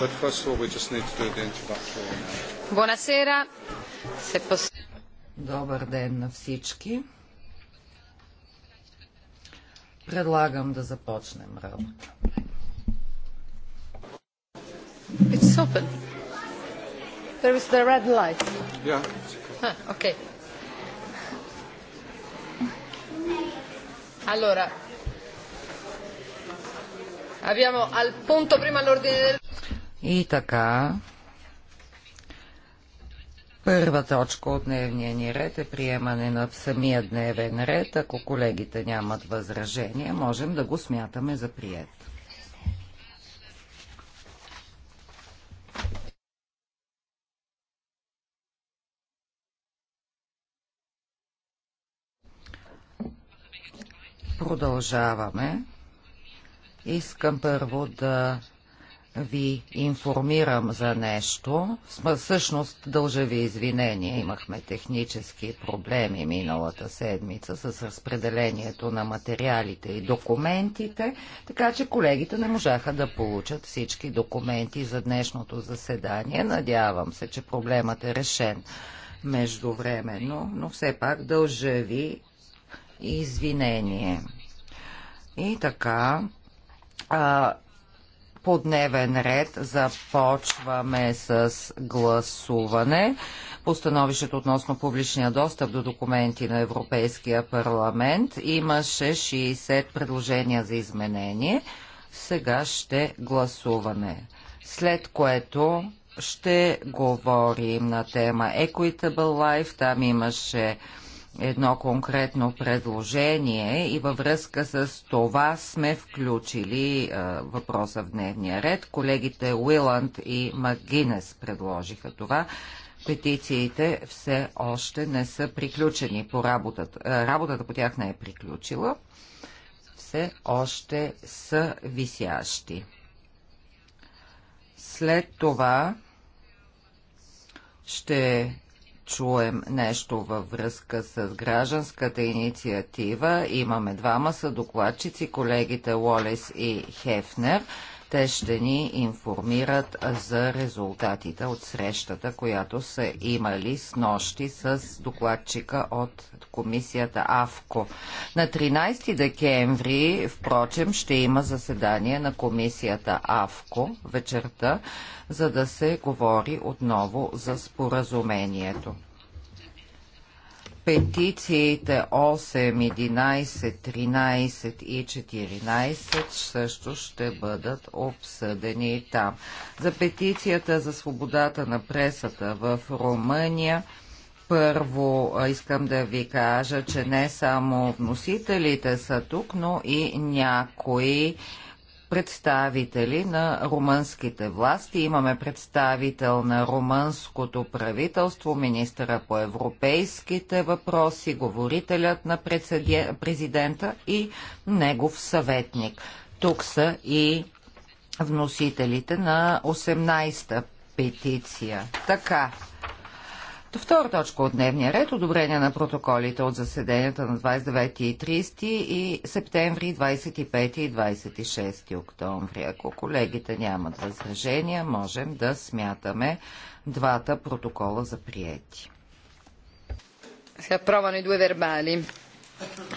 But first of all, we just need to do the introductory Buonasera. Se pos... Добър ден на всички. Предлагам да започнем работа. It's open. There is the red light. Yeah. Ah, okay. Allora, abbiamo al punto prima l'ordine del и така, първа точка от дневния ни ред е приемане на самия дневен ред. Ако колегите нямат възражение, можем да го смятаме за прият. Продължаваме. Искам първо да ви информирам за нещо. Всъщност дължа ви извинение. Имахме технически проблеми миналата седмица с разпределението на материалите и документите, така че колегите не можаха да получат всички документи за днешното заседание. Надявам се, че проблемът е решен междувременно, но все пак дължа ви извинение. И така, а, по дневен ред започваме с гласуване по становището относно публичния достъп до документи на Европейския парламент. Имаше 60 предложения за изменение. Сега ще гласуваме, След което ще говорим на тема Equitable Life. Там имаше едно конкретно предложение и във връзка с това сме включили а, е, въпроса в дневния ред. Колегите Уиланд и Магинес предложиха това. Петициите все още не са приключени по работата. Е, работата по тях не е приключила. Все още са висящи. След това ще чуем нещо във връзка с гражданската инициатива. Имаме двама са докладчици, колегите Лолес и Хефнер. Те ще ни информират за резултатите от срещата, която са имали с нощи с докладчика от комисията АВКО. На 13 декември, впрочем, ще има заседание на комисията АВКО вечерта, за да се говори отново за споразумението. Петициите 8, 11, 13 и 14 също ще бъдат обсъдени там. За петицията за свободата на пресата в Румъния първо искам да ви кажа, че не само вносителите са тук, но и някои представители на румънските власти. Имаме представител на румънското правителство, министъра по европейските въпроси, говорителят на президента и негов съветник. Тук са и вносителите на 18-та петиция. Така, Втора точка от дневния ред – одобрение на протоколите от заседенията на 29 и 30 и септември, 25 и 26 октомври. Ако колегите нямат възражения, можем да смятаме двата протокола за приети. Се апровано и две вербали.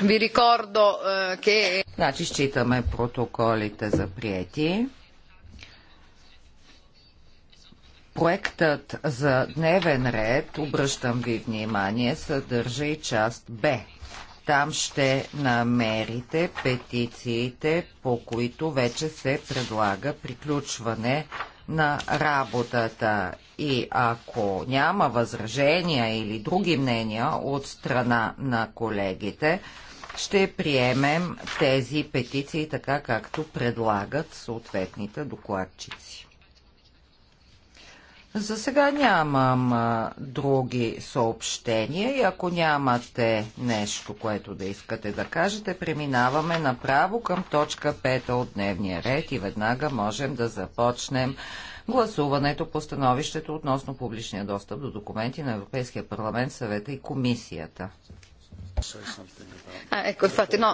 Ви рекордо, че... Значи считаме протоколите за приети. Проектът за дневен ред, обръщам ви внимание, съдържа и част Б. Там ще намерите петициите, по които вече се предлага приключване на работата. И ако няма възражения или други мнения от страна на колегите, ще приемем тези петиции така, както предлагат съответните докладчици. За сега нямам а, други съобщения и ако нямате нещо, което да искате да кажете, преминаваме направо към точка 5 от дневния ред и веднага можем да започнем гласуването по становището относно публичния достъп до документи на Европейския парламент, съвета и комисията. Ah, ecco, infatti no,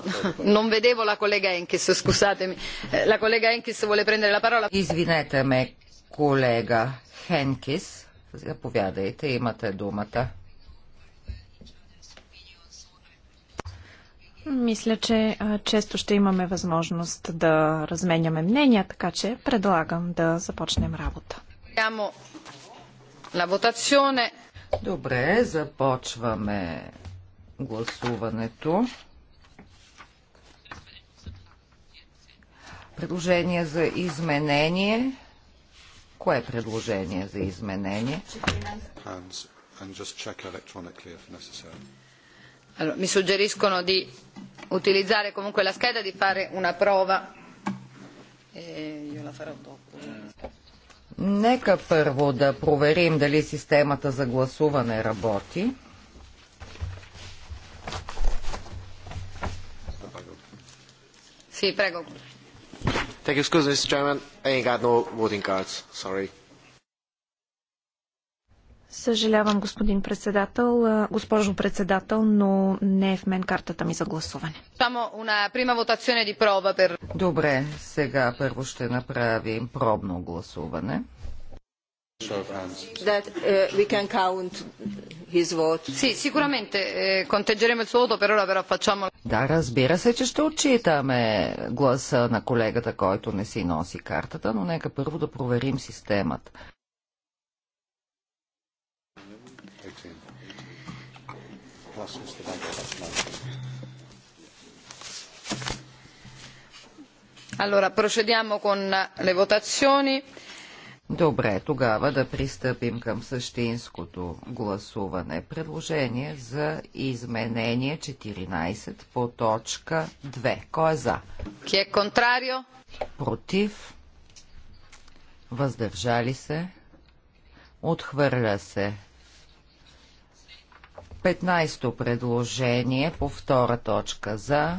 non vedevo la collega Enkes, scusatemi. Eh, la collega Enkes vuole prendere la parola. Извинете ме, колега Хенкис. Заповядайте, имате думата. Мисля, че често ще имаме възможност да разменяме мнения, така че предлагам да започнем работа. Добре, започваме гласуването. Предложение за изменение. Кое е предложение за изменение? Allora, mi suggeriscono di utilizzare comunque la scheda, di fare una prova e io la farò dopo. Нека първо да проверим дали системата за гласуване работи. Sì, prego. Thank you, excuse me, Mr. Chairman. I ain't got no voting cards. Sorry. Съжалявам, господин председател, госпожо председател, но не е в мен картата ми за гласуване. Добре, сега първо ще направим пробно гласуване. That, uh, sí, сигурamente контегеремо il suo Да, разбира се, че ще отчитаме гласа на колегата, който не си носи картата, но нека първо да проверим системата. Allora, procediamo con le votazioni. Добре, тогава да пристъпим към същинското гласуване. Предложение за изменение 14 по точка 2. Кой е за? Ки е контрарио? Против? Въздържали се? Отхвърля се. 15-то предложение по втора точка за.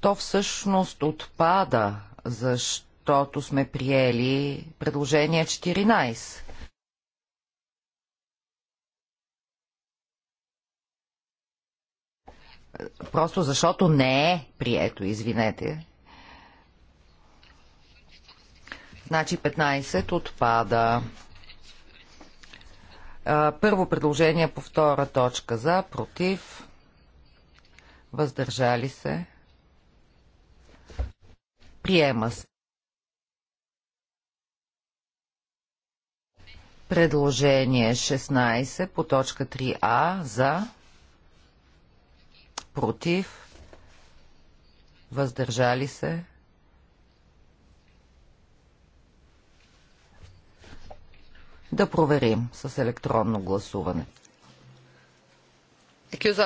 То всъщност отпада, защото сме приели предложение 14. Просто защото не е прието, извинете. Значи 15 отпада. Първо предложение по втора точка за, против, въздържали се, Приема се. Предложение 16 по точка 3а за против въздържали се да проверим с електронно гласуване. Е chiusa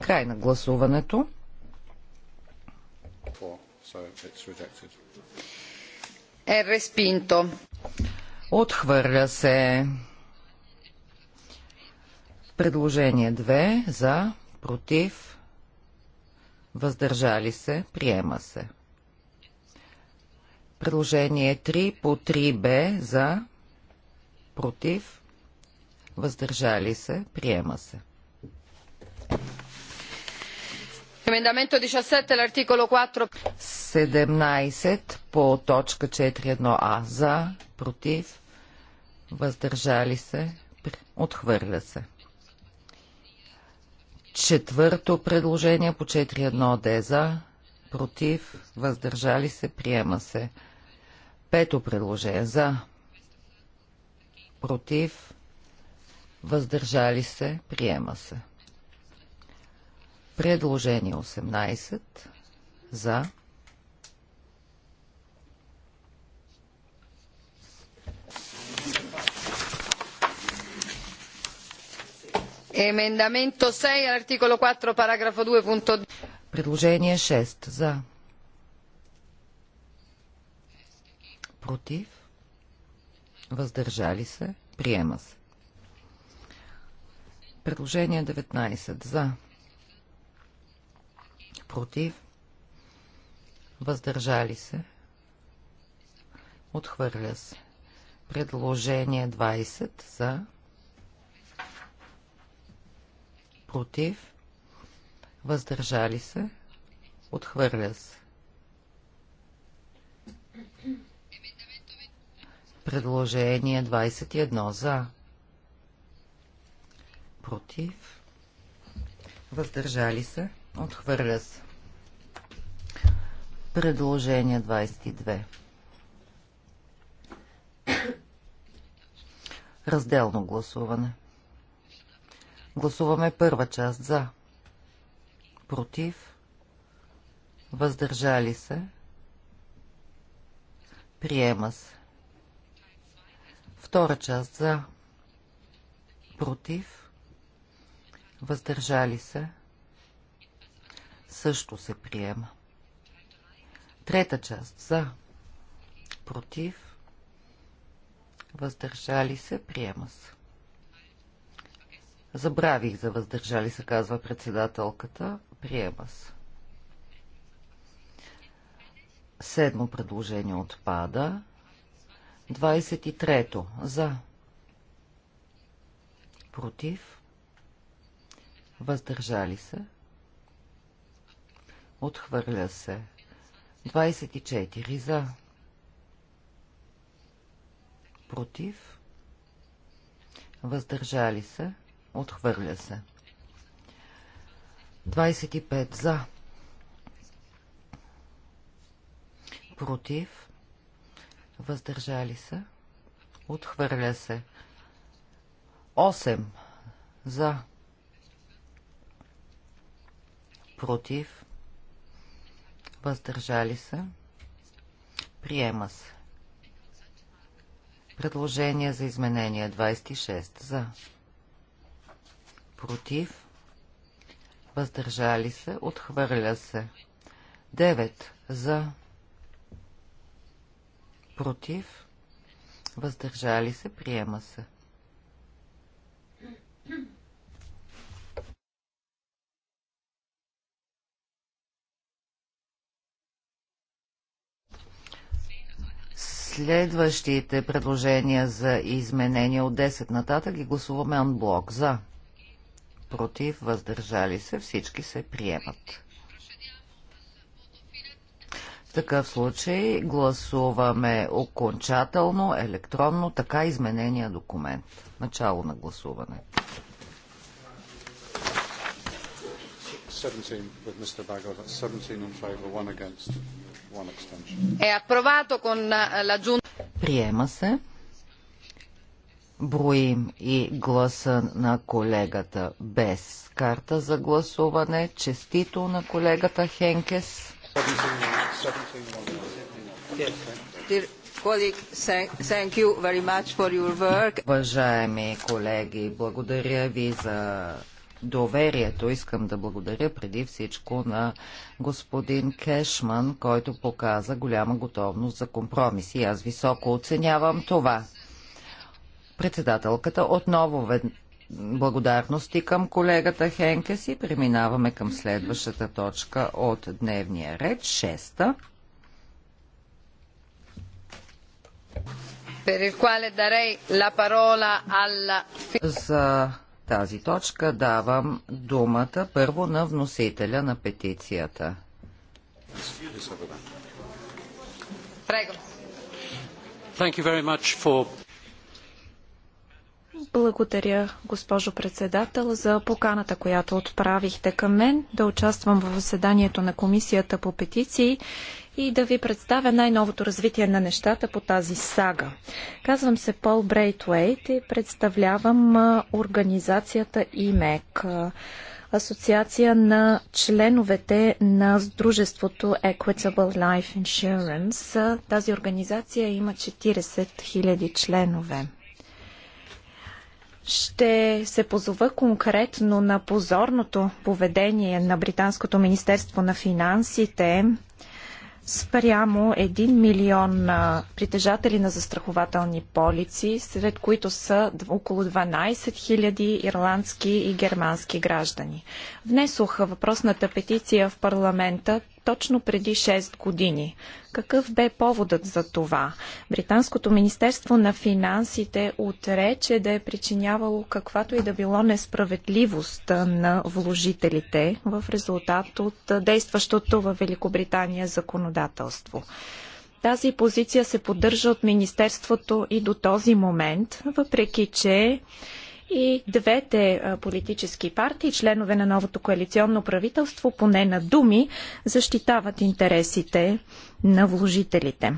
Край на гласуването. Е респинто. Отхвърля се. Предложение 2 за, против, въздържали се, приема се. Предложение 3 по 3b за, против, въздържали се, приема се. Емендаменто 17, l'articolo 4. 17 по точка 4.1а. За, против, въздържали се, отхвърля се. Четвърто предложение по 4.1 д за, против, въздържали се, приема се. Пето предложение за, против, въздържали се, приема се. Предложение 18 за Emendamento 6 all'articolo 4 paragrafo 2.2. Предложение 6 за против въздържали се приема се. Предложение 19 за против, въздържали се, отхвърля се. Предложение 20 за, против, въздържали се, отхвърля се. Предложение 21 за, против, въздържали се, Отхвърля се. Предложение 22. Разделно гласуване. Гласуваме първа част за. Против. Въздържали се. Приема се. Втора част за. Против. Въздържали се също се приема. Трета част за, против, въздържали се, приема се. Забравих за въздържали се, казва председателката, приема се. Седмо предложение отпада. 23-то за против въздържали се Отхвърля се. 24 за. Против. Въздържали се. Отхвърля се. 25 за. Против. Въздържали се. Отхвърля се. 8 за. Против въздържали се, приема се. Предложение за изменение 26 за, против, въздържали се, отхвърля се. 9 за, против, въздържали се, приема се. Следващите предложения за изменения от 10 нататък ги гласуваме анблок. За, против, въздържали се, всички се приемат. В такъв случай гласуваме окончателно, електронно, така изменения документ. Начало на гласуване. 17 with Mr. Bagel, that's 17 in favor, one against. Eh, Приема се. Броим и гласа на колегата без карта за гласуване. Честито на колегата Хенкес. Уважаеми колеги, благодаря ви за доверието. Искам да благодаря преди всичко на господин Кешман, който показа голяма готовност за компромиси. Аз високо оценявам това. Председателката отново вед... благодарности към колегата Хенкес и преминаваме към следващата точка от дневния ред, шеста. Per il quale darei la parola alla... За тази точка давам думата първо на вносителя на петицията. Благодаря, госпожо председател, за поканата, която отправихте към мен да участвам в заседанието на Комисията по петиции и да ви представя най-новото развитие на нещата по тази сага. Казвам се Пол Брейтвейт и представлявам организацията ИМЕК, асоциация на членовете на дружеството Equitable Life Insurance. Тази организация има 40 000 членове. Ще се позова конкретно на позорното поведение на Британското Министерство на финансите спрямо 1 милион притежатели на застрахователни полици, сред които са около 12 000 ирландски и германски граждани. Внесох въпросната петиция в парламента точно преди 6 години. Какъв бе поводът за това? Британското Министерство на финансите отрече да е причинявало каквато и да било несправедливост на вложителите в резултат от действащото в Великобритания законодателство. Тази позиция се поддържа от Министерството и до този момент, въпреки че и двете политически партии, членове на новото коалиционно правителство, поне на думи, защитават интересите на вложителите.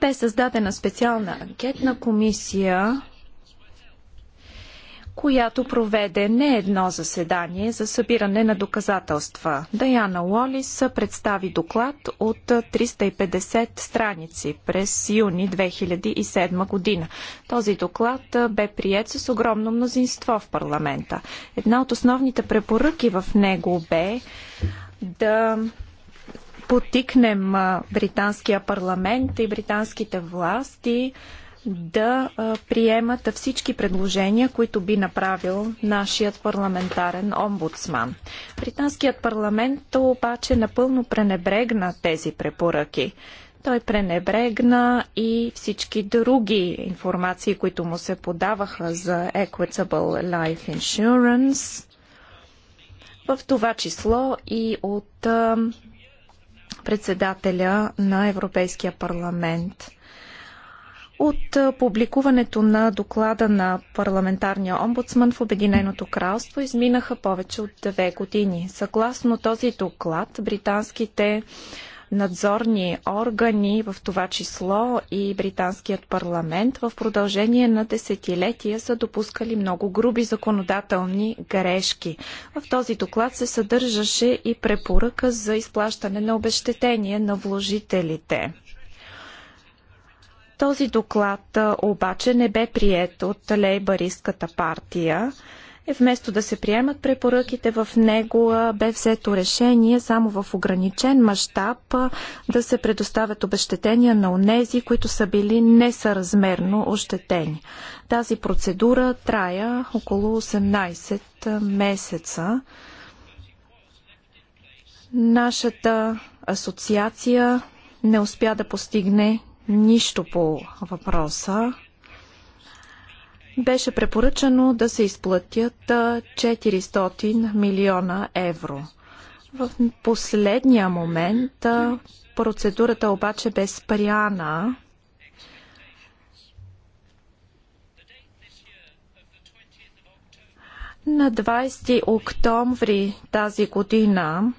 Бе създадена специална анкетна комисия която проведе не едно заседание за събиране на доказателства. Даяна Уолис представи доклад от 350 страници през юни 2007 година. Този доклад бе прият с огромно мнозинство в парламента. Една от основните препоръки в него бе да потикнем британския парламент и британските власти да приемат всички предложения, които би направил нашият парламентарен омбудсман. Британският парламент обаче напълно пренебрегна тези препоръки. Той пренебрегна и всички други информации, които му се подаваха за Equitable Life Insurance, в това число и от председателя на Европейския парламент. От публикуването на доклада на парламентарния омбудсман в Обединеното кралство изминаха повече от две години. Съгласно този доклад, британските надзорни органи, в това число и британският парламент, в продължение на десетилетия са допускали много груби законодателни грешки. В този доклад се съдържаше и препоръка за изплащане на обещетение на вложителите. Този доклад обаче не бе прият от лейбаристката партия. И вместо да се приемат препоръките в него, бе взето решение само в ограничен мащаб да се предоставят обещетения на онези, които са били несъразмерно ощетени. Тази процедура трая около 18 месеца. Нашата асоциация не успя да постигне нищо по въпроса. Беше препоръчано да се изплатят 400 милиона евро. В последния момент процедурата обаче бе спряна. На 20 октомври тази година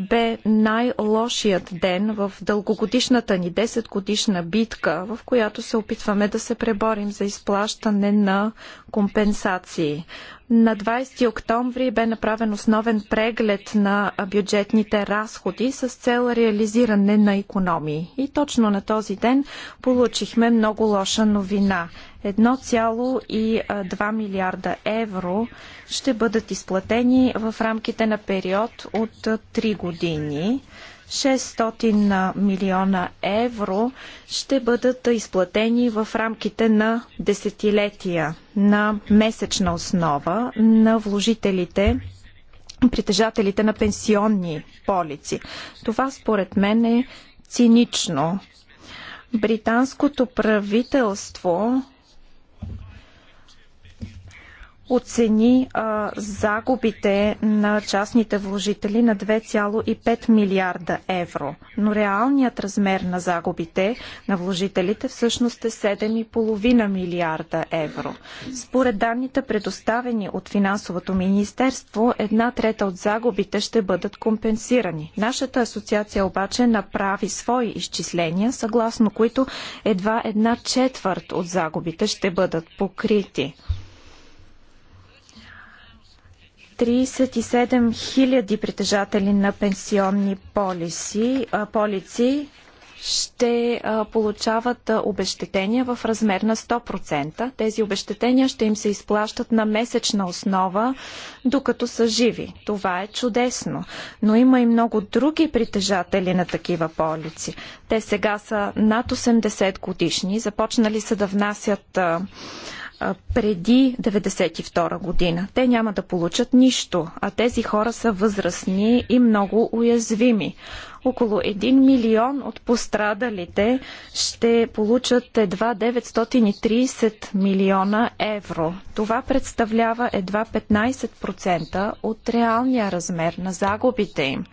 бе най-лошият ден в дългогодишната ни 10-годишна битка, в която се опитваме да се преборим за изплащане на компенсации. На 20 октомври бе направен основен преглед на бюджетните разходи с цел реализиране на економии. И точно на този ден получихме много лоша новина. 1,2 милиарда евро ще бъдат изплатени в рамките на период от 3 години. 600 милиона евро ще бъдат изплатени в рамките на десетилетия на месечна основа на вложителите притежателите на пенсионни полици. Това според мен е цинично. Британското правителство оцени а, загубите на частните вложители на 2,5 милиарда евро. Но реалният размер на загубите на вложителите всъщност е 7,5 милиарда евро. Според данните предоставени от Финансовото министерство, една трета от загубите ще бъдат компенсирани. Нашата асоциация обаче направи свои изчисления, съгласно които едва една четвърт от загубите ще бъдат покрити. 37 000 притежатели на пенсионни полиси, полици ще получават обещетения в размер на 100%. Тези обещетения ще им се изплащат на месечна основа, докато са живи. Това е чудесно. Но има и много други притежатели на такива полици. Те сега са над 80 годишни, започнали са да внасят преди 1992 година. Те няма да получат нищо, а тези хора са възрастни и много уязвими. Около 1 милион от пострадалите ще получат едва 930 милиона евро. Това представлява едва 15% от реалния размер на загубите им.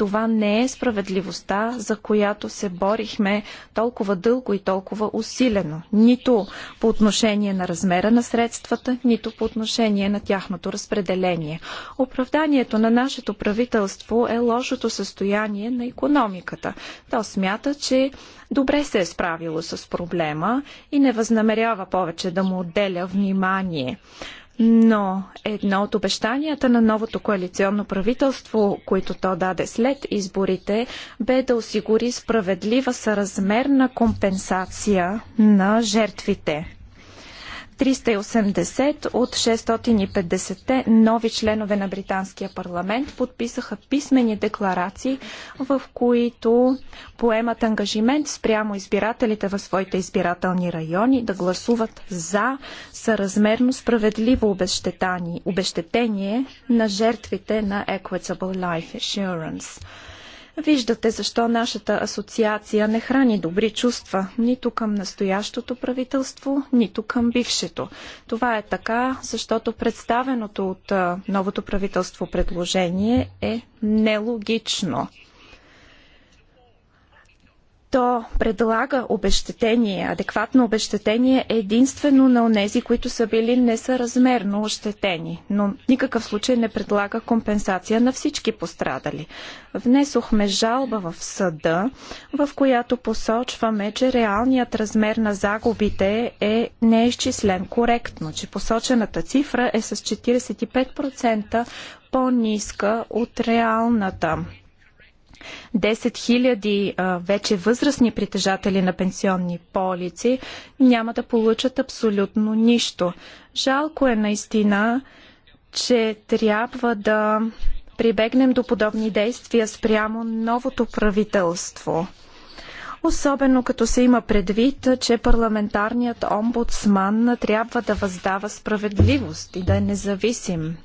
Това не е справедливостта, за която се борихме толкова дълго и толкова усилено. Нито по отношение на размера на средствата, нито по отношение на тяхното разпределение. Оправданието на нашето правителство е лошото състояние на економиката. То смята, че добре се е справило с проблема и не възнамерява повече да му отделя внимание. Но едно от обещанията на новото коалиционно правителство, които то даде след изборите, бе да осигури справедлива съразмерна компенсация на жертвите 380 от 650 нови членове на Британския парламент подписаха писмени декларации, в които поемат ангажимент спрямо избирателите в своите избирателни райони да гласуват за съразмерно справедливо обещетение на жертвите на Equitable Life Assurance. Виждате защо нашата асоциация не храни добри чувства нито към настоящото правителство, нито към бившето. Това е така, защото представеното от новото правителство предложение е нелогично то предлага обещетение, адекватно обещетение единствено на онези, които са били несъразмерно ощетени, но никакъв случай не предлага компенсация на всички пострадали. Внесохме жалба в съда, в която посочваме, че реалният размер на загубите е неизчислен коректно, че посочената цифра е с 45% по-ниска от реалната. 10 хиляди вече възрастни притежатели на пенсионни полици няма да получат абсолютно нищо. Жалко е наистина, че трябва да прибегнем до подобни действия спрямо новото правителство. Особено като се има предвид, че парламентарният омбудсман трябва да въздава справедливост и да е независим.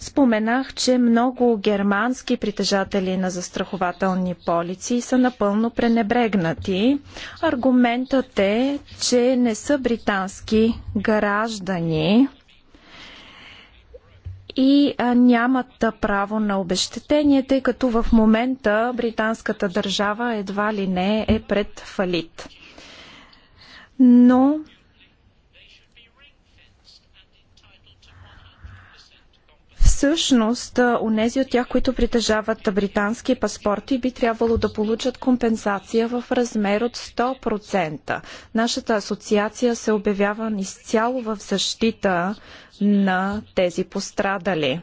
Споменах, че много германски притежатели на застрахователни полици са напълно пренебрегнати. Аргументът е, че не са британски граждани и нямат право на обещетение, тъй като в момента британската държава едва ли не е пред фалит. Но Всъщност, онези от тях, които притежават британски паспорти, би трябвало да получат компенсация в размер от 100%. Нашата асоциация се обявява изцяло в защита на тези пострадали.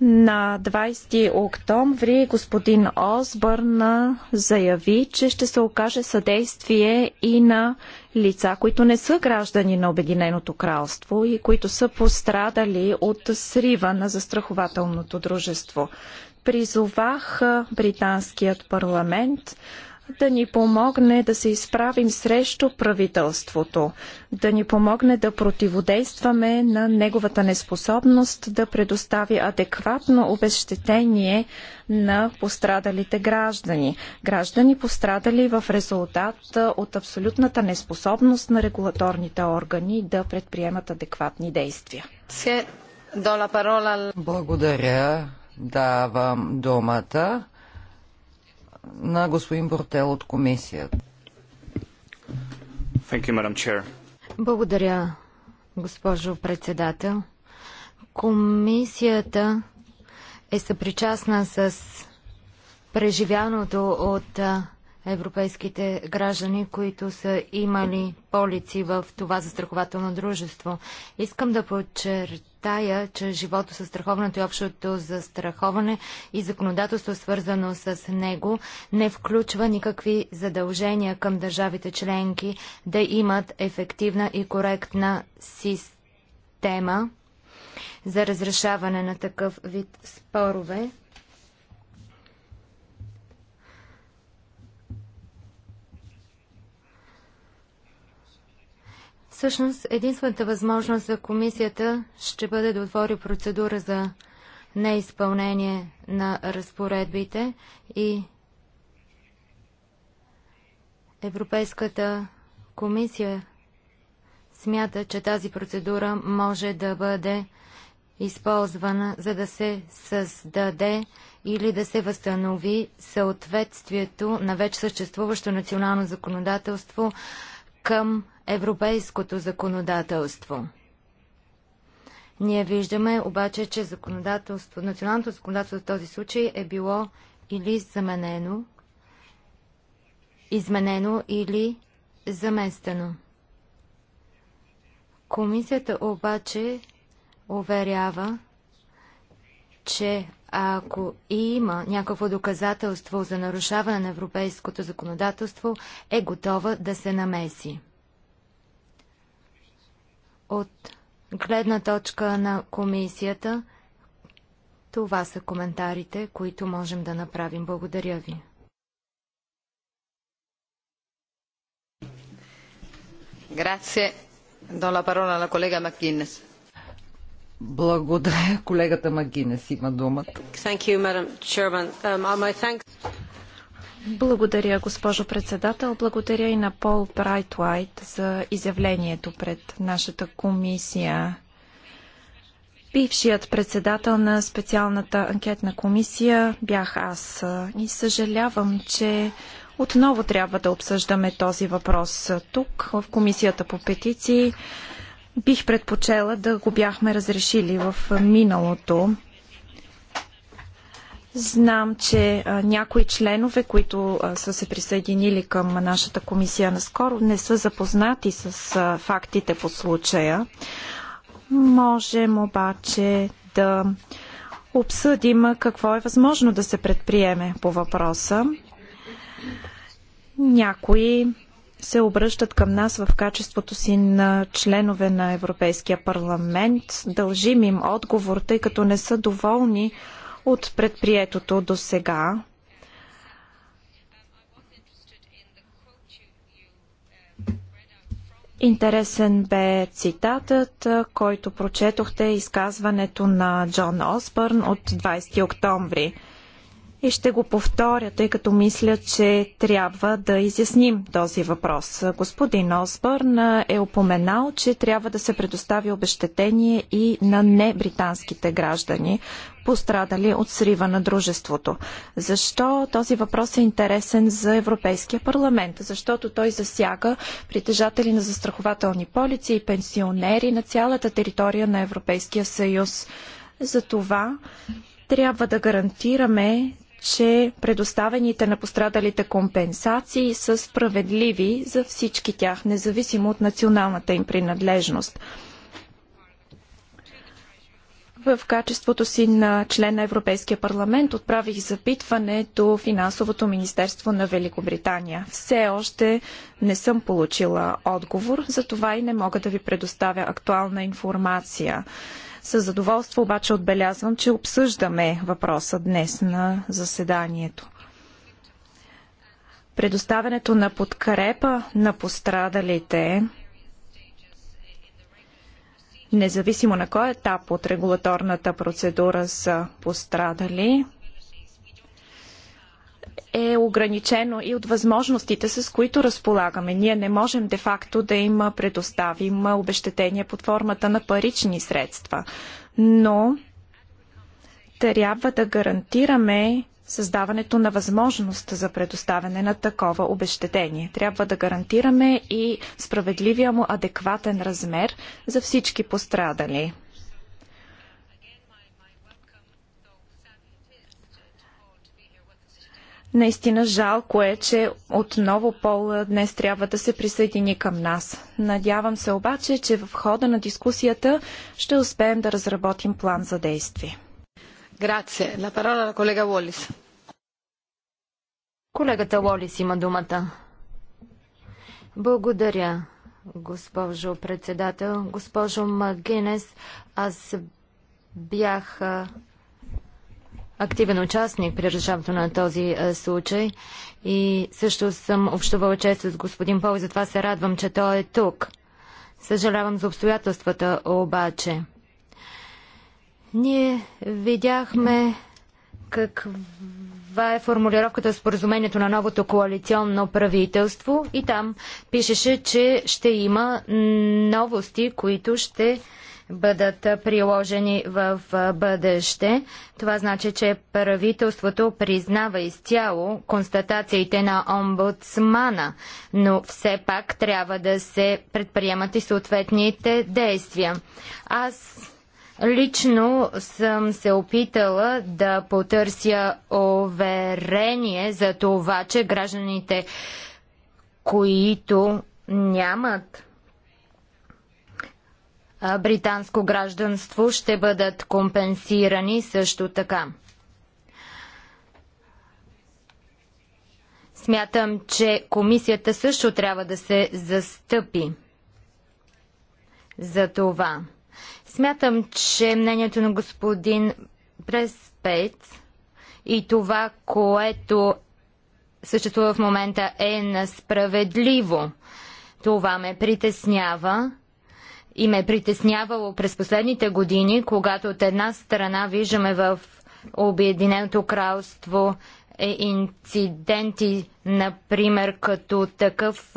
На 20 октомври господин Осбърн заяви, че ще се окаже съдействие и на лица, които не са граждани на Обединеното кралство и които са пострадали от срива на застрахователното дружество. Призовах британският парламент да ни помогне да се изправим срещу правителството, да ни помогне да противодействаме на неговата неспособност да предостави адекватно обещетение на пострадалите граждани. Граждани пострадали в резултат от абсолютната неспособност на регулаторните органи да предприемат адекватни действия. Благодаря. Давам думата на господин Бортел от комисията. You, Благодаря, госпожо председател. Комисията е съпричастна с преживяното от европейските граждани, които са имали полици в това застрахователно дружество. Искам да подчертая, че живото със страховното и общото застраховане и законодателство, свързано с него, не включва никакви задължения към държавите членки да имат ефективна и коректна система за разрешаване на такъв вид спорове. Всъщност, единствената възможност за комисията ще бъде да отвори процедура за неизпълнение на разпоредбите и Европейската комисия смята, че тази процедура може да бъде използвана, за да се създаде или да се възстанови съответствието на вече съществуващо национално законодателство към европейското законодателство. Ние виждаме обаче, че законодателство, националното законодателство в този случай е било или заменено, изменено или заместено. Комисията обаче уверява, че ако има някакво доказателство за нарушаване на европейското законодателство, е готова да се намеси. От гледна точка на комисията, това са коментарите, които можем да направим. Благодаря ви. Грация. Do парола на колега collega Благодаря. Колегата Магинес има думата. Благодаря, госпожо председател. Благодаря и на Пол Брайтлайт за изявлението пред нашата комисия. Бившият председател на специалната анкетна комисия бях аз и съжалявам, че отново трябва да обсъждаме този въпрос тук, в комисията по петиции. Бих предпочела да го бяхме разрешили в миналото. Знам, че някои членове, които са се присъединили към нашата комисия наскоро, не са запознати с фактите по случая. Можем обаче да обсъдим какво е възможно да се предприеме по въпроса. Някои се обръщат към нас в качеството си на членове на Европейския парламент. Дължим им отговор, тъй като не са доволни от предприетото до сега. Интересен бе цитатът, който прочетохте изказването на Джон Осбърн от 20 октомври. И ще го повторя, тъй като мисля, че трябва да изясним този въпрос. Господин Осбърн е упоменал, че трябва да се предостави обещетение и на небританските граждани, пострадали от срива на дружеството. Защо този въпрос е интересен за Европейския парламент? Защото той засяга притежатели на застрахователни полици и пенсионери на цялата територия на Европейския съюз. Затова трябва да гарантираме, че предоставените на пострадалите компенсации са справедливи за всички тях, независимо от националната им принадлежност. В качеството си на член на Европейския парламент отправих запитване до Финансовото министерство на Великобритания. Все още не съм получила отговор, затова и не мога да ви предоставя актуална информация. Със задоволство обаче отбелязвам, че обсъждаме въпроса днес на заседанието. Предоставянето на подкрепа на пострадалите независимо на кой етап от регулаторната процедура са пострадали, е ограничено и от възможностите, с които разполагаме. Ние не можем де-факто да им предоставим обещетение под формата на парични средства. Но трябва да гарантираме създаването на възможност за предоставяне на такова обещетение. Трябва да гарантираме и справедливия му адекватен размер за всички пострадали. Наистина жалко е, че отново Пол днес трябва да се присъедини към нас. Надявам се обаче, че в хода на дискусията ще успеем да разработим план за действие. Грация. На парола на колега Уолис. Колегата Лолис има думата. Благодаря, госпожо председател. Госпожо Магинес, аз бях активен участник при решаването на този е, случай и също съм общувала често с господин Пол и затова се радвам, че той е тук. Съжалявам за обстоятелствата обаче. Ние видяхме каква е формулировката споразумението на новото коалиционно правителство и там пишеше, че ще има новости, които ще бъдат приложени в бъдеще. Това значи, че правителството признава изцяло констатациите на омбудсмана, но все пак трябва да се предприемат и съответните действия. Аз Лично съм се опитала да потърся уверение за това, че гражданите, които нямат британско гражданство ще бъдат компенсирани също така. Смятам, че комисията също трябва да се застъпи за това. Смятам, че мнението на господин Преспец и това, което съществува в момента е несправедливо. Това ме притеснява и ме е притеснявало през последните години, когато от една страна виждаме в Обединеното кралство е инциденти, например, като такъв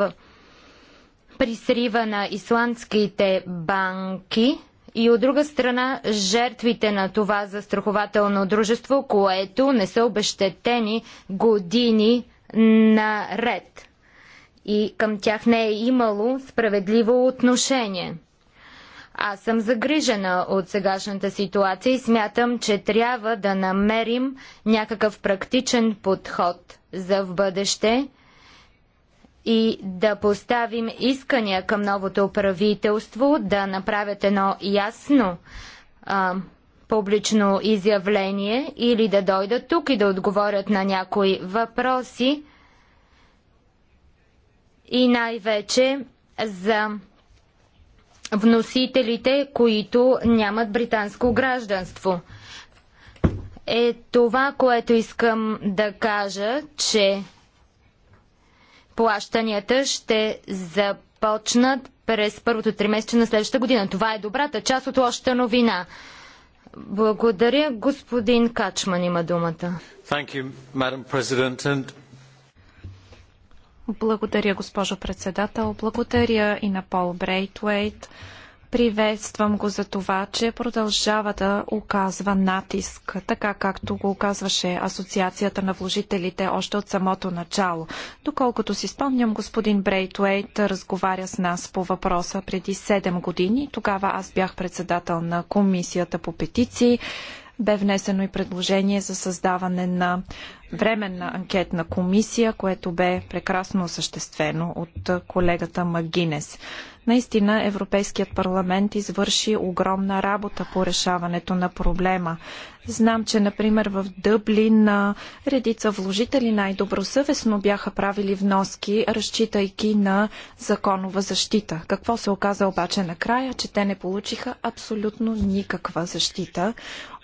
присрива на исландските банки и от друга страна жертвите на това застрахователно дружество, което не са обещетени години наред. И към тях не е имало справедливо отношение. Аз съм загрижена от сегашната ситуация и смятам, че трябва да намерим някакъв практичен подход за в бъдеще и да поставим искания към новото правителство да направят едно ясно а, публично изявление или да дойдат тук и да отговорят на някои въпроси и най-вече за вносителите, които нямат британско гражданство. Е това, което искам да кажа, че плащанията ще започнат през първото тримесечие на следващата година. Това е добрата част от лошата новина. Благодаря. Господин Качман има думата. Thank you, Madam President. And благодаря, госпожо председател. Благодаря и на Пол Брейтвейт. Приветствам го за това, че продължава да оказва натиск, така както го оказваше Асоциацията на вложителите още от самото начало. Доколкото си спомням, господин Брейтвейт разговаря с нас по въпроса преди 7 години. Тогава аз бях председател на комисията по петиции. Бе внесено и предложение за създаване на временна анкетна комисия, което бе прекрасно осъществено от колегата Магинес. Наистина Европейският парламент извърши огромна работа по решаването на проблема. Знам, че, например, в Дъблин редица вложители най-добросъвестно бяха правили вноски, разчитайки на законова защита. Какво се оказа обаче накрая, че те не получиха абсолютно никаква защита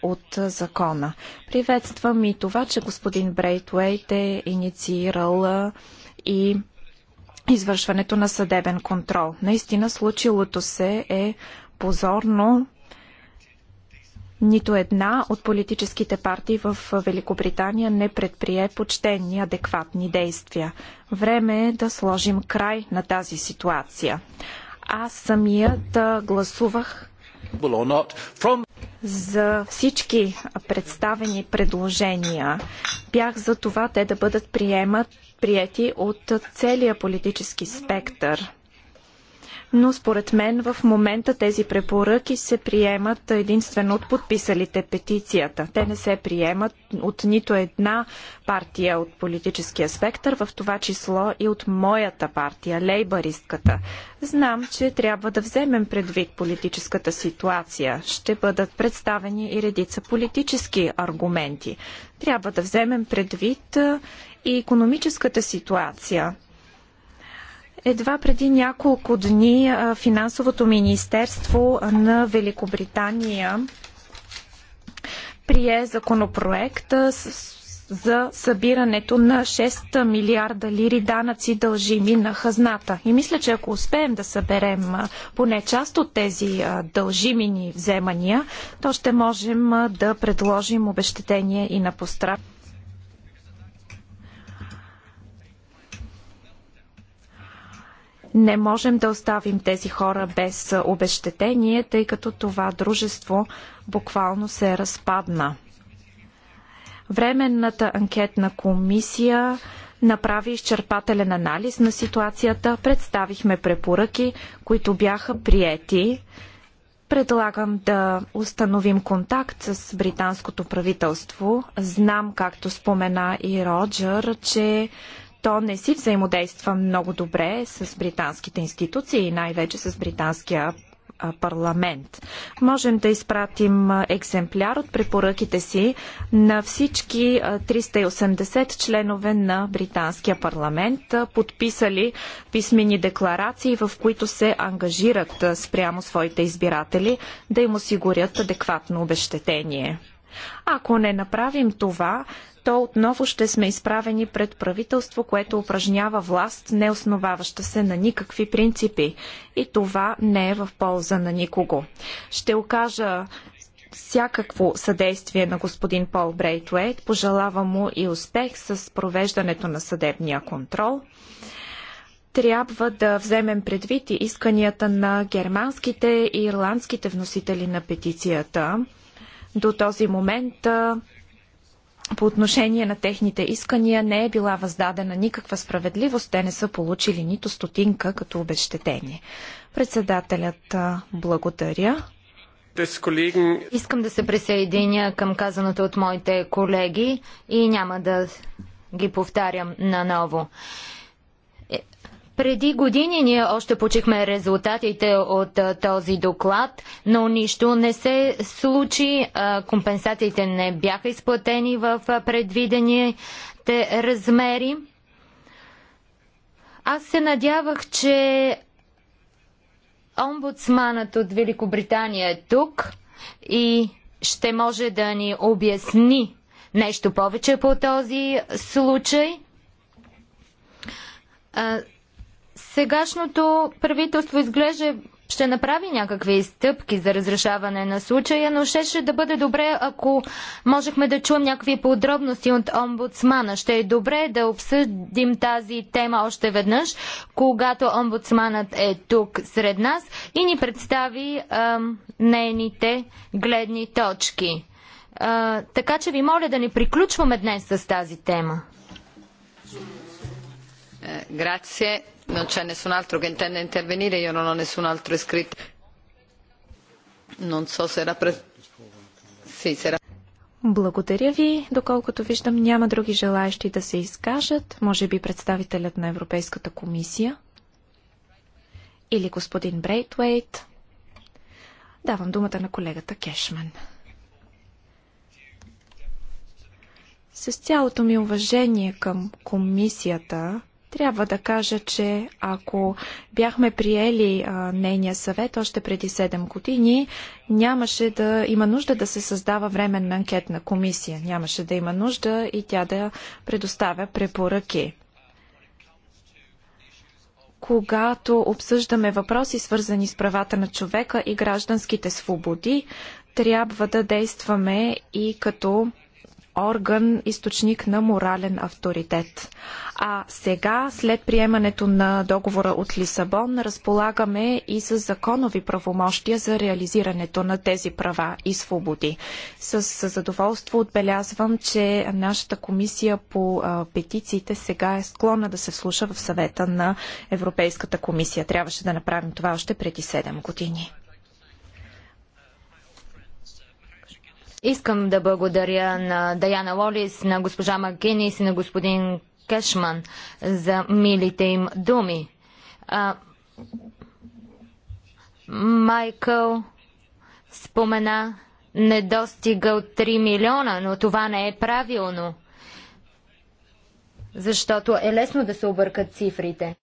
от закона. Приветствам и това, че господин Брейтвейт е инициирал и извършването на съдебен контрол. Наистина случилото се е позорно. Нито една от политическите партии в Великобритания не предприе почтени, адекватни действия. Време е да сложим край на тази ситуация. Аз самият гласувах за всички представени предложения. Бях за това те да бъдат приемат, приети от целия политически спектър но според мен в момента тези препоръки се приемат единствено от подписалите петицията. Те не се приемат от нито една партия от политическия спектър, в това число и от моята партия, лейбаристката. Знам, че трябва да вземем предвид политическата ситуация. Ще бъдат представени и редица политически аргументи. Трябва да вземем предвид и економическата ситуация. Едва преди няколко дни финансовото министерство на Великобритания прие законопроект за събирането на 6 милиарда лири данъци дължими на хазната. И мисля, че ако успеем да съберем поне част от тези дължими ни вземания, то ще можем да предложим обещетение и на пострадалите. Не можем да оставим тези хора без обещетение, тъй като това дружество буквално се разпадна. Временната анкетна комисия направи изчерпателен анализ на ситуацията, представихме препоръки, които бяха приети. Предлагам да установим контакт с британското правителство. Знам, както спомена и Роджер, че то не си взаимодейства много добре с британските институции и най-вече с британския парламент. Можем да изпратим екземпляр от препоръките си на всички 380 членове на Британския парламент, подписали писмени декларации, в които се ангажират спрямо своите избиратели да им осигурят адекватно обещетение. Ако не направим това, то отново ще сме изправени пред правителство, което упражнява власт, не основаваща се на никакви принципи. И това не е в полза на никого. Ще окажа всякакво съдействие на господин Пол Брейтуейт. Пожелавам му и успех с провеждането на съдебния контрол трябва да вземем предвид и исканията на германските и ирландските вносители на петицията до този момент по отношение на техните искания не е била въздадена никаква справедливост. Те не са получили нито стотинка като обещетение. Председателят благодаря. Искам да се присъединя към казаното от моите колеги и няма да ги повтарям наново. Преди години ние още почихме резултатите от а, този доклад, но нищо не се случи. А, компенсациите не бяха изплатени в а, предвидените размери. Аз се надявах, че омбудсманът от Великобритания е тук и ще може да ни обясни нещо повече по този случай Сегашното правителство изглежда ще направи някакви стъпки за разрешаване на случая, но щеше да бъде добре, ако можехме да чуем някакви подробности от омбудсмана. Ще е добре да обсъдим тази тема още веднъж, когато омбудсманът е тук сред нас и ни представи ам, нейните гледни точки. А, така че ви моля да не приключваме днес с тази тема. Eh, grazie. Non c'è nessun altro che intende intervenire, io non ho nessun altro iscritto. Non so se Благодаря ви. Доколкото виждам, няма други желаящи да се изкажат. Може би представителят на Европейската комисия или господин Брейтвейт. Давам думата на колегата Кешман. С цялото ми уважение към комисията, трябва да кажа, че ако бяхме приели а, нейния съвет още преди 7 години, нямаше да има нужда да се създава временна анкетна комисия. Нямаше да има нужда и тя да предоставя препоръки когато обсъждаме въпроси, свързани с правата на човека и гражданските свободи, трябва да действаме и като орган източник на морален авторитет. А сега, след приемането на договора от Лисабон, разполагаме и с законови правомощия за реализирането на тези права и свободи. С задоволство отбелязвам, че нашата комисия по петициите сега е склонна да се слуша в съвета на Европейската комисия. Трябваше да направим това още преди 7 години. Искам да благодаря на Даяна Лолис, на госпожа Макинис и на господин Кешман за милите им думи. А, Майкъл спомена недостига от 3 милиона, но това не е правилно, защото е лесно да се объркат цифрите.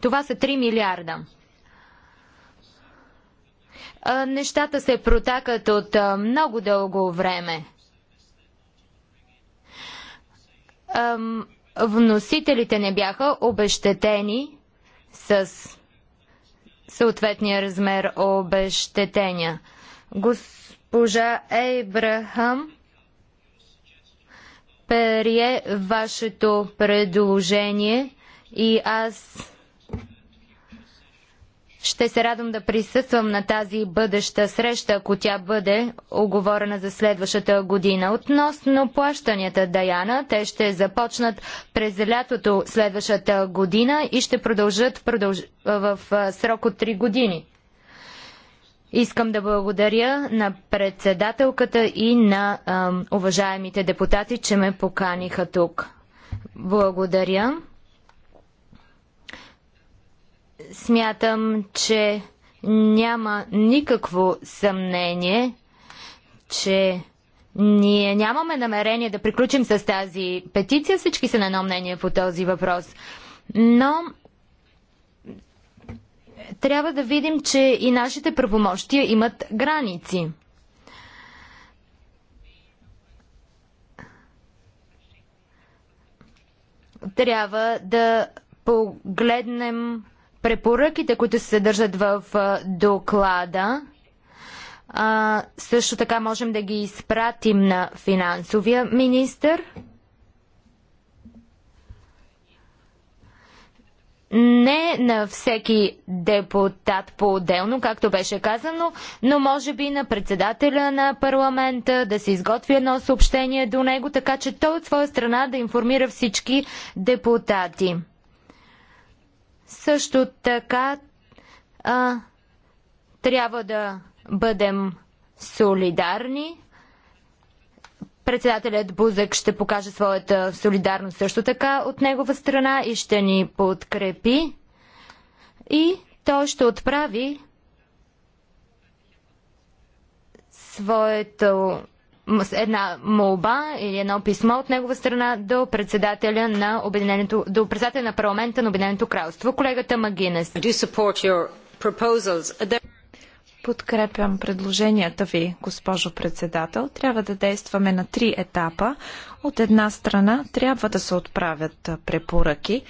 Това са 3 милиарда нещата се протакат от много дълго време. Вносителите не бяха обещетени с съответния размер обещетения. Госпожа Ейбрахам прие вашето предложение и аз ще се радвам да присъствам на тази бъдеща среща, ако тя бъде оговорена за следващата година. Относно плащанията, Даяна, те ще започнат през лятото следващата година и ще продължат в, продълж... в срок от 3 години. Искам да благодаря на председателката и на ам, уважаемите депутати, че ме поканиха тук. Благодаря. Смятам, че няма никакво съмнение, че ние нямаме намерение да приключим с тази петиция. Всички са на едно мнение по този въпрос. Но трябва да видим, че и нашите правомощия имат граници. Трябва да погледнем препоръките, които се съдържат в доклада. А, също така можем да ги изпратим на финансовия министр. Не на всеки депутат по-отделно, както беше казано, но може би на председателя на парламента да се изготви едно съобщение до него, така че той от своя страна да информира всички депутати. Също така а, трябва да бъдем солидарни. Председателят Бузък ще покаже своята солидарност също така от негова страна и ще ни подкрепи. И той ще отправи своето една молба или едно писмо от негова страна до председателя на Обединението, до председателя на парламента на Обединеното кралство, колегата Магинес. Подкрепям предложенията ви, госпожо председател. Трябва да действаме на три етапа. От една страна трябва да се отправят препоръки.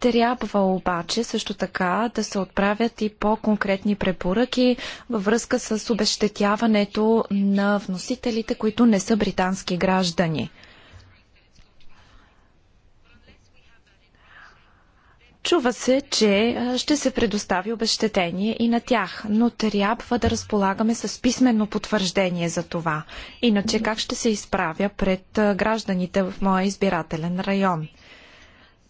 Трябва обаче също така да се отправят и по-конкретни препоръки във връзка с обещетяването на вносителите, които не са британски граждани. Чува се, че ще се предостави обещетение и на тях, но трябва да разполагаме с писменно потвърждение за това. Иначе как ще се изправя пред гражданите в моя избирателен район?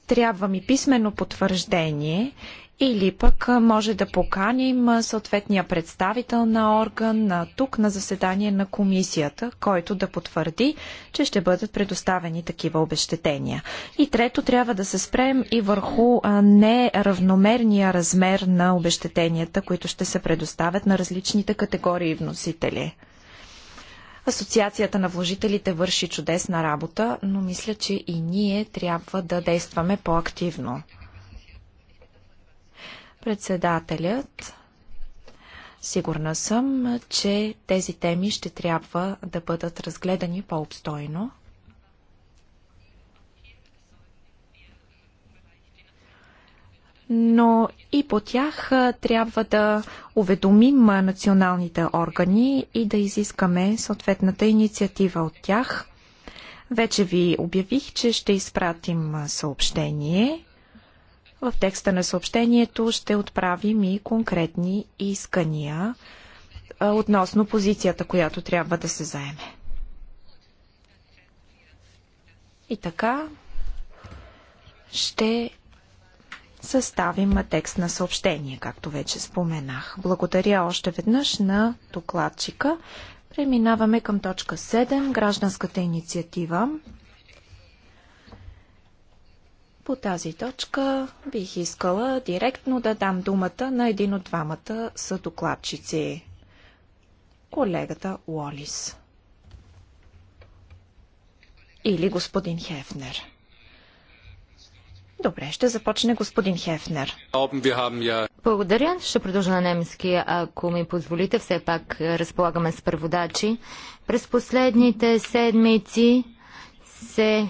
Трябва ми писмено потвърждение или пък може да поканим съответния представител на орган на тук на заседание на комисията, който да потвърди, че ще бъдат предоставени такива обещетения. И трето, трябва да се спрем и върху неравномерния размер на обещетенията, които ще се предоставят на различните категории вносители. Асоциацията на вложителите върши чудесна работа, но мисля, че и ние трябва да действаме по-активно. Председателят Сигурна съм, че тези теми ще трябва да бъдат разгледани по-обстойно. но и по тях трябва да уведомим националните органи и да изискаме съответната инициатива от тях. Вече ви обявих, че ще изпратим съобщение. В текста на съобщението ще отправим и конкретни искания относно позицията, която трябва да се заеме. И така ще съставим текст на съобщение, както вече споменах. Благодаря още веднъж на докладчика. Преминаваме към точка 7 гражданската инициатива. По тази точка бих искала директно да дам думата на един от двамата съдокладчици. Колегата Уолис. Или господин Хефнер. Добре, ще започне господин Хефнер. Благодаря. Ще продължа на немски, ако ми позволите. Все пак е, разполагаме с преводачи. През последните седмици се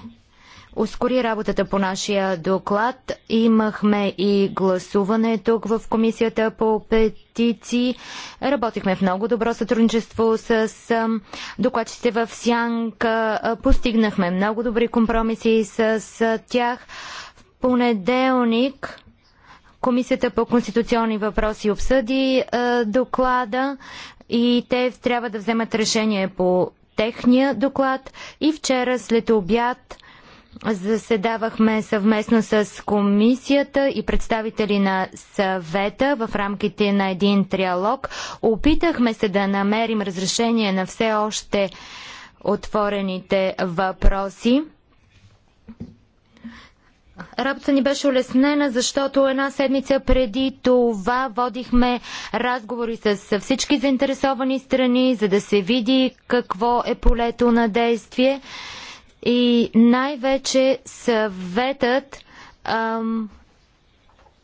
ускори работата по нашия доклад. Имахме и гласуване тук в Комисията по петиции. Работихме в много добро сътрудничество с докладчите в Сянка. Постигнахме много добри компромиси с тях понеделник Комисията по конституционни въпроси обсъди е, доклада и те трябва да вземат решение по техния доклад. И вчера след обяд заседавахме съвместно с комисията и представители на съвета в рамките на един триалог. Опитахме се да намерим разрешение на все още отворените въпроси. Работа ни беше улеснена, защото една седмица преди това водихме разговори с всички заинтересовани страни, за да се види какво е полето на действие. И най-вече съветът ам,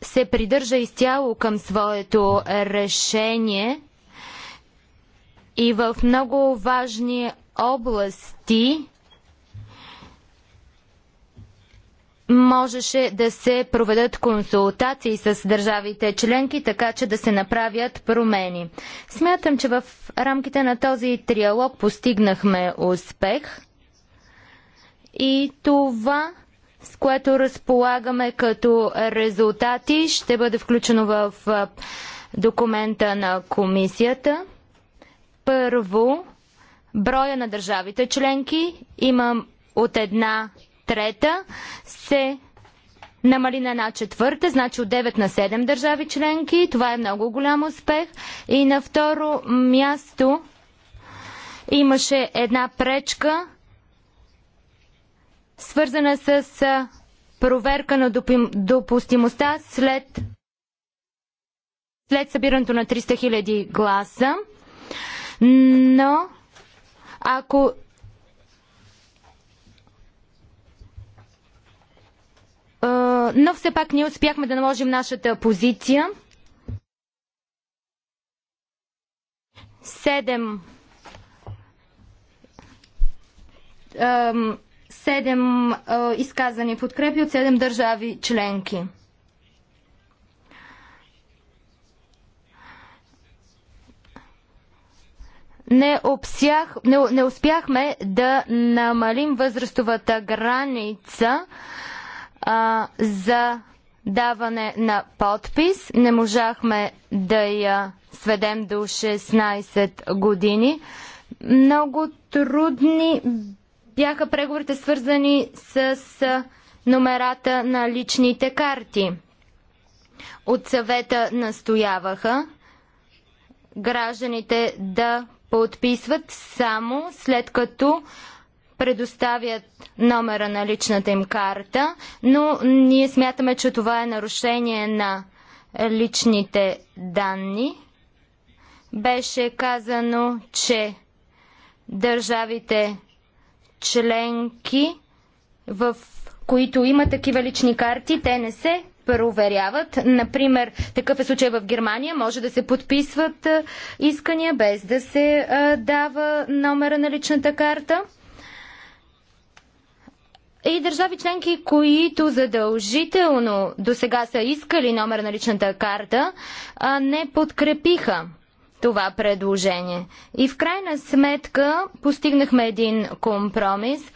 се придържа изцяло към своето решение и в много важни области можеше да се проведат консултации с държавите членки, така че да се направят промени. Смятам, че в рамките на този триалог постигнахме успех и това, с което разполагаме като резултати, ще бъде включено в документа на комисията. Първо, броя на държавите членки. Имам от една трета се намали на една четвърта, значи от 9 на 7 държави членки. Това е много голям успех. И на второ място имаше една пречка, свързана с проверка на допустимостта след, след събирането на 300 000 гласа. Но ако но все пак ние успяхме да наложим нашата позиция. Седем седем изказани подкрепи от седем държави членки. не, обсях, не, не успяхме да намалим възрастовата граница а, за даване на подпис. Не можахме да я сведем до 16 години. Много трудни бяха преговорите свързани с номерата на личните карти. От съвета настояваха гражданите да подписват само след като предоставят номера на личната им карта, но ние смятаме, че това е нарушение на личните данни. Беше казано, че държавите членки, в които има такива лични карти, те не се проверяват. Например, такъв е случай в Германия. Може да се подписват искания без да се дава номера на личната карта и държави членки, които задължително до сега са искали номер на личната карта, а не подкрепиха това предложение. И в крайна сметка постигнахме един компромис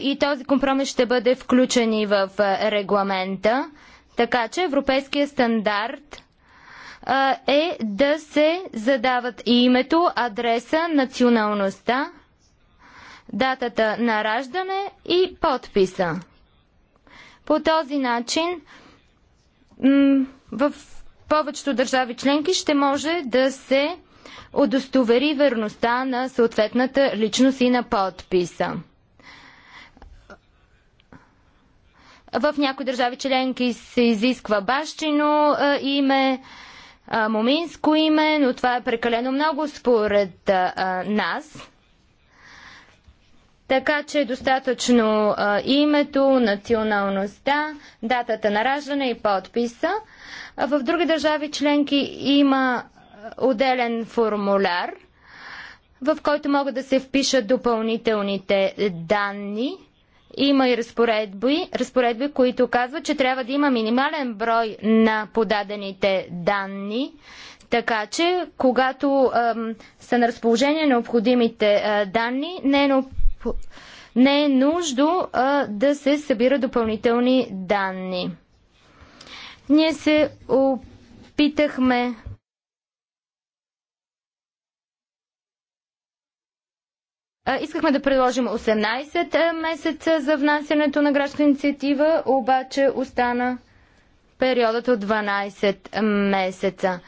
и този компромис ще бъде включен и в регламента, така че европейския стандарт е да се задават и името, адреса, националността датата на раждане и подписа. По този начин в повечето държави членки ще може да се удостовери верността на съответната личност и на подписа. В някои държави членки се изисква бащино име, моминско име, но това е прекалено много според нас. Така че е достатъчно а, името, националността, датата на раждане и подписа. А в други държави членки има отделен формуляр, в който могат да се впишат допълнителните данни. Има и разпоредби, разпоредби, които казват, че трябва да има минимален брой на подадените данни. Така че, когато ем, са на разположение необходимите е, данни, не е необходимо не е нужно а, да се събира допълнителни данни. Ние се опитахме Искахме да предложим 18 месеца за внасянето на гражданска инициатива, обаче остана периодът от 12 месеца.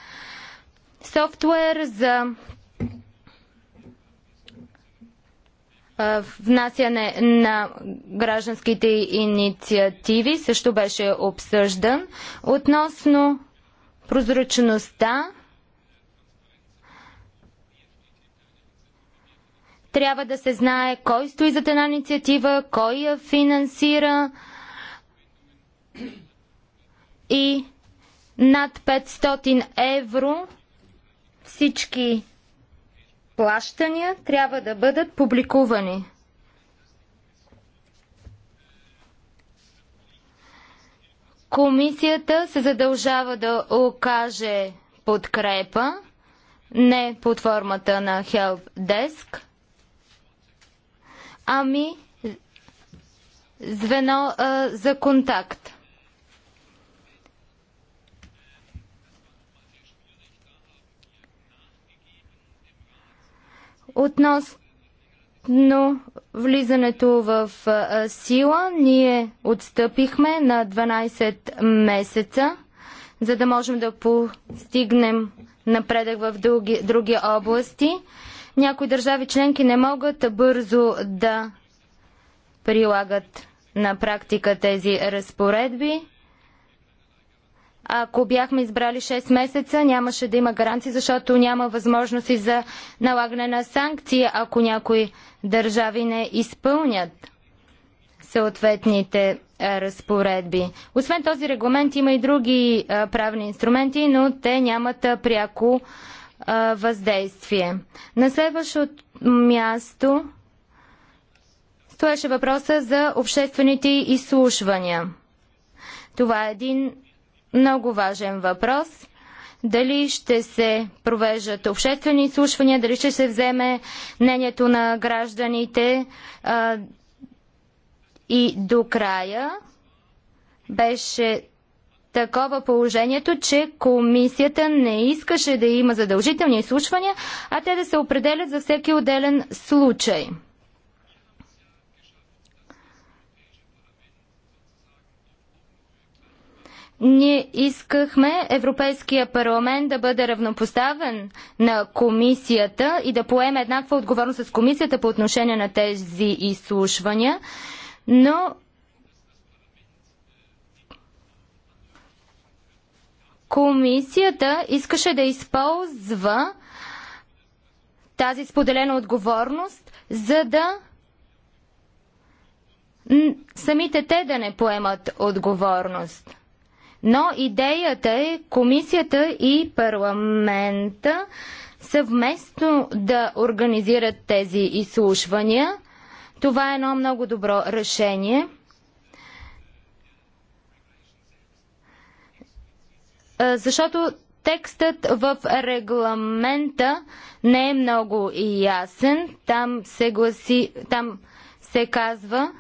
Софтуер за внасяне на гражданските инициативи също беше обсъждан. Относно прозрачността, трябва да се знае кой стои за една инициатива, кой я финансира и над 500 евро всички плащания трябва да бъдат публикувани. Комисията се задължава да окаже подкрепа, не под формата на Help Desk, ами звено а, за контакт. Относно влизането в сила, ние отстъпихме на 12 месеца, за да можем да постигнем напредък в други, други области. Някои държави членки не могат бързо да прилагат на практика тези разпоредби. Ако бяхме избрали 6 месеца, нямаше да има гаранции, защото няма възможности за налагане на санкции, ако някои държави не изпълнят съответните е, разпоредби. Освен този регламент има и други е, правни инструменти, но те нямат е, пряко въздействие. На следващо място стоеше въпроса за обществените изслушвания. Това е един много важен въпрос. Дали ще се провеждат обществени изслушвания, дали ще се вземе мнението на гражданите а, и до края беше такова положението, че комисията не искаше да има задължителни изслушвания, а те да се определят за всеки отделен случай. Ние искахме Европейския парламент да бъде равнопоставен на комисията и да поеме еднаква отговорност с комисията по отношение на тези изслушвания, но комисията искаше да използва тази споделена отговорност, за да самите те да не поемат отговорност. Но идеята е комисията и парламента съвместно да организират тези изслушвания. Това е едно много добро решение. Защото текстът в регламента не е много ясен. Там се гласи, там се казва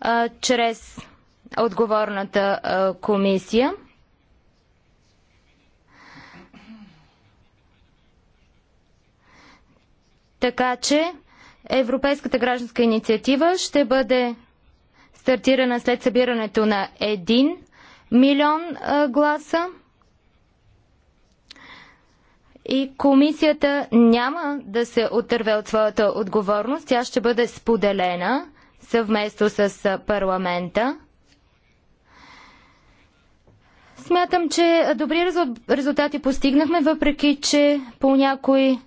а, чрез отговорната комисия. Така че Европейската гражданска инициатива ще бъде стартирана след събирането на 1 милион гласа. И комисията няма да се отърве от своята отговорност. Тя ще бъде споделена съвместно с парламента. Смятам, че добри резултати постигнахме, въпреки че по някои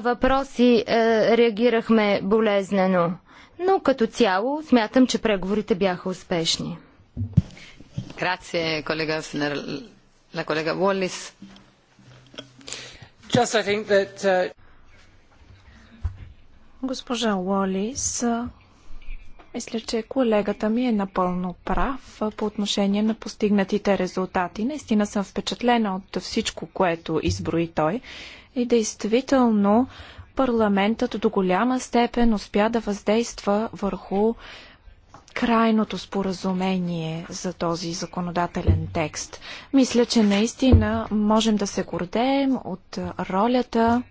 въпроси реагирахме болезнено. Но като цяло смятам, че преговорите бяха успешни. Grazie, collega Fner. La collega Wallis. Just I think that, uh... Госпожа Уолис, мисля, че колегата ми е напълно прав по отношение на постигнатите резултати. Наистина съм впечатлена от всичко, което изброи той. И действително парламентът до голяма степен успя да въздейства върху крайното споразумение за този законодателен текст. Мисля, че наистина можем да се гордеем от ролята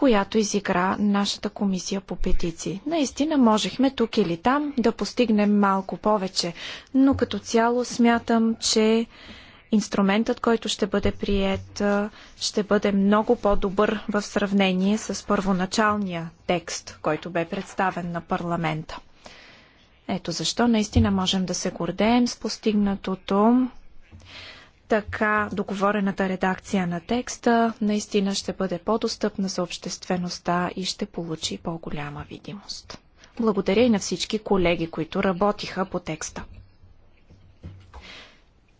която изигра нашата комисия по петиции. Наистина можехме тук или там да постигнем малко повече, но като цяло смятам, че инструментът, който ще бъде прият, ще бъде много по-добър в сравнение с първоначалния текст, който бе представен на парламента. Ето защо наистина можем да се гордеем с постигнатото. Така договорената редакция на текста наистина ще бъде по-достъпна за обществеността и ще получи по-голяма видимост. Благодаря и на всички колеги, които работиха по текста.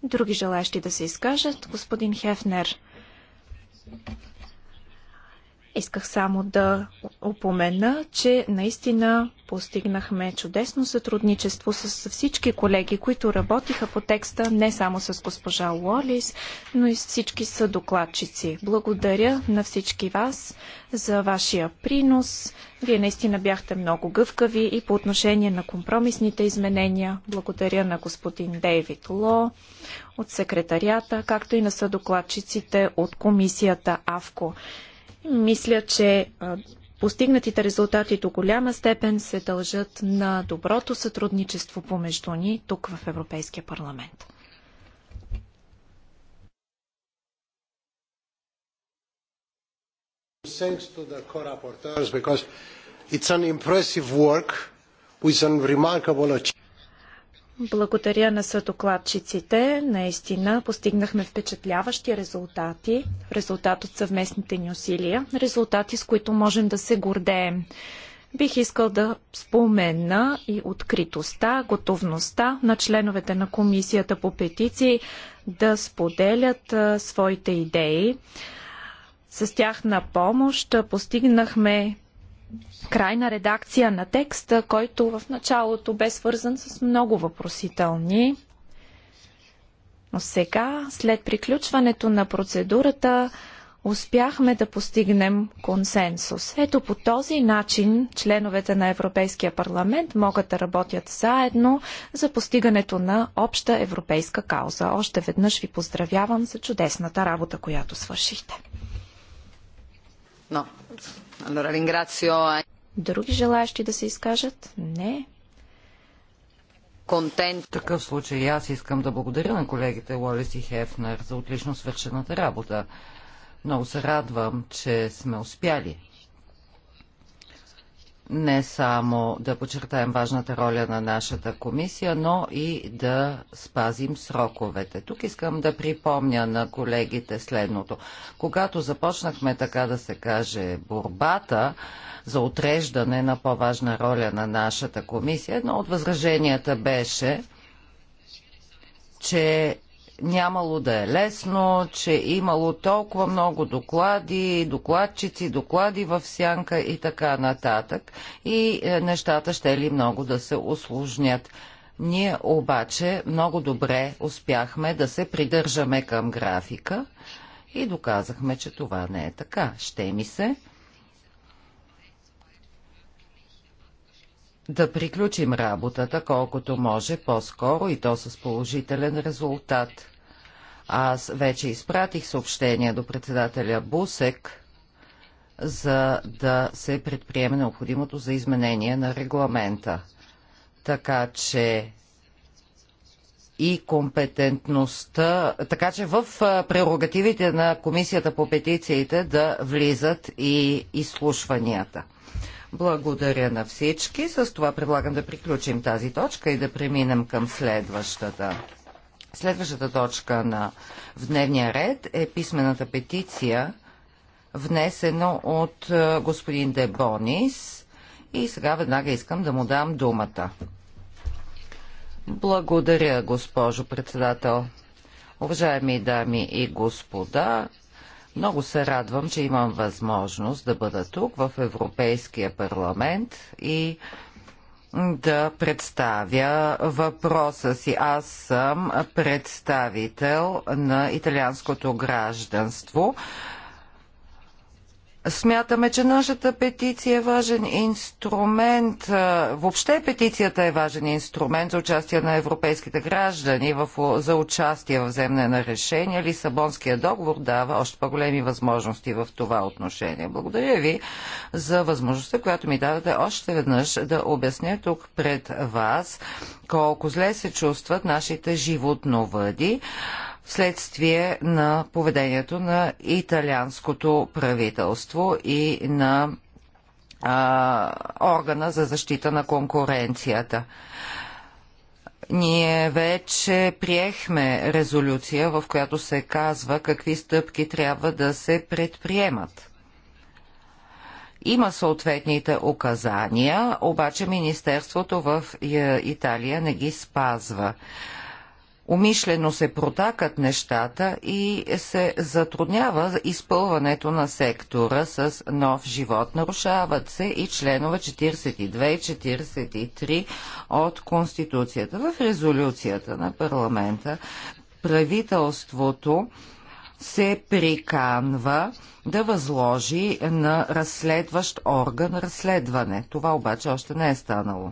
Други желаящи да се изкажат? Господин Хефнер. Исках само да упомена, че наистина постигнахме чудесно сътрудничество с всички колеги, които работиха по текста, не само с госпожа Лолис, но и с всички съдокладчици. Благодаря на всички вас за вашия принос. Вие наистина бяхте много гъвкави и по отношение на компромисните изменения. Благодаря на господин Дейвид Ло от секретарията, както и на съдокладчиците от комисията АВКО. Мисля, че постигнатите резултати до голяма степен се дължат на доброто сътрудничество помежду ни тук в Европейския парламент. Thanks to the co-rapporteurs because it's an impressive work with a remarkable achievement. Благодаря на съдокладчиците. Наистина постигнахме впечатляващи резултати, резултат от съвместните ни усилия, резултати с които можем да се гордеем. Бих искал да спомена и откритостта, готовността на членовете на Комисията по петиции да споделят а, своите идеи. С тях на помощ постигнахме крайна редакция на текста, който в началото бе свързан с много въпросителни. Но сега, след приключването на процедурата, успяхме да постигнем консенсус. Ето по този начин членовете на Европейския парламент могат да работят заедно за постигането на обща европейска кауза. Още веднъж ви поздравявам за чудесната работа, която свършихте. No. Eh, Други желаящи да се изкажат? Не. Контент. В такъв случай аз искам да благодаря на колегите Лолис и Хефнер за отлично свършената работа. Много се радвам, че сме успяли не само да подчертаем важната роля на нашата комисия, но и да спазим сроковете. Тук искам да припомня на колегите следното. Когато започнахме, така да се каже, борбата за отреждане на по-важна роля на нашата комисия, едно от възраженията беше, че нямало да е лесно, че имало толкова много доклади, докладчици, доклади в сянка и така нататък. И е, нещата ще ли много да се осложнят. Ние обаче много добре успяхме да се придържаме към графика и доказахме, че това не е така. Ще ми се да приключим работата колкото може по-скоро и то с положителен резултат. Аз вече изпратих съобщение до председателя Бусек, за да се предприеме необходимото за изменение на регламента. Така че и компетентността, така че в прерогативите на Комисията по петициите да влизат и изслушванията. Благодаря на всички. С това предлагам да приключим тази точка и да преминем към следващата. Следващата точка на в дневния ред е писмената петиция, внесена от е, господин Дебонис. И сега веднага искам да му дам думата. Благодаря, госпожо председател. Уважаеми дами и господа, много се радвам, че имам възможност да бъда тук в Европейския парламент и да представя въпроса си. Аз съм представител на италианското гражданство. Смятаме, че нашата петиция е важен инструмент. Въобще петицията е важен инструмент за участие на европейските граждани в, за участие в вземане на решения. Лисабонския договор дава още по-големи възможности в това отношение. Благодаря ви за възможността, която ми давате още веднъж да обясня тук пред вас колко зле се чувстват нашите животновъди вследствие на поведението на италианското правителство и на а, органа за защита на конкуренцията. Ние вече приехме резолюция, в която се казва какви стъпки трябва да се предприемат. Има съответните указания, обаче Министерството в е, Италия не ги спазва умишлено се протакат нещата и се затруднява изпълването на сектора с нов живот. Нарушават се и членове 42 и 43 от Конституцията. В резолюцията на парламента правителството се приканва да възложи на разследващ орган разследване. Това обаче още не е станало.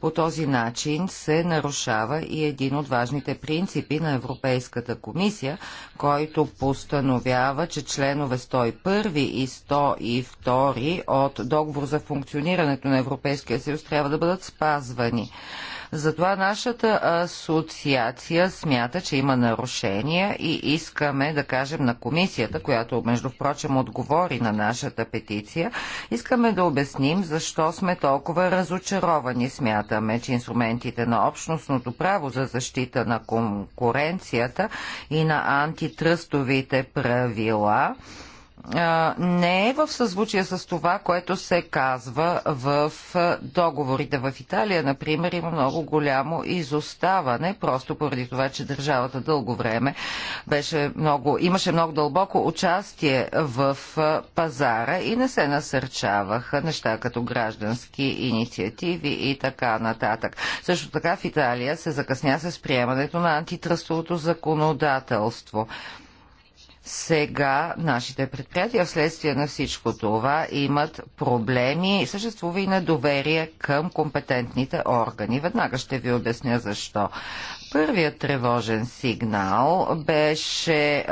По този начин се нарушава и един от важните принципи на Европейската комисия, който постановява, че членове 101 и 102 от Договор за функционирането на Европейския съюз трябва да бъдат спазвани. Затова нашата асоциация смята, че има нарушения и искаме да кажем на комисията, която между впрочем отговори на нашата петиция, искаме да обясним защо сме толкова разочаровани. Смятаме, че инструментите на общностното право за защита на конкуренцията и на антитръстовите правила не е в съзвучие с това, което се казва в договорите. В Италия, например, има много голямо изоставане, просто поради това, че държавата дълго време беше много, имаше много дълбоко участие в пазара и не се насърчаваха неща като граждански инициативи и така нататък. Също така в Италия се закъсня с приемането на антитръстовото законодателство. Сега нашите предприятия вследствие на всичко това имат проблеми и съществува и недоверие към компетентните органи. Веднага ще ви обясня защо. Първият тревожен сигнал беше е,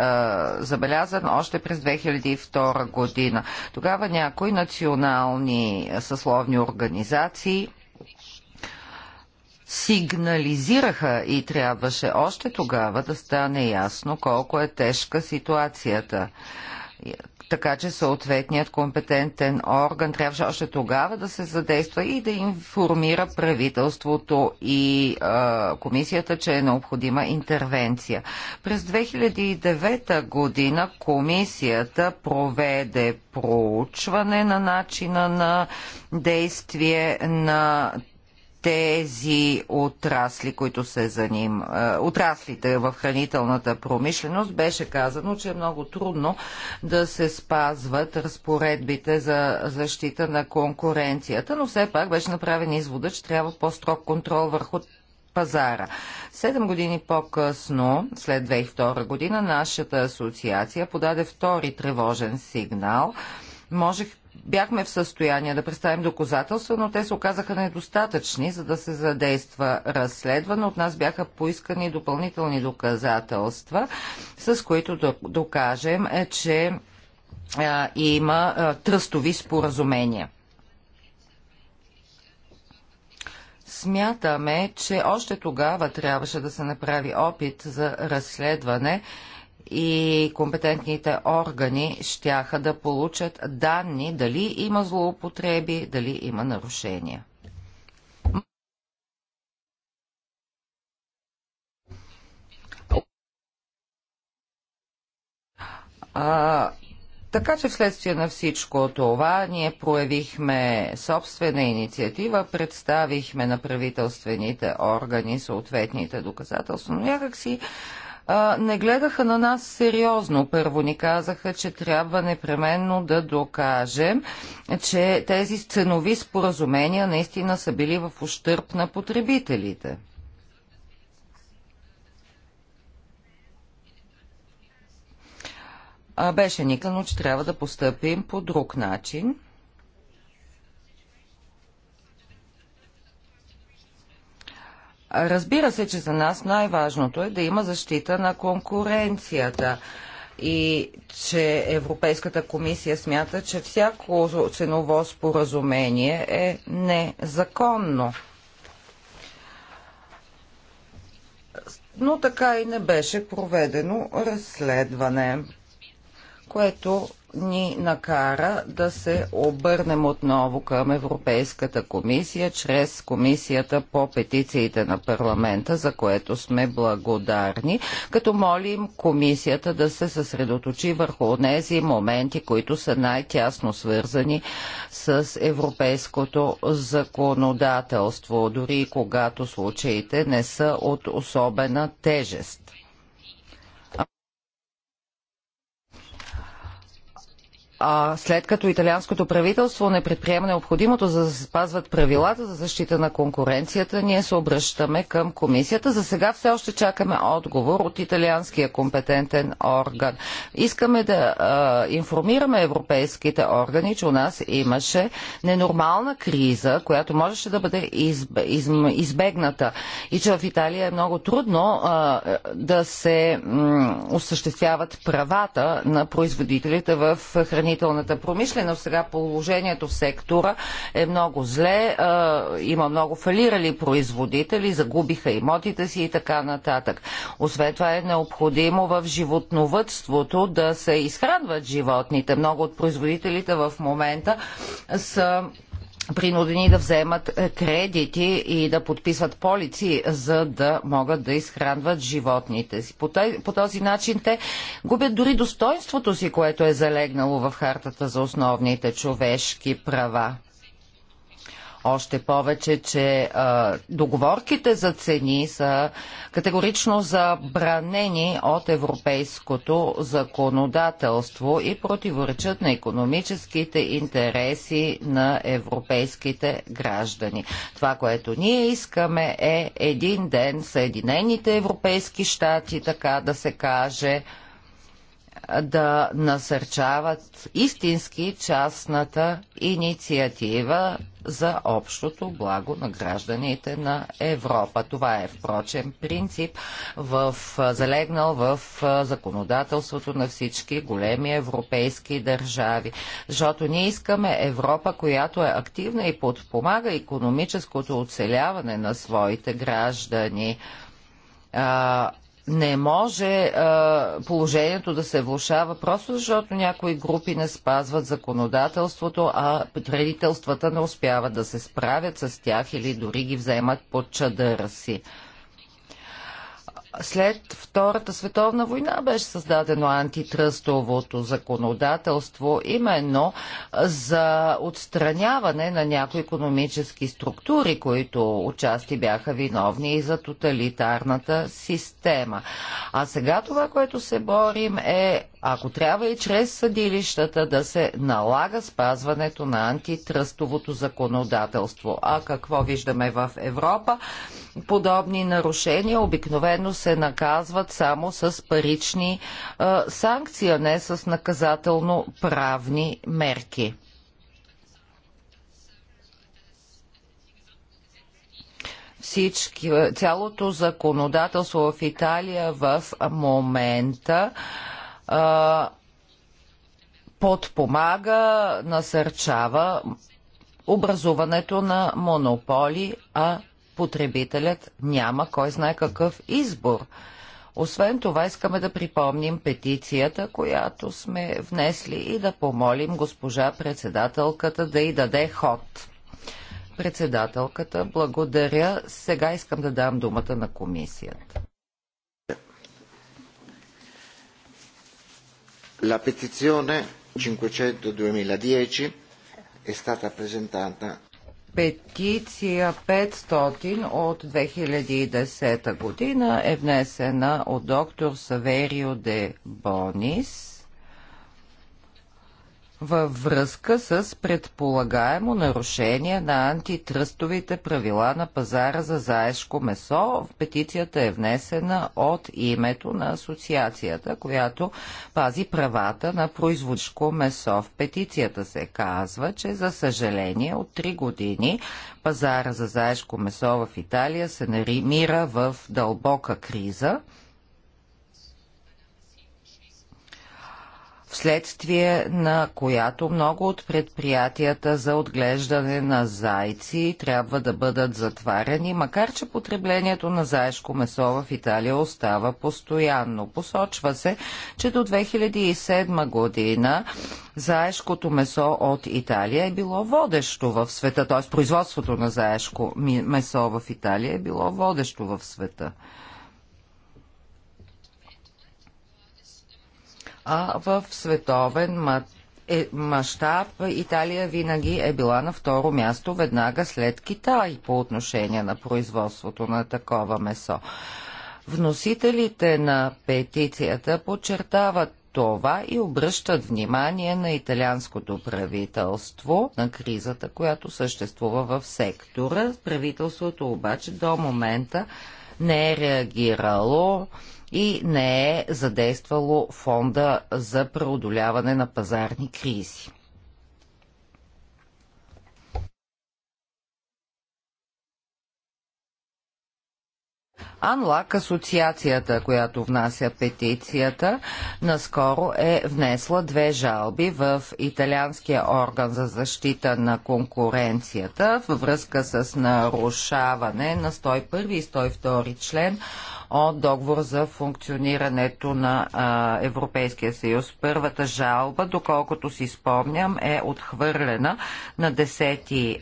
забелязан още през 2002 година. Тогава някои национални съсловни организации сигнализираха и трябваше още тогава да стане ясно колко е тежка ситуацията. Така че съответният компетентен орган трябваше още тогава да се задейства и да информира правителството и а, комисията, че е необходима интервенция. През 2009 година комисията проведе проучване на начина на действие на тези отрасли, които се заним, е, отраслите в хранителната промишленост, беше казано, че е много трудно да се спазват разпоредбите за защита на конкуренцията, но все пак беше направен извода, че трябва по-строг контрол върху пазара. Седем години по-късно, след 2002 година, нашата асоциация подаде втори тревожен сигнал. Можех бяхме в състояние да представим доказателства, но те се оказаха недостатъчни, за да се задейства разследване. От нас бяха поискани допълнителни доказателства, с които да докажем, е, че а, има а, тръстови споразумения. Смятаме, че още тогава трябваше да се направи опит за разследване, а, и компетентните органи щяха да получат данни дали има злоупотреби, дали има нарушения. А, така че вследствие на всичко това ние проявихме собствена инициатива, представихме на правителствените органи съответните доказателства, но някакси а, не гледаха на нас сериозно. Първо ни казаха, че трябва непременно да докажем, че тези ценови споразумения наистина са били в ущърп на потребителите. беше никано, че трябва да постъпим по друг начин. Разбира се, че за нас най-важното е да има защита на конкуренцията и че Европейската комисия смята, че всяко ценово споразумение е незаконно. Но така и не беше проведено разследване, което ни накара да се обърнем отново към Европейската комисия чрез Комисията по петициите на парламента, за което сме благодарни, като молим комисията да се съсредоточи върху тези моменти, които са най-тясно свързани с европейското законодателство, дори когато случаите не са от особена тежест. а след като италианското правителство не предприема необходимото за да се спазват правилата за защита на конкуренцията, ние се обръщаме към комисията. За сега все още чакаме отговор от италианския компетентен орган. Искаме да а, информираме европейските органи, че у нас имаше ненормална криза, която можеше да бъде изб, из, избегната и че в Италия е много трудно а, да се м, осъществяват правата на производителите в хранителната хранителната промишленост. Сега положението в сектора е много зле. Има много фалирали производители, загубиха имотите си и така нататък. Освен това е необходимо в животновътството да се изхранват животните. Много от производителите в момента са принудени да вземат е, кредити и да подписват полици, за да могат да изхранват животните си. По, този, по този начин те губят дори достоинството си, което е залегнало в хартата за основните човешки права. Още повече, че а, договорките за цени са категорично забранени от европейското законодателство и противоречат на економическите интереси на европейските граждани. Това, което ние искаме е един ден Съединените европейски щати, така да се каже, да насърчават истински частната инициатива за общото благо на гражданите на Европа. Това е, впрочем, принцип в, залегнал в законодателството на всички големи европейски държави. Защото ние искаме Европа, която е активна и подпомага економическото оцеляване на своите граждани не може а, положението да се влушава просто защото някои групи не спазват законодателството, а правителствата не успяват да се справят с тях или дори ги вземат под чадъра си. След Втората световна война беше създадено антитръстовото законодателство именно за отстраняване на някои економически структури, които отчасти бяха виновни и за тоталитарната система. А сега това, което се борим е, ако трябва и чрез съдилищата да се налага спазването на антитръстовото законодателство. А какво виждаме в Европа? подобни нарушения обикновено се наказват само с парични а, санкции, а не с наказателно-правни мерки. Всички, цялото законодателство в Италия в момента а, подпомага, насърчава образуването на монополи, а потребителят няма кой знае какъв избор. Освен това искаме да припомним петицията, която сме внесли и да помолим госпожа председателката да й даде ход. Председателката, благодаря. Сега искам да дам думата на комисията. La petizione 500-2010 è stata presentata Петиция 500 от 2010 година е внесена от доктор Саверио де Бонис – във връзка с предполагаемо нарушение на антитръстовите правила на пазара за заешко месо. Петицията е внесена от името на асоциацията, която пази правата на производшко месо. В петицията се казва, че за съжаление от 3 години пазара за заешко месо в Италия се намира в дълбока криза – вследствие на която много от предприятията за отглеждане на зайци трябва да бъдат затваряни, макар че потреблението на заешко месо в Италия остава постоянно. Посочва се, че до 2007 година заешкото месо от Италия е било водещо в света, т.е. производството на заешко месо в Италия е било водещо в света. а в световен е, мащаб Италия винаги е била на второ място, веднага след Китай по отношение на производството на такова месо. Вносителите на петицията подчертават това и обръщат внимание на италианското правителство на кризата, която съществува в сектора. Правителството обаче до момента не е реагирало и не е задействало фонда за преодоляване на пазарни кризи. Анлак, асоциацията, която внася петицията, наскоро е внесла две жалби в Италианския орган за защита на конкуренцията във връзка с нарушаване на 101 и 102 член от договор за функционирането на а, Европейския съюз. Първата жалба, доколкото си спомням, е отхвърлена на 10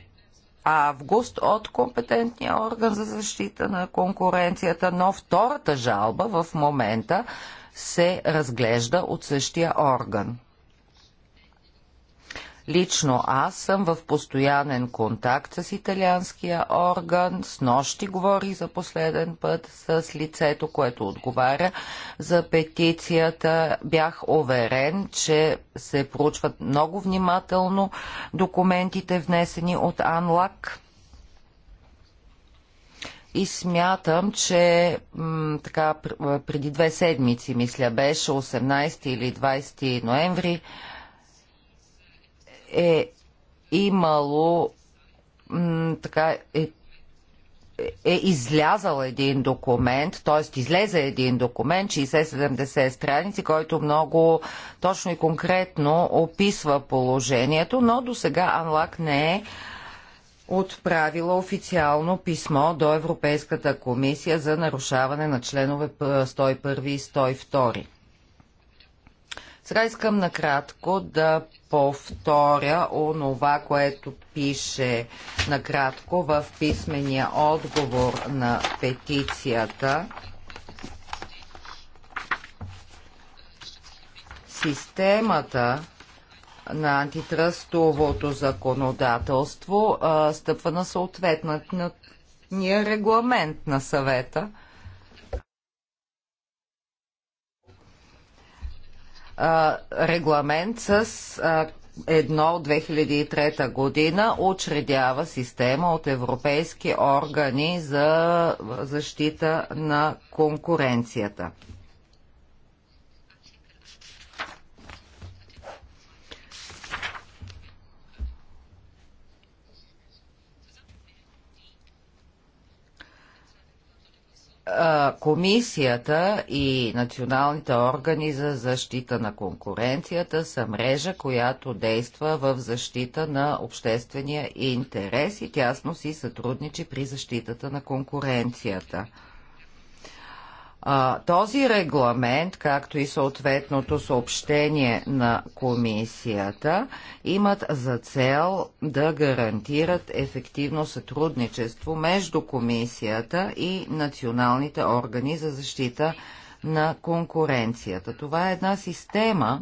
август от компетентния орган за защита на конкуренцията, но втората жалба в момента се разглежда от същия орган. Лично аз съм в постоянен контакт с италианския орган. С нощи говори за последен път с лицето, което отговаря за петицията. Бях уверен, че се проучват много внимателно документите, внесени от Анлак и смятам, че така преди две седмици, мисля, беше 18 или 20 ноември, е имало така е, е излязал един документ, т.е. излезе един документ, 60-70 страници, който много точно и конкретно описва положението, но до сега Анлак не е отправила официално писмо до Европейската комисия за нарушаване на членове 101 и 102. Сега искам накратко да повторя онова, което пише накратко в писмения отговор на петицията. Системата на антитръстовото законодателство а, стъпва на съответния регламент на съвета – регламент с а, едно от 2003 година учредява система от европейски органи за защита на конкуренцията. Комисията и националните органи за защита на конкуренцията са мрежа, която действа в защита на обществения интерес и тясно си сътрудничи при защитата на конкуренцията. А, този регламент, както и съответното съобщение на комисията, имат за цел да гарантират ефективно сътрудничество между комисията и националните органи за защита на конкуренцията. Това е една система,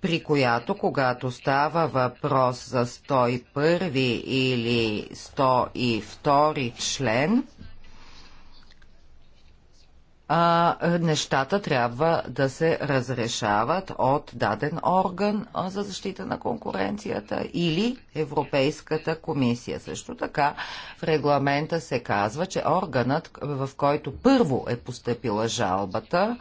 при която, когато става въпрос за 101 или 102 член, а, е, нещата трябва да се разрешават от даден орган за защита на конкуренцията или Европейската комисия. Също така в регламента се казва, че органът, в който първо е поступила жалбата,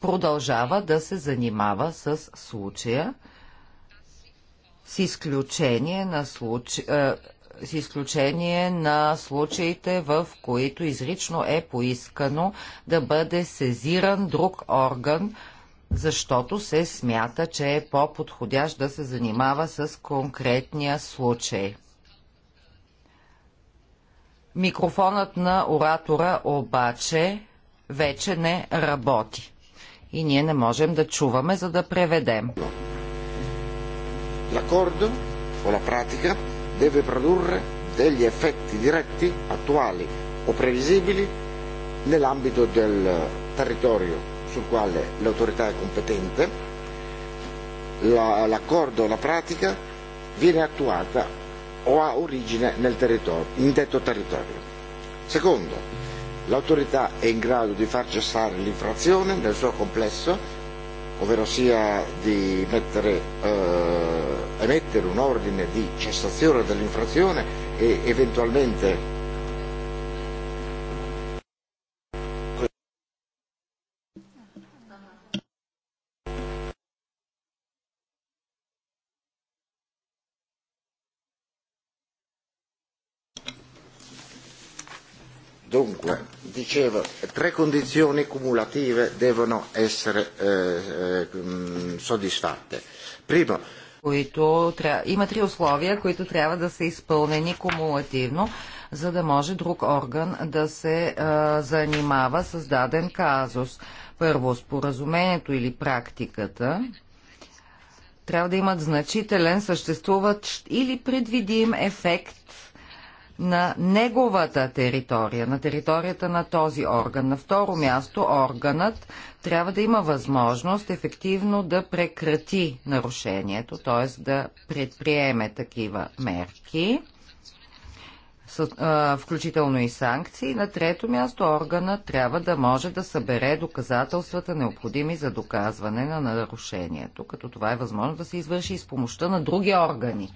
продължава да се занимава с случая с изключение на случая. Е, с изключение на случаите, в които изрично е поискано да бъде сезиран друг орган, защото се смята, че е по-подходящ да се занимава с конкретния случай. Микрофонът на оратора обаче вече не работи и ние не можем да чуваме, за да преведем. L'accordo o la pratica deve produrre degli effetti diretti, attuali o previsibili, nell'ambito del territorio sul quale l'autorità è competente, l'accordo o la pratica viene attuata o ha origine nel territorio, in detto territorio. Secondo, l'autorità è in grado di far cessare l'infrazione nel suo complesso ovvero sia di mettere, eh, emettere un ordine di cessazione dell'infrazione e eventualmente Dunque, dicevo, tre condizioni cumulative devono essere eh, eh mm, soddisfatte. Primo, които тря... има три условия, които трябва да са изпълнени кумулативно, за да може друг орган да се а, е, занимава с даден казус. Първо, споразумението или практиката трябва да имат значителен, съществуват или предвидим ефект на неговата територия, на територията на този орган. На второ място, органът трябва да има възможност ефективно да прекрати нарушението, т.е. да предприеме такива мерки, включително и санкции. На трето място, органът трябва да може да събере доказателствата, необходими за доказване на нарушението, като това е възможно да се извърши и с помощта на други органи.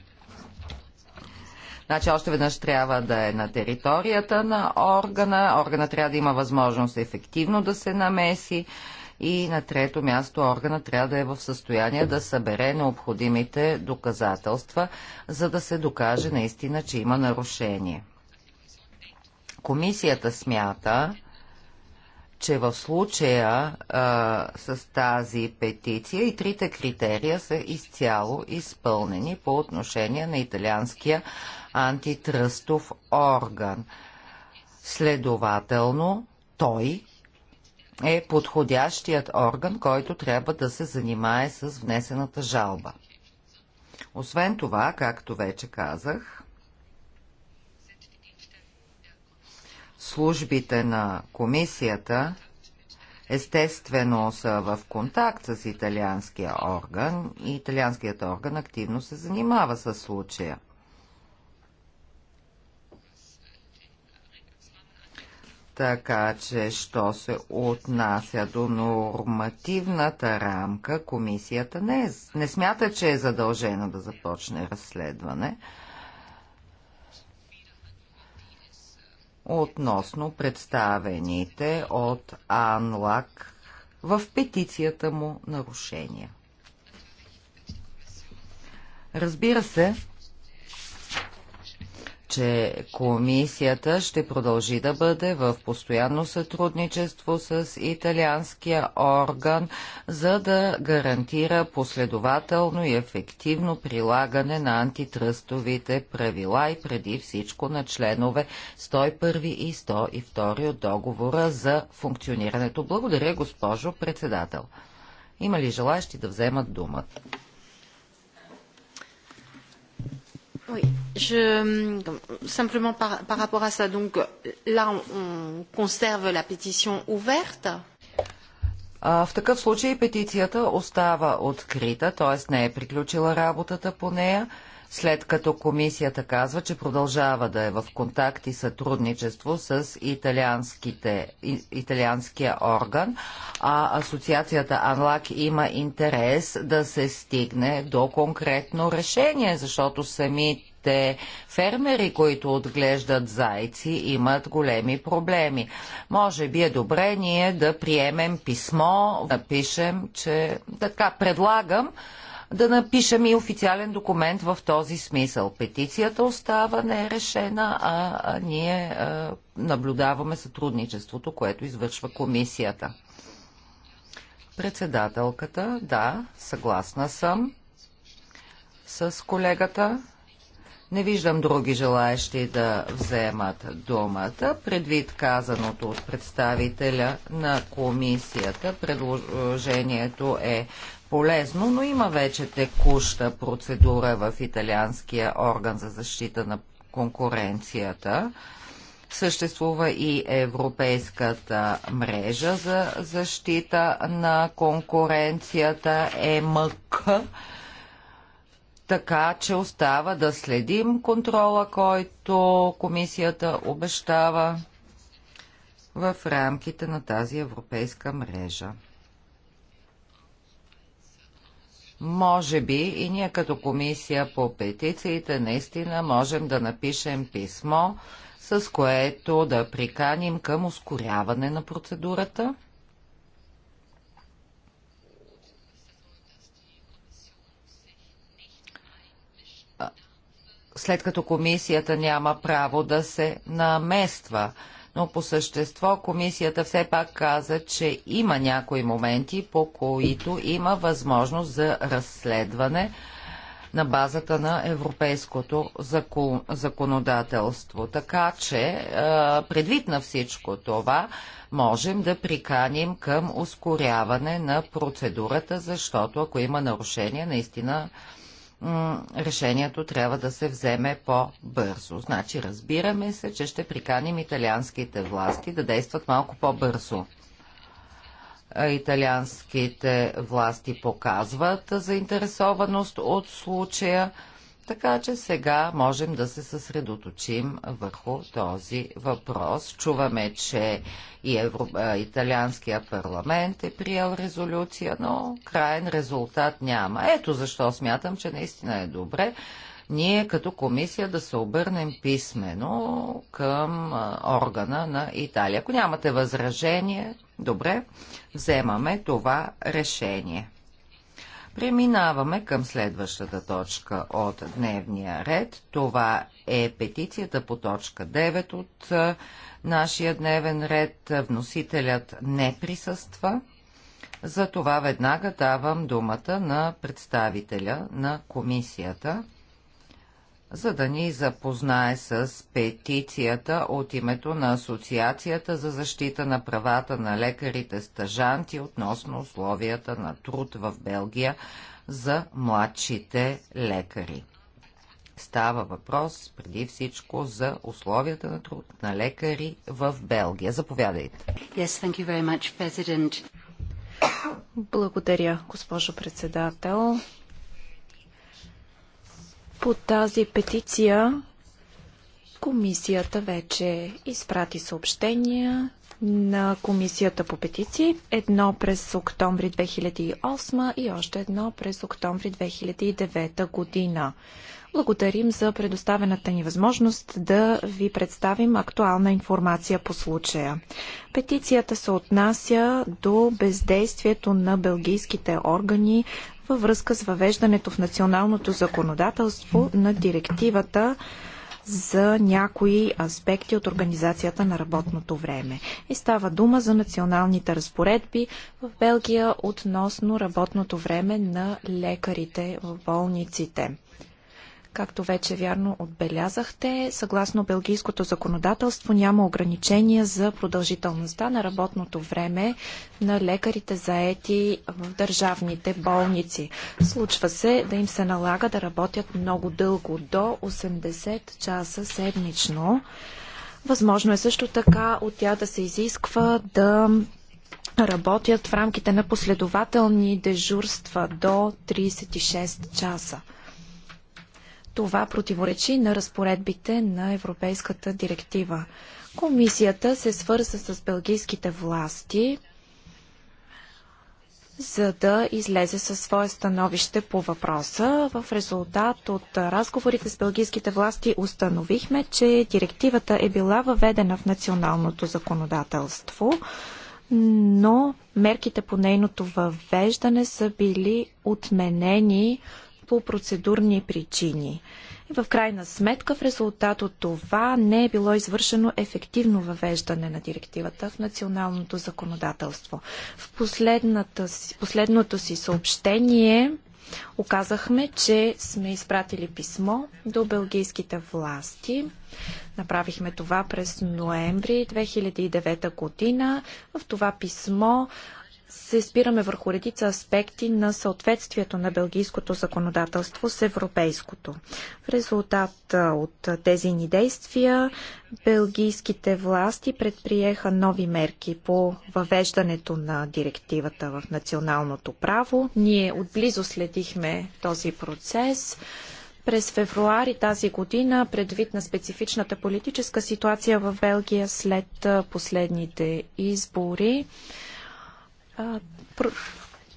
Значи още веднъж трябва да е на територията на органа, органа трябва да има възможност ефективно да се намеси и на трето място органа трябва да е в състояние да събере необходимите доказателства, за да се докаже наистина, че има нарушение. Комисията смята, че в случая а, с тази петиция и трите критерия са изцяло изпълнени по отношение на италианския антитръстов орган. Следователно, той е подходящият орган, който трябва да се занимае с внесената жалба. Освен това, както вече казах, службите на комисията естествено са в контакт с италианския орган и италианският орган активно се занимава с случая. Така че, що се отнася до нормативната рамка, комисията не, е, не смята, че е задължена да започне разследване. относно представените от АНЛАК в петицията му нарушения. Разбира се, че комисията ще продължи да бъде в постоянно сътрудничество с италианския орган, за да гарантира последователно и ефективно прилагане на антитръстовите правила и преди всичко на членове 101 и 102 от договора за функционирането. Благодаря, госпожо председател. Има ли желащи да вземат думата? Oui, je, simplement par, par rapport à ça, donc là on on conserve la pétition ouverte. А, в такъв случай петицията остава открита, т.е. не е приключила работата по нея след като комисията казва, че продължава да е в контакт и сътрудничество с италианския орган, а асоциацията Анлак има интерес да се стигне до конкретно решение, защото самите фермери, които отглеждат зайци, имат големи проблеми. Може би е добре ние да приемем писмо, да напишем, че така предлагам да напишем и официален документ в този смисъл. Петицията остава нерешена, а, а ние а, наблюдаваме сътрудничеството, което извършва комисията. Председателката, да, съгласна съм с колегата. Не виждам други желаящи да вземат думата. Предвид казаното от представителя на комисията, предложението е полезно, но има вече текуща процедура в италианския орган за защита на конкуренцията. Съществува и Европейската мрежа за защита на конкуренцията ЕМК, така че остава да следим контрола, който комисията обещава в рамките на тази европейска мрежа. Може би и ние като комисия по петициите наистина можем да напишем писмо, с което да приканим към ускоряване на процедурата. след като комисията няма право да се намества но по същество комисията все пак каза, че има някои моменти, по които има възможност за разследване на базата на европейското закон, законодателство. Така че, е, предвид на всичко това, можем да приканим към ускоряване на процедурата, защото ако има нарушение, наистина решението трябва да се вземе по-бързо. Значи разбираме се, че ще приканим италианските власти да действат малко по-бързо. Италианските власти показват заинтересованост от случая – така че сега можем да се съсредоточим върху този въпрос. Чуваме, че и Евро... италианския парламент е приел резолюция, но крайен резултат няма. Ето защо смятам, че наистина е добре ние като комисия да се обърнем писмено към органа на Италия. Ако нямате възражение, добре, вземаме това решение. Преминаваме към следващата точка от дневния ред. Това е петицията по точка 9 от нашия дневен ред. Вносителят не присъства. Затова веднага давам думата на представителя на комисията за да ни запознае с петицията от името на Асоциацията за защита на правата на лекарите стажанти относно условията на труд в Белгия за младшите лекари. Става въпрос преди всичко за условията на труд на лекари в Белгия. Заповядайте. Yes, thank you very much, Благодаря, госпожо председател. По тази петиция комисията вече изпрати съобщения на комисията по петиции. Едно през октомври 2008 и още едно през октомври 2009 година. Благодарим за предоставената ни възможност да ви представим актуална информация по случая. Петицията се отнася до бездействието на белгийските органи във връзка с въвеждането в националното законодателство на директивата за някои аспекти от организацията на работното време. И става дума за националните разпоредби в Белгия относно работното време на лекарите в болниците. Както вече вярно отбелязахте, съгласно белгийското законодателство няма ограничения за продължителността на работното време на лекарите заети в държавните болници. Случва се да им се налага да работят много дълго, до 80 часа седмично. Възможно е също така от тя да се изисква да работят в рамките на последователни дежурства до 36 часа. Това противоречи на разпоредбите на Европейската директива. Комисията се свърза с белгийските власти, за да излезе със свое становище по въпроса. В резултат от разговорите с белгийските власти установихме, че директивата е била въведена в националното законодателство, но мерките по нейното въвеждане са били отменени по процедурни причини. И в крайна сметка, в резултат от това не е било извършено ефективно въвеждане на директивата в националното законодателство. В последното си съобщение Оказахме, че сме изпратили писмо до белгийските власти. Направихме това през ноември 2009 година. В това писмо се спираме върху редица аспекти на съответствието на белгийското законодателство с европейското. В резултат от тези ни действия, белгийските власти предприеха нови мерки по въвеждането на директивата в националното право. Ние отблизо следихме този процес през февруари тази година, предвид на специфичната политическа ситуация в Белгия след последните избори,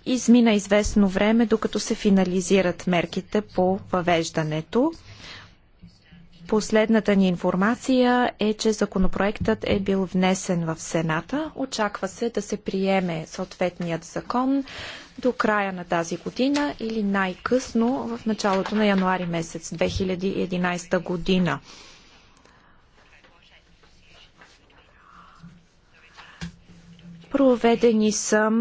измина известно време, докато се финализират мерките по въвеждането. Последната ни информация е, че законопроектът е бил внесен в Сената. Очаква се да се приеме съответният закон до края на тази година или най-късно в началото на януари месец 2011 година. Проведени са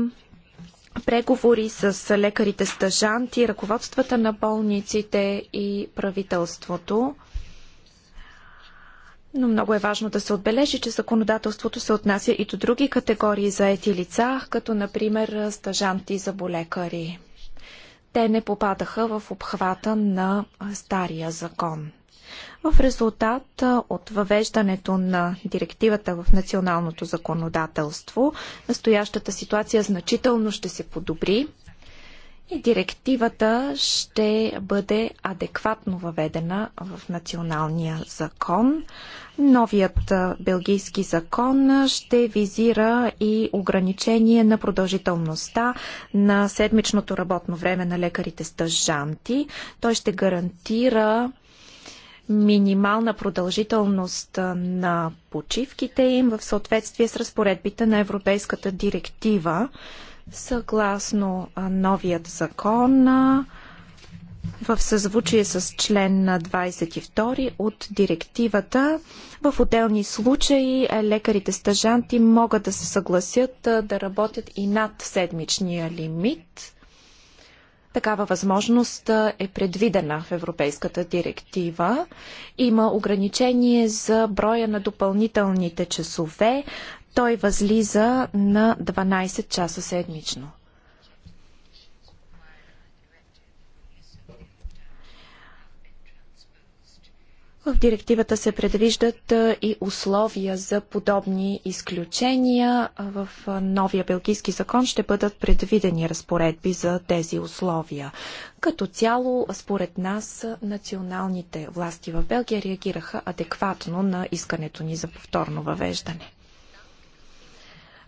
преговори с лекарите стажанти, ръководствата на болниците и правителството. Но много е важно да се отбележи, че законодателството се отнася и до други категории заети лица, като например стажанти за болекари. Те не попадаха в обхвата на стария закон. В резултат от въвеждането на директивата в националното законодателство, настоящата ситуация значително ще се подобри и директивата ще бъде адекватно въведена в националния закон. Новият белгийски закон ще визира и ограничение на продължителността на седмичното работно време на лекарите стъжанти. Той ще гарантира минимална продължителност на почивките им в съответствие с разпоредбите на Европейската директива. Съгласно новият закон, в съзвучие с член 22 от директивата, в отделни случаи лекарите стажанти могат да се съгласят да работят и над седмичния лимит Такава възможност е предвидена в Европейската директива. Има ограничение за броя на допълнителните часове. Той възлиза на 12 часа седмично. В директивата се предвиждат и условия за подобни изключения. В новия белгийски закон ще бъдат предвидени разпоредби за тези условия. Като цяло, според нас, националните власти в Белгия реагираха адекватно на искането ни за повторно въвеждане.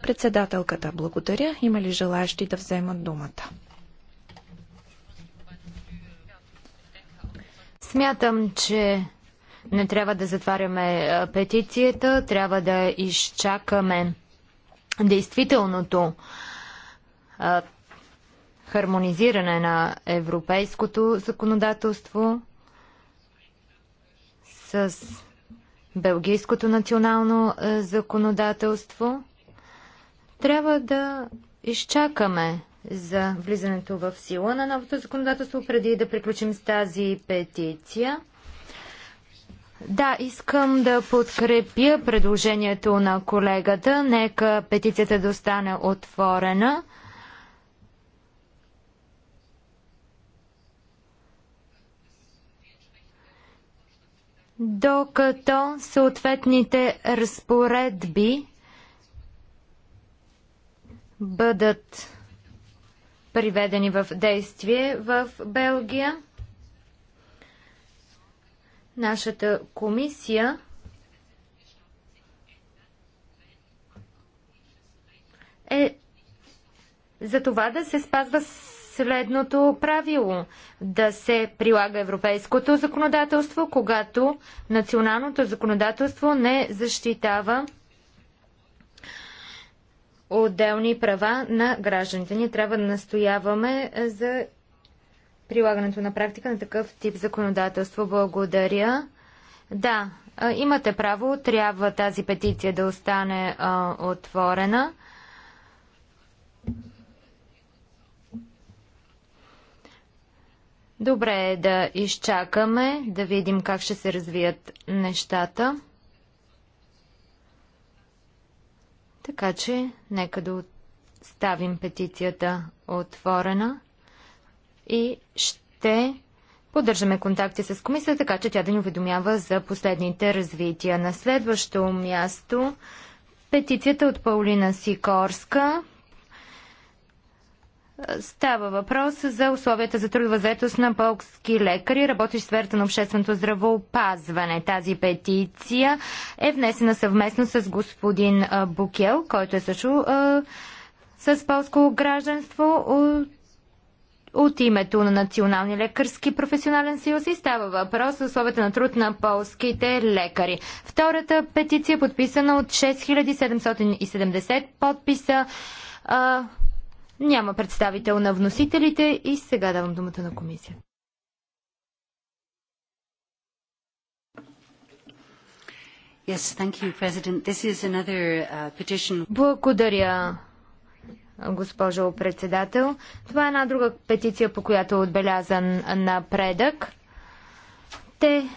Председателката, благодаря. Има ли желаящи да вземат думата? Смятам, че не трябва да затваряме петицията, трябва да изчакаме действителното хармонизиране на европейското законодателство с белгийското национално законодателство. Трябва да изчакаме за влизането в сила на новото законодателство, преди да приключим с тази петиция. Да, искам да подкрепя предложението на колегата. Нека петицията да остане отворена. Докато съответните разпоредби бъдат приведени в действие в Белгия. Нашата комисия е за това да се спазва следното правило да се прилага европейското законодателство, когато националното законодателство не защитава отделни права на гражданите. Ние трябва да настояваме е, за прилагането на практика на такъв тип законодателство. Благодаря. Да, имате право, трябва тази петиция да остане а, отворена. Добре е да изчакаме, да видим как ще се развият нещата. Така че, нека да оставим петицията отворена и ще поддържаме контакти с комисията, така че тя да ни уведомява за последните развития. На следващо място петицията от Паулина Сикорска. Става въпрос за условията за трудова заетост на български лекари, работещи в сферата на общественото здравоопазване. Тази петиция е внесена съвместно с господин Букел, който е също е, с полско гражданство от от името на Националния лекарски професионален съюз и става въпрос за условията на труд на полските лекари. Втората петиция е подписана от 6770 подписа. А, няма представител на вносителите и сега давам думата на комисия. Yes, you, another, uh, Благодаря, госпожо председател. Това е една друга петиция, по която е отбелязан напредък. Те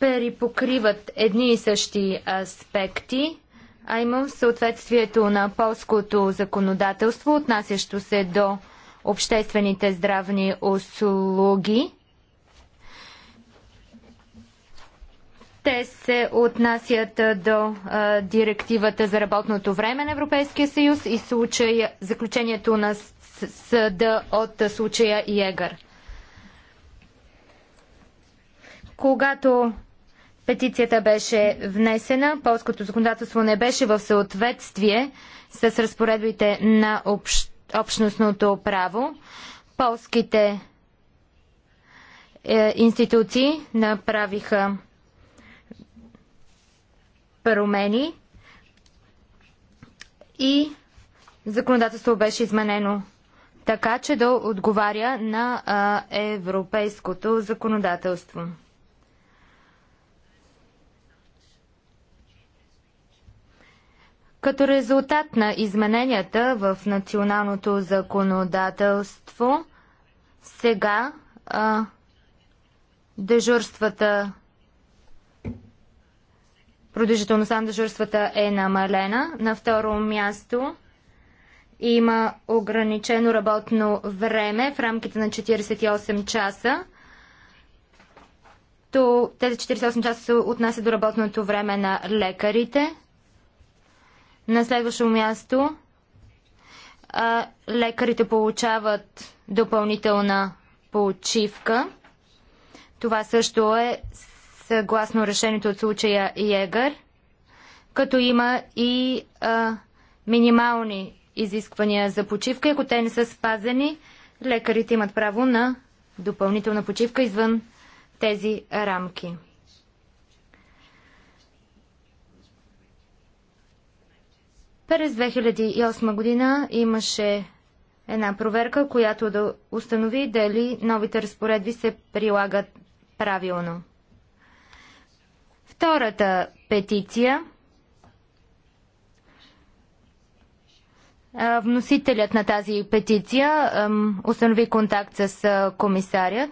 перепокриват едни и същи аспекти, а имам съответствието на полското законодателство, отнасящо се до обществените здравни услуги Те се отнасят до а, директивата за работното време на Европейския съюз и случая, заключението на съда от случая Йегър. Когато петицията беше внесена, полското законодателство не беше в съответствие с разпоредбите на общ, общностното право. Полските е, институции направиха промени и законодателство беше изменено така, че да отговаря на а, европейското законодателство. Като резултат на измененията в националното законодателство, сега а, дежурствата продължителността на дежурствата е намалена. На второ място има ограничено работно време в рамките на 48 часа. То, тези 48 часа се отнасят до работното време на лекарите. На следващо място а, лекарите получават допълнителна почивка. Това също е съгласно решението от случая Егър, като има и а, минимални изисквания за почивка. Ако те не са спазени, лекарите имат право на допълнителна почивка извън тези рамки. През 2008 година имаше една проверка, която да установи дали новите разпоредби се прилагат правилно. Втората петиция. Вносителят на тази петиция установи контакт с комисарят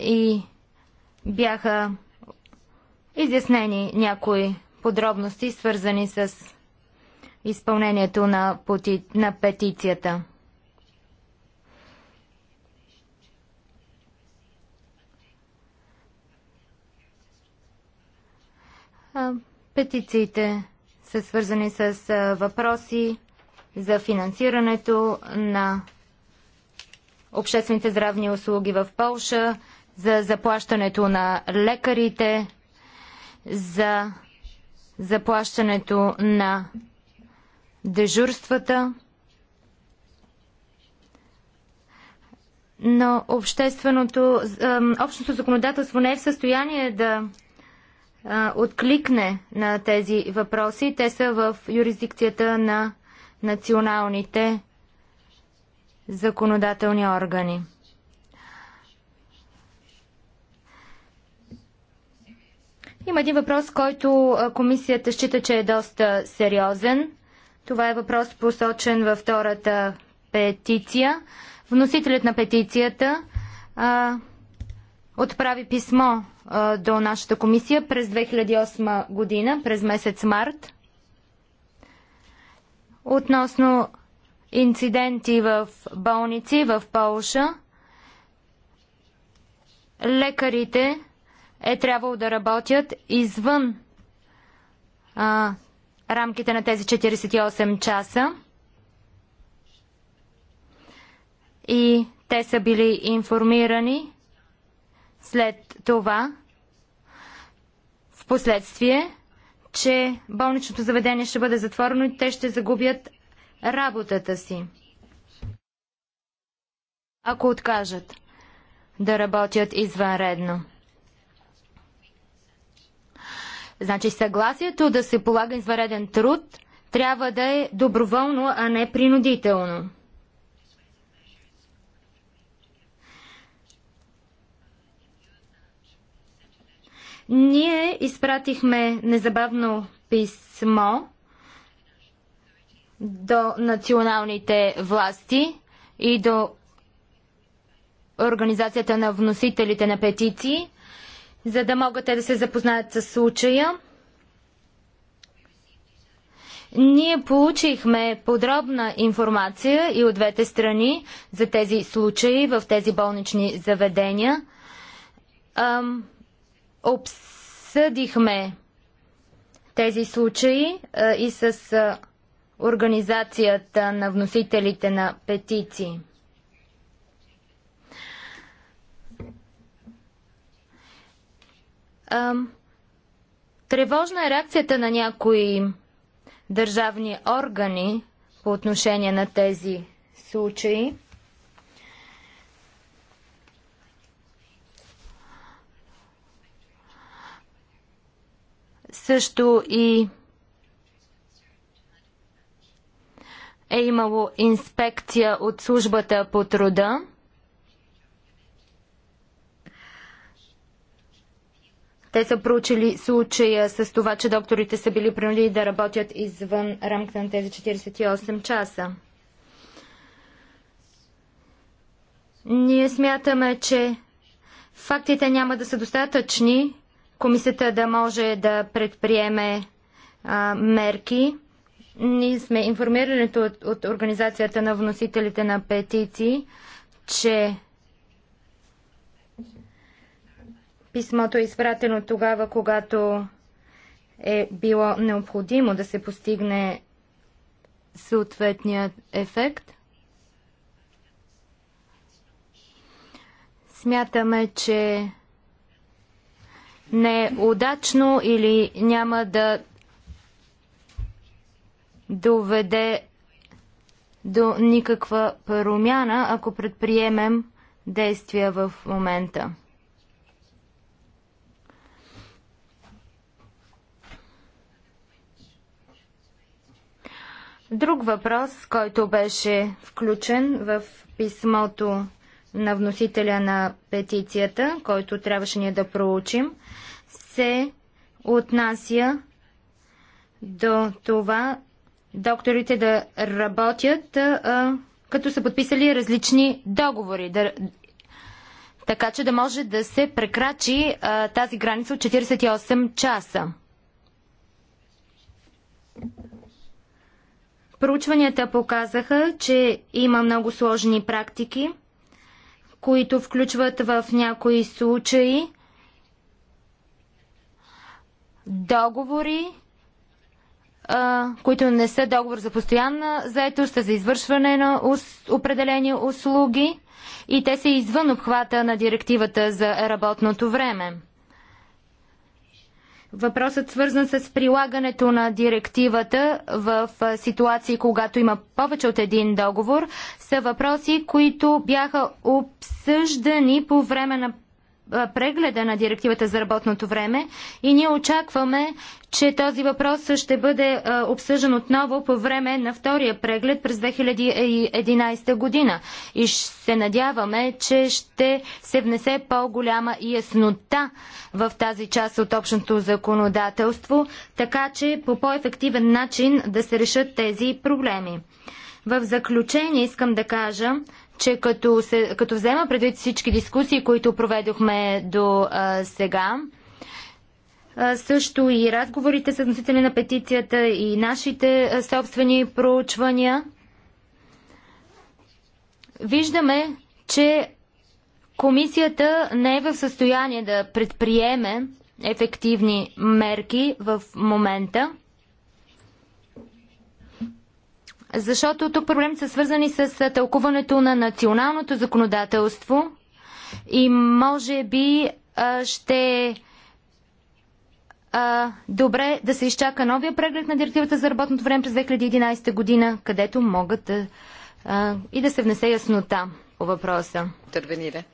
и бяха изяснени някои подробности, свързани с изпълнението на, петицията. Петициите са свързани с въпроси за финансирането на обществените здравни услуги в Полша, за заплащането на лекарите, за заплащането на дежурствата. Но общественото, общото законодателство не е в състояние да откликне на тези въпроси. Те са в юрисдикцията на националните законодателни органи. Има един въпрос, който комисията счита, че е доста сериозен. Това е въпрос посочен във втората петиция. Вносителят на петицията а, отправи писмо а, до нашата комисия през 2008 година, през месец март, относно инциденти в болници в Полша. Лекарите е трябвало да работят извън а, рамките на тези 48 часа. И те са били информирани след това, в последствие, че болничното заведение ще бъде затворено и те ще загубят работата си. Ако откажат да работят извънредно. Значи съгласието да се полага извънреден труд трябва да е доброволно, а не принудително. Ние изпратихме незабавно писмо до националните власти и до организацията на вносителите на петиции, за да могат те да се запознаят с случая. Ние получихме подробна информация и от двете страни за тези случаи в тези болнични заведения. Обсъдихме тези случаи а, и с а, организацията на вносителите на петиции. А, тревожна е реакцията на някои държавни органи по отношение на тези случаи. Също и е имало инспекция от службата по труда. Те са проучили случая с това, че докторите са били принудени да работят извън рамката на тези 48 часа. Ние смятаме, че фактите няма да са достатъчни, комисията да може да предприеме а, мерки. Ние сме информирани от, от организацията на вносителите на петиции, че писмото е изпратено тогава, когато е било необходимо да се постигне съответният ефект. Смятаме, че неудачно е или няма да доведе до никаква промяна, ако предприемем действия в момента. Друг въпрос, който беше включен в писмото на вносителя на петицията, който трябваше ние да проучим – се отнася до това докторите да работят а, като са подписали различни договори. Да, така че да може да се прекрачи а, тази граница от 48 часа. Проучванията показаха, че има много сложни практики, които включват в някои случаи договори, които не са договор за постоянна заетост, а за извършване на определени услуги и те са извън обхвата на директивата за работното време. Въпросът свързан с прилагането на директивата в ситуации, когато има повече от един договор, са въпроси, които бяха обсъждани по време на прегледа на директивата за работното време и ние очакваме, че този въпрос ще бъде обсъжен отново по време на втория преглед през 2011 година. И се надяваме, че ще се внесе по-голяма яснота в тази част от общото законодателство, така че по по-ефективен начин да се решат тези проблеми. В заключение искам да кажа, че като, се, като взема предвид всички дискусии, които проведохме до а, сега, а, също и разговорите с носители на петицията и нашите а, собствени проучвания, виждаме, че комисията не е в състояние да предприеме ефективни мерки в момента. Защото тук проблемите са свързани с тълкуването на националното законодателство и може би а, ще а, добре да се изчака новия преглед на директивата за работното време през 2011 година, където могат да, а, и да се внесе яснота по въпроса. Тървенире.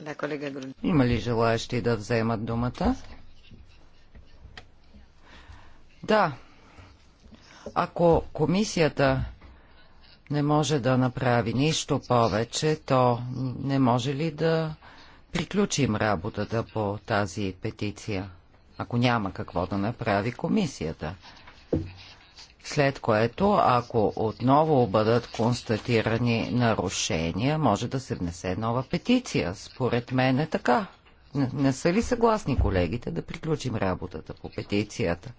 Да, колега Грун. Има ли желаящи да вземат думата? Да, ако комисията не може да направи нищо повече, то не може ли да приключим работата по тази петиция, ако няма какво да направи комисията? След което, ако отново бъдат констатирани нарушения, може да се внесе нова петиция. Според мен е така. Не, не са ли съгласни колегите да приключим работата по петицията?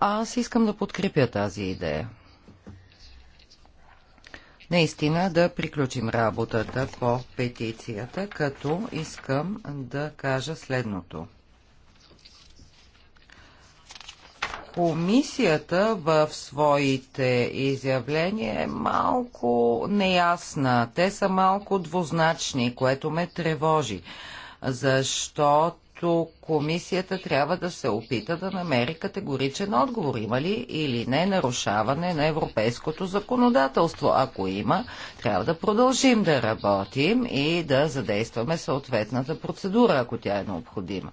Аз искам да подкрепя тази идея. Наистина да приключим работата по петицията, като искам да кажа следното. комисията в своите изявления е малко неясна. Те са малко двузначни, което ме тревожи, защото комисията трябва да се опита да намери категоричен отговор. Има ли или не нарушаване на европейското законодателство? Ако има, трябва да продължим да работим и да задействаме съответната процедура, ако тя е необходима.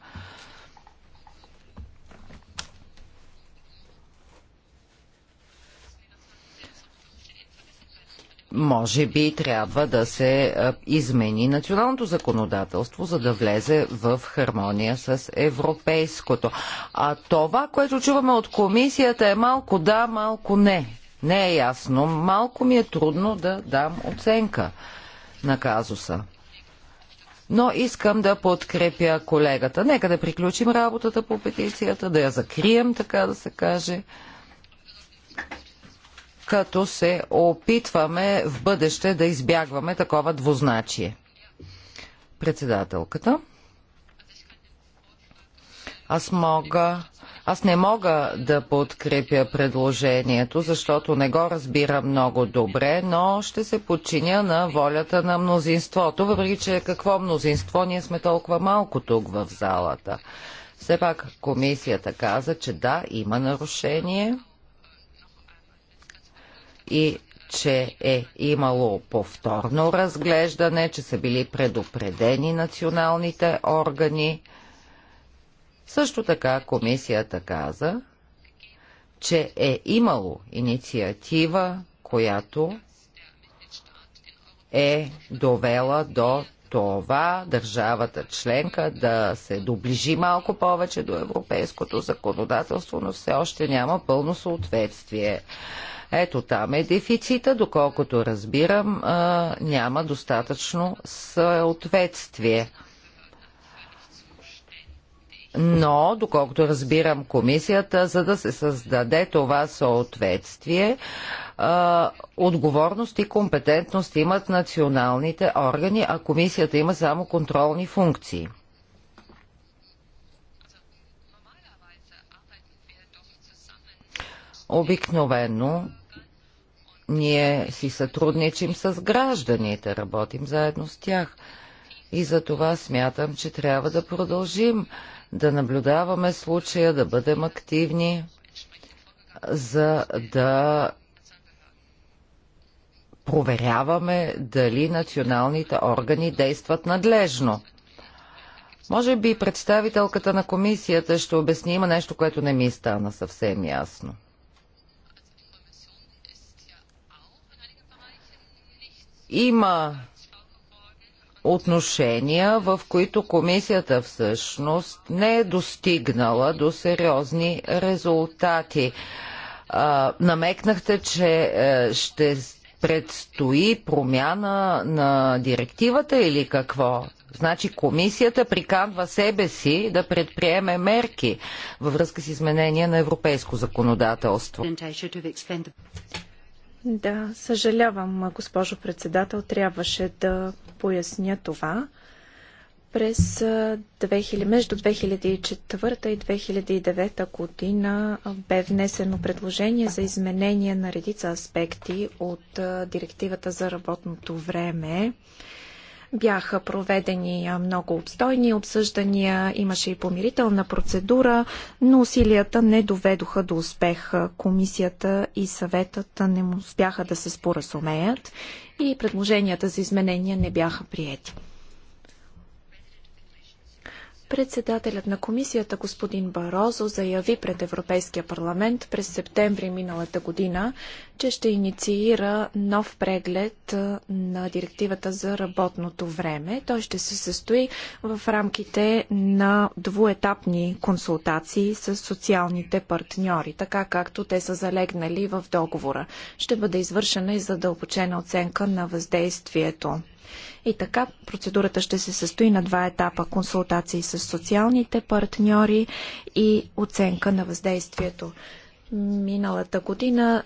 може би трябва да се измени националното законодателство, за да влезе в хармония с европейското. А това, което чуваме от комисията е малко да, малко не. Не е ясно. Малко ми е трудно да дам оценка на казуса. Но искам да подкрепя колегата. Нека да приключим работата по петицията, да я закрием, така да се каже като се опитваме в бъдеще да избягваме такова двузначие. Председателката. Аз мога. Аз не мога да подкрепя предложението, защото не го разбира много добре, но ще се подчиня на волята на мнозинството, въпреки че какво мнозинство, ние сме толкова малко тук в залата. Все пак комисията каза, че да, има нарушение, и че е имало повторно разглеждане, че са били предупредени националните органи. Също така комисията каза, че е имало инициатива, която е довела до това държавата членка да се доближи малко повече до европейското законодателство, но все още няма пълно съответствие. Ето там е дефицита, доколкото разбирам, а, няма достатъчно съответствие. Но, доколкото разбирам комисията, за да се създаде това съответствие, а, отговорност и компетентност имат националните органи, а комисията има само контролни функции. Обикновено ние си сътрудничим с гражданите, работим заедно с тях. И за това смятам, че трябва да продължим да наблюдаваме случая, да бъдем активни, за да проверяваме дали националните органи действат надлежно. Може би представителката на комисията ще обясни, има нещо, което не ми стана съвсем ясно. Има отношения, в които комисията всъщност не е достигнала до сериозни резултати. намекнахте, че е, ще предстои промяна на директивата или какво? Значи комисията приканва себе си да предприеме мерки във връзка с изменение на европейско законодателство. Да, съжалявам, госпожо председател, трябваше да поясня това. През 2000, между 2004 и 2009 година бе внесено предложение за изменение на редица аспекти от директивата за работното време. Бяха проведени много обстойни обсъждания, имаше и помирителна процедура, но усилията не доведоха до успех. Комисията и съветът не успяха да се споразумеят и предложенията за изменения не бяха приети. Председателят на комисията господин Барозо заяви пред Европейския парламент през септември миналата година, че ще инициира нов преглед на директивата за работното време. Той ще се състои в рамките на двуетапни консултации с социалните партньори, така както те са залегнали в договора. Ще бъде извършена и задълбочена оценка на въздействието и така процедурата ще се състои на два етапа консултации с социалните партньори и оценка на въздействието. Миналата година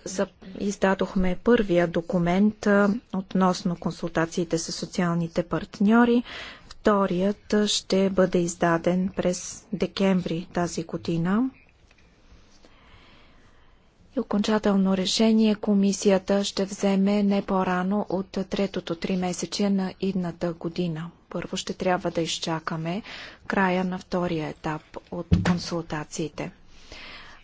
издадохме първия документ относно консултациите с социалните партньори. Вторият ще бъде издаден през декември тази година. Окончателно решение комисията ще вземе не по-рано от третото три месече на идната година. Първо ще трябва да изчакаме края на втория етап от консултациите.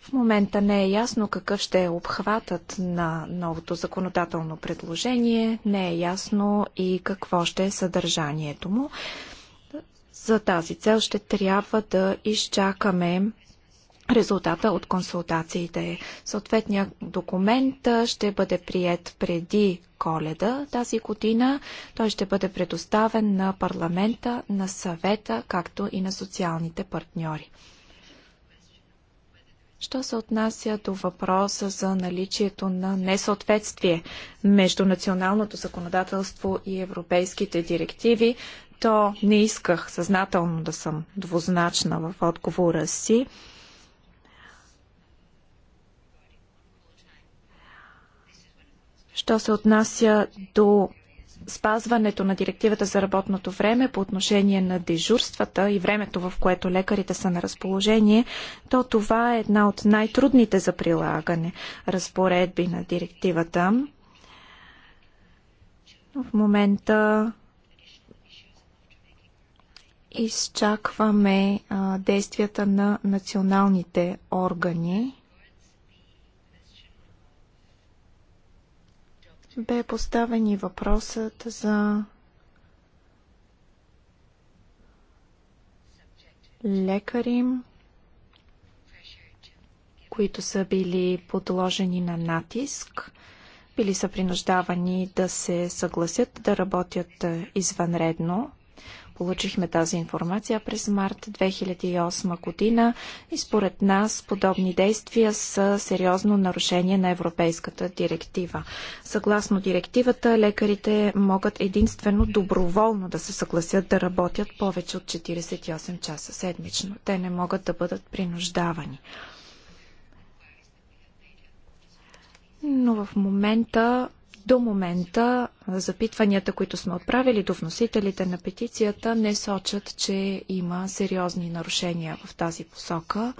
В момента не е ясно какъв ще е обхватът на новото законодателно предложение, не е ясно и какво ще е съдържанието му. За тази цел ще трябва да изчакаме резултата от консултациите. Съответният документ ще бъде прият преди коледа тази година. Той ще бъде предоставен на парламента, на съвета, както и на социалните партньори. Що се отнася до въпроса за наличието на несъответствие между националното законодателство и европейските директиви, то не исках съзнателно да съм двузначна в отговора си. Що се отнася до спазването на директивата за работното време по отношение на дежурствата и времето, в което лекарите са на разположение, то това е една от най-трудните за прилагане разпоредби на директивата. В момента изчакваме а, действията на националните органи. бе поставен и въпросът за лекари, които са били подложени на натиск, били са принуждавани да се съгласят да работят извънредно Получихме тази информация през март 2008 година и според нас подобни действия са сериозно нарушение на Европейската директива. Съгласно директивата, лекарите могат единствено доброволно да се съгласят да работят повече от 48 часа седмично. Те не могат да бъдат принуждавани. Но в момента до момента запитванията, които сме отправили до вносителите на петицията, не сочат, че има сериозни нарушения в тази посока.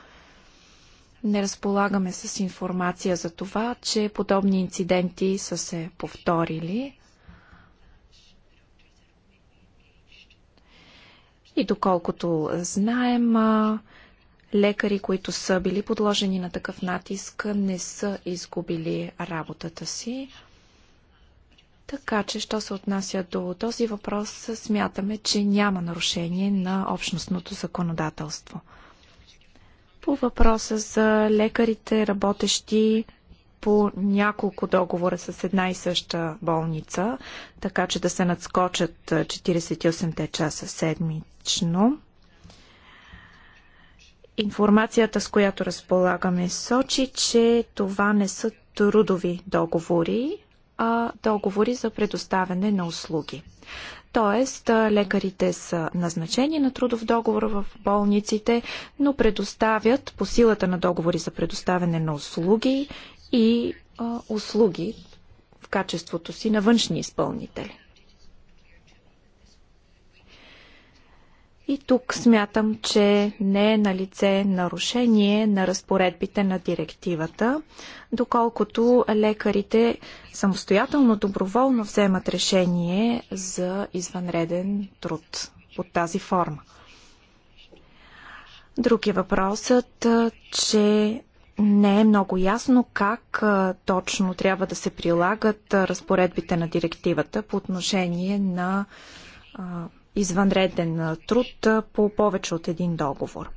Не разполагаме с информация за това, че подобни инциденти са се повторили. И доколкото знаем, лекари, които са били подложени на такъв натиск, не са изгубили работата си. Така че, що се отнася до този въпрос, смятаме, че няма нарушение на общностното законодателство. По въпроса за лекарите, работещи по няколко договора с една и съща болница, така че да се надскочат 48-те часа седмично. Информацията, с която разполагаме, сочи, че това не са трудови договори, а договори за предоставяне на услуги. Тоест, лекарите са назначени на трудов договор в болниците, но предоставят по силата на договори за предоставяне на услуги и а, услуги в качеството си на външни изпълнители. И тук смятам, че не е на лице нарушение на разпоредбите на директивата, доколкото лекарите самостоятелно доброволно вземат решение за извънреден труд под тази форма. Други е въпросът, че не е много ясно как точно трябва да се прилагат разпоредбите на директивата по отношение на извънреден труд по повече от един договор.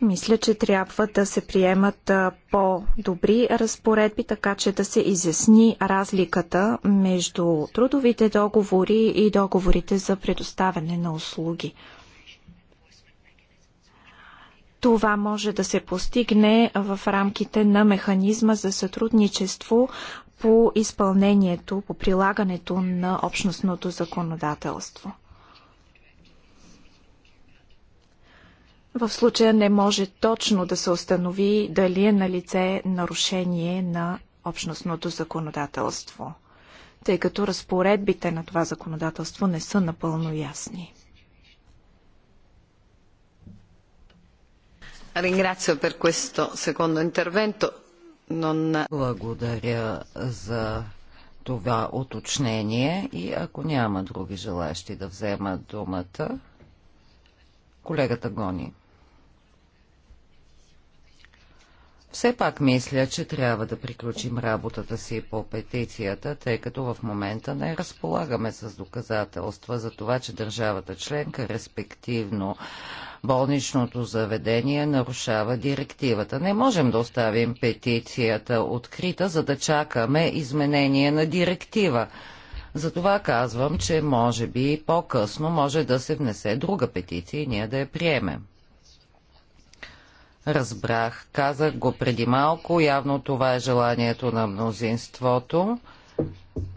Мисля, че трябва да се приемат по-добри разпоредби, така че да се изясни разликата между трудовите договори и договорите за предоставяне на услуги. Това може да се постигне в рамките на механизма за сътрудничество по изпълнението, по прилагането на общностното законодателство. В случая не може точно да се установи дали е на лице нарушение на общностното законодателство, тъй като разпоредбите на това законодателство не са напълно ясни. Ringrazio per questo secondo intervento. Но не, Благодаря за това уточнение и ако няма други желащи да вземат думата, колегата гони. Все пак мисля, че трябва да приключим работата си по петицията, тъй като в момента не разполагаме с доказателства за това, че държавата членка, респективно болничното заведение нарушава директивата. Не можем да оставим петицията открита, за да чакаме изменение на директива. Затова казвам, че може би по-късно може да се внесе друга петиция и ние да я приемем. Разбрах, казах го преди малко, явно това е желанието на мнозинството.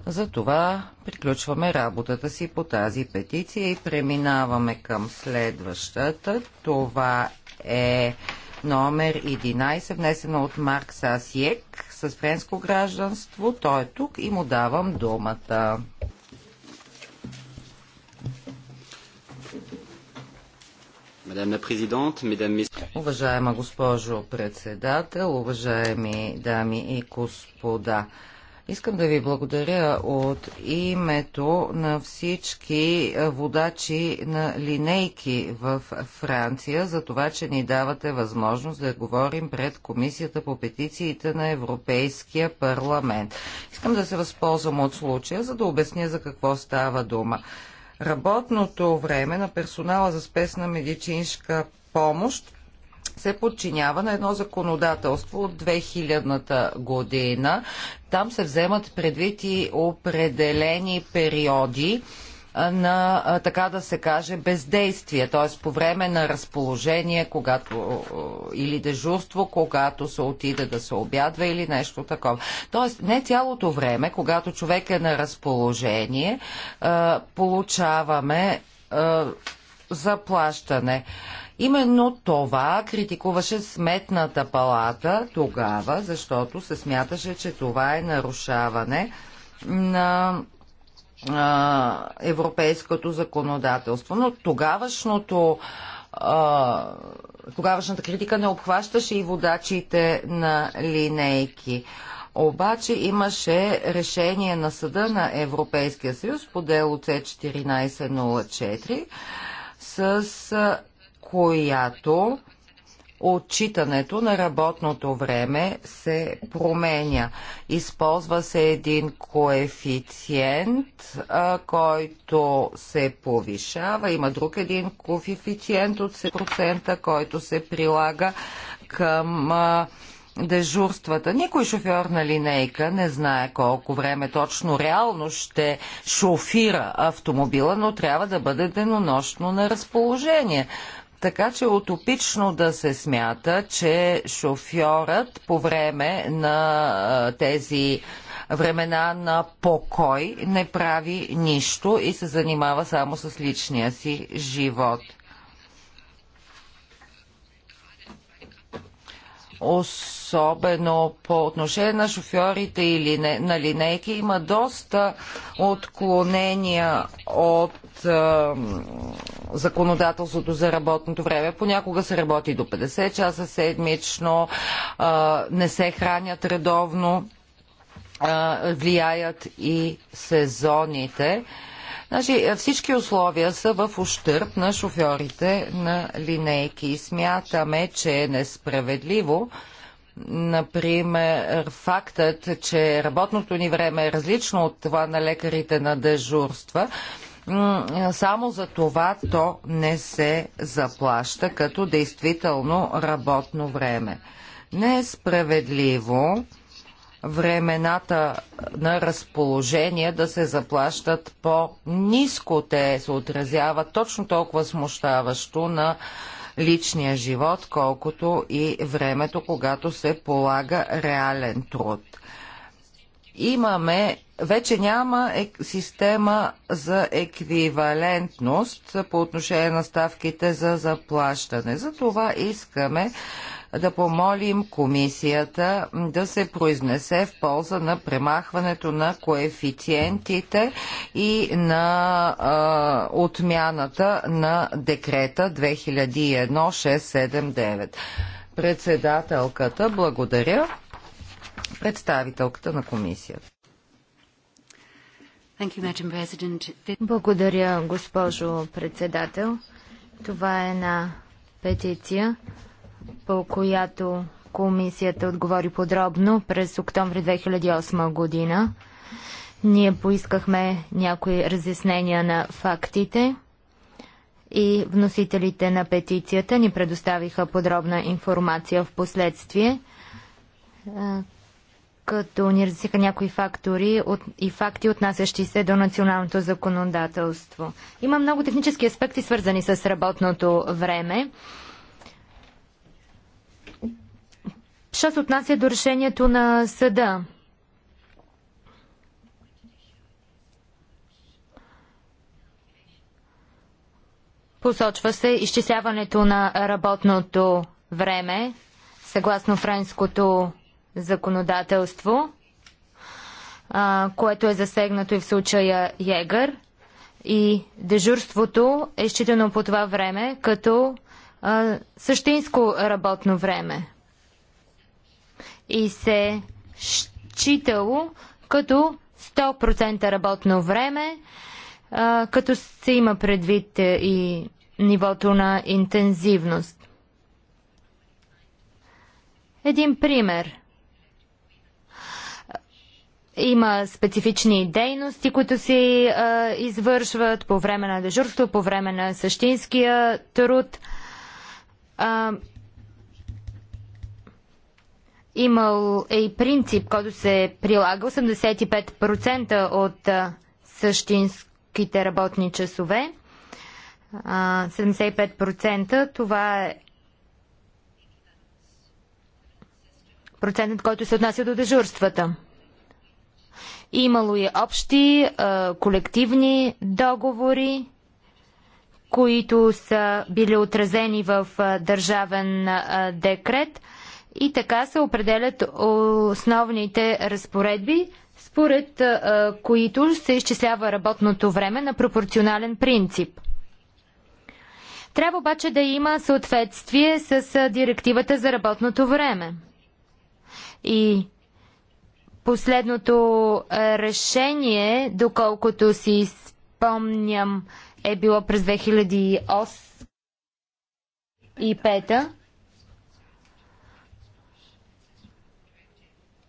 Затова приключваме работата си по тази петиция и преминаваме към следващата. Това е номер 11, внесена от Марк Сасиек с френско гражданство. Той е тук и му давам думата. Уважаема госпожо председател, уважаеми дами и господа, Искам да ви благодаря от името на всички водачи на линейки в Франция за това, че ни давате възможност да говорим пред Комисията по петициите на Европейския парламент. Искам да се възползвам от случая, за да обясня за какво става дума. Работното време на персонала за спесна медицинска помощ се подчинява на едно законодателство от 2000-та година. Там се вземат предвид и определени периоди на, така да се каже, бездействие, т.е. по време на разположение когато, или дежурство, когато се отиде да се обядва или нещо такова. Т.е. не цялото време, когато човек е на разположение, получаваме заплащане. Именно това критикуваше Сметната палата тогава, защото се смяташе, че това е нарушаване на а, европейското законодателство. Но тогавашното а, тогавашната критика не обхващаше и водачите на линейки. Обаче имаше решение на съда на Европейския съюз по дело C1404 с която отчитането на работното време се променя. Използва се един коефициент, а, който се повишава. Има друг един коефициент от процента, който се прилага към а, дежурствата. Никой шофьор на линейка не знае колко време точно реално ще шофира автомобила, но трябва да бъде денонощно на разположение. Така че утопично да се смята, че шофьорът по време на тези времена на покой не прави нищо и се занимава само с личния си живот. особено по отношение на шофьорите или на линейки, има доста отклонения от законодателството за работното време. Понякога се работи до 50 часа седмично, не се хранят редовно, влияят и сезоните. Значи, всички условия са в ущърп на шофьорите на линейки смятаме, че е несправедливо например, фактът, че работното ни време е различно от това на лекарите на дежурства, само за това то не се заплаща като действително работно време. Не е справедливо времената на разположение да се заплащат по-низко. Те се отразяват точно толкова смущаващо на личния живот, колкото и времето, когато се полага реален труд имаме, вече няма е, система за еквивалентност по отношение на ставките за заплащане. Затова искаме да помолим комисията да се произнесе в полза на премахването на коефициентите и на а, отмяната на декрета 2001-679. Председателката, благодаря представителката на комисията. Благодаря, госпожо председател. Това е една петиция, по която комисията отговори подробно през октомври 2008 година. Ние поискахме някои разяснения на фактите и вносителите на петицията ни предоставиха подробна информация в последствие като ни разсиха някои фактори от, и факти, отнасящи се до националното законодателство. Има много технически аспекти, свързани с работното време. Що се отнася до решението на съда? Посочва се изчисляването на работното време съгласно френското законодателство, а, което е засегнато и в случая Егър. И дежурството е считано по това време като а, същинско работно време. И се считало като 100% работно време, а, като се има предвид е, и нивото на интензивност. Един пример – има специфични дейности, които се извършват по време на дежурство, по време на същинския труд. А, имал е и принцип, който се прилага 85% от а, същинските работни часове. А, 75% това е процентът, който се отнася до дежурствата. Имало и е общи а, колективни договори, които са били отразени в а, държавен а, декрет и така се определят основните разпоредби, според а, които се изчислява работното време на пропорционален принцип. Трябва обаче да има съответствие с директивата за работното време. И Последното решение, доколкото си спомням, е било през 2008 и 2005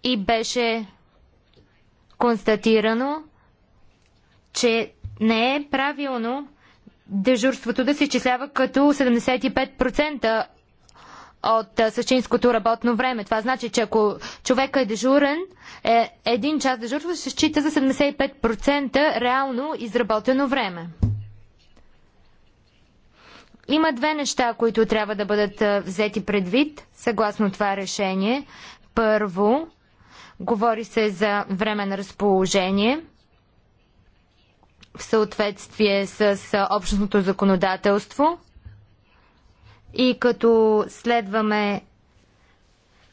и беше констатирано, че не е правилно дежурството да се изчислява като 75% от същинското работно време. Това значи, че ако човека е дежурен, е, един час дежурство се счита за 75% реално изработено време. Има две неща, които трябва да бъдат взети предвид, съгласно това решение. Първо, говори се за време на разположение в съответствие с общностното законодателство и като следваме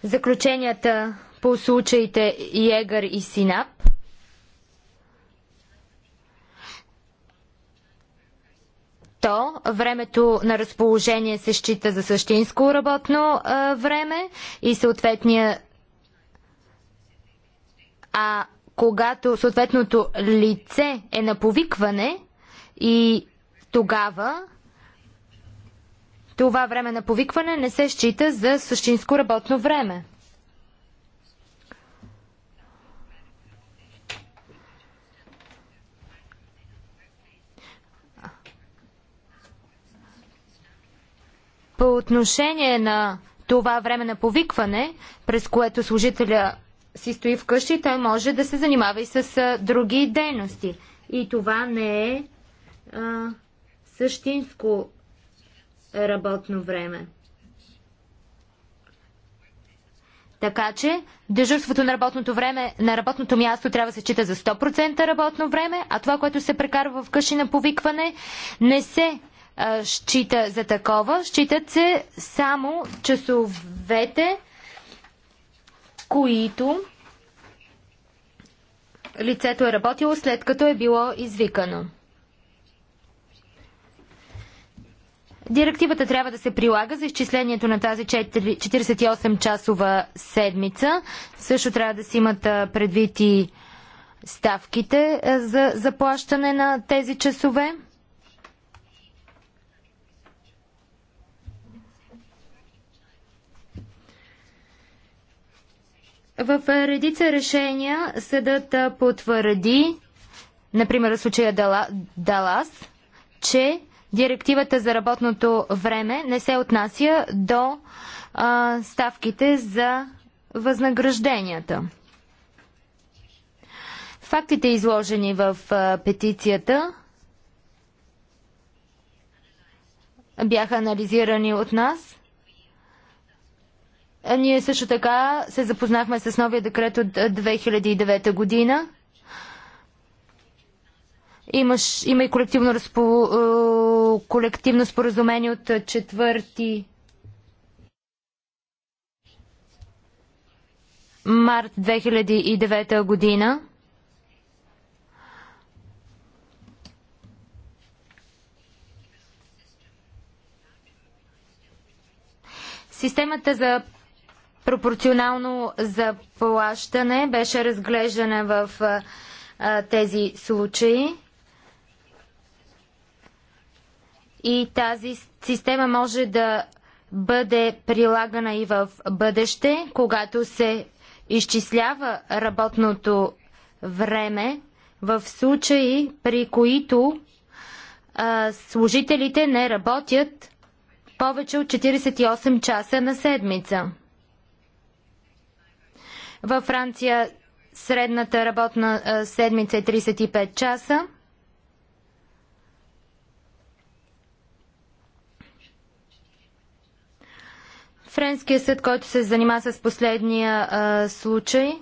заключенията по случаите Егър и Синап, то времето на разположение се счита за същинско работно а, време и съответния а когато съответното лице е на повикване и тогава това време на повикване не се счита за същинско работно време. По отношение на това време на повикване, през което служителя си стои вкъщи, той може да се занимава и с а, други дейности. И това не е а, същинско работно време. Така че дежурството на работното време на работното място трябва да се чита за 100% работно време, а това, което се прекарва в къщи на повикване, не се а, счита за такова. Считат се само часовете, които лицето е работило след като е било извикано. Директивата трябва да се прилага за изчислението на тази 48-часова седмица. Също трябва да си имат предвид и ставките за заплащане на тези часове. В редица решения съдът потвърди, например в случая Далас, че Директивата за работното време не се отнася до а, ставките за възнагражденията. Фактите, изложени в а, петицията, бяха анализирани от нас. Ние също така се запознахме с новия декрет от 2009 година. Имаш, има и колективно, разпо, е, колективно споразумение от 4 март 2009 година. Системата за пропорционално заплащане беше разглеждана в а, е, тези случаи. и тази система може да бъде прилагана и в бъдеще, когато се изчислява работното време в случаи, при които а, служителите не работят повече от 48 часа на седмица. Във Франция средната работна а, седмица е 35 часа. Френския съд, който се занима с последния а, случай,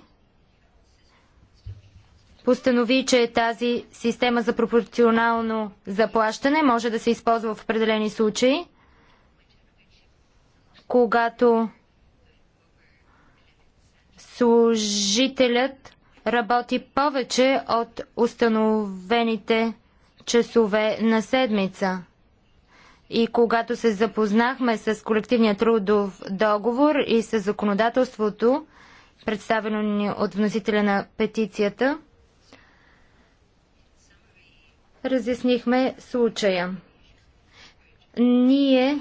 постанови, че тази система за пропорционално заплащане може да се използва в определени случаи, когато служителят работи повече от установените часове на седмица. И когато се запознахме с колективния трудов договор и с законодателството, представено ни от вносителя на петицията, разяснихме случая. Ние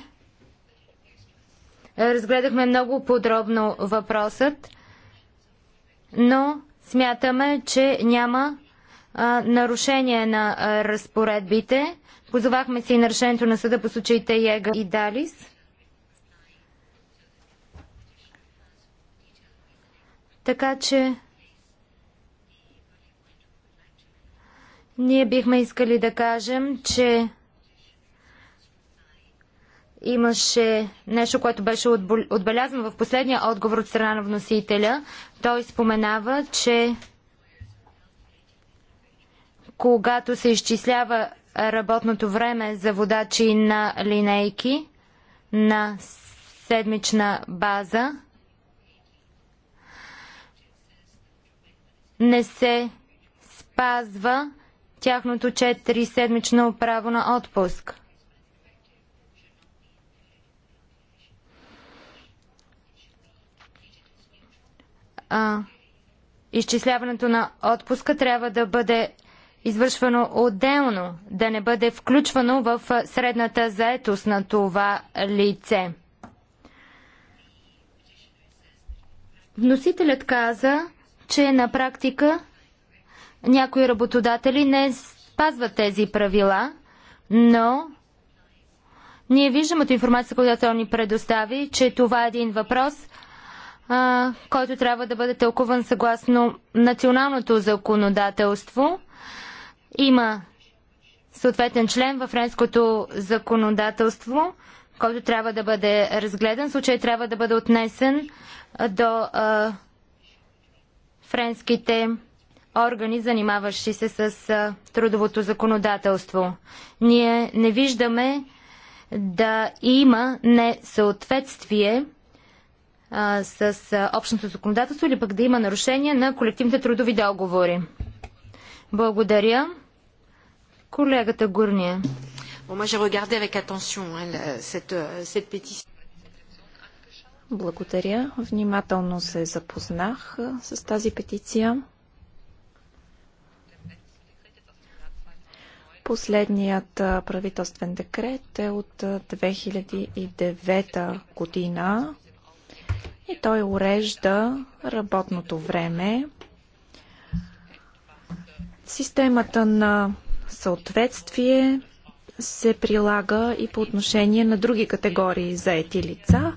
разгледахме много подробно въпросът, но смятаме, че няма нарушение на разпоредбите. Позовахме се и на решението на съда по случаите Ега и Далис. Така че ние бихме искали да кажем, че имаше нещо, което беше отбелязано в последния отговор от страна на вносителя. Той споменава, че когато се изчислява работното време за водачи на линейки на седмична база, не се спазва тяхното 4-седмично право на отпуск. А, изчисляването на отпуска трябва да бъде извършвано отделно, да не бъде включвано в средната заетост на това лице. Вносителят каза, че на практика някои работодатели не спазват тези правила, но ние виждаме от информация, която ни предостави, че това е един въпрос, а, който трябва да бъде тълкуван съгласно националното законодателство – има съответен член във френското законодателство, който трябва да бъде разгледан. Случай трябва да бъде отнесен до а, френските органи, занимаващи се с а, трудовото законодателство. Ние не виждаме да има несъответствие а, с общото законодателство или пък да има нарушение на колективните трудови договори. Благодаря. Колегата Гурния. Euh, Благодаря. Внимателно се запознах с тази петиция. Последният правителствен декрет е от 2009 година и той урежда работното време. Системата на съответствие се прилага и по отношение на други категории заети лица.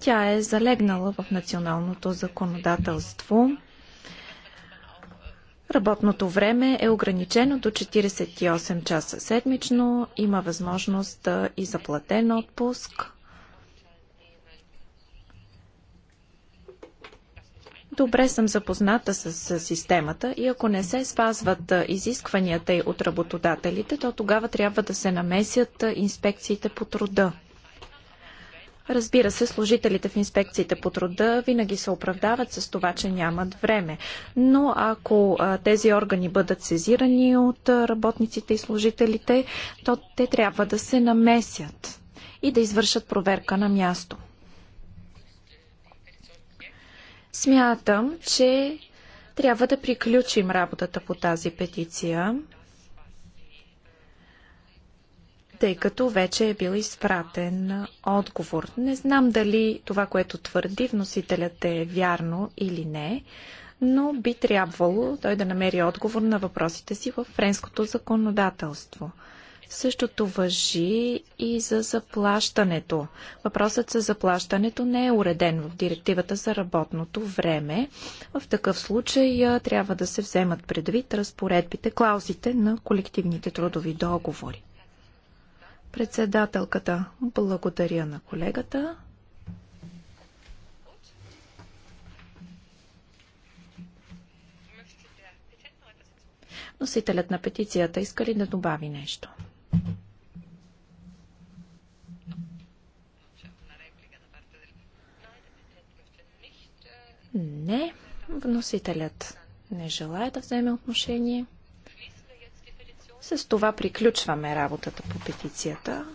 Тя е залегнала в националното законодателство. Работното време е ограничено до 48 часа седмично. Има възможност да и заплатен отпуск. Добре съм запозната с, с системата и ако не се спазват изискванията и от работодателите, то тогава трябва да се намесят инспекциите по труда. Разбира се, служителите в инспекциите по труда винаги се оправдават с това, че нямат време. Но ако а, тези органи бъдат сезирани от а, работниците и служителите, то те трябва да се намесят и да извършат проверка на място. Смятам, че трябва да приключим работата по тази петиция, тъй като вече е бил изпратен отговор. Не знам дали това, което твърди вносителят е вярно или не, но би трябвало той да намери отговор на въпросите си в френското законодателство – Същото въжи и за заплащането. Въпросът за заплащането не е уреден в директивата за работното време. В такъв случай трябва да се вземат предвид разпоредбите, клаузите на колективните трудови договори. Председателката, благодаря на колегата. Носителят на петицията иска ли да добави нещо? Не. Вносителят не желая да вземе отношение. С това приключваме работата по петицията.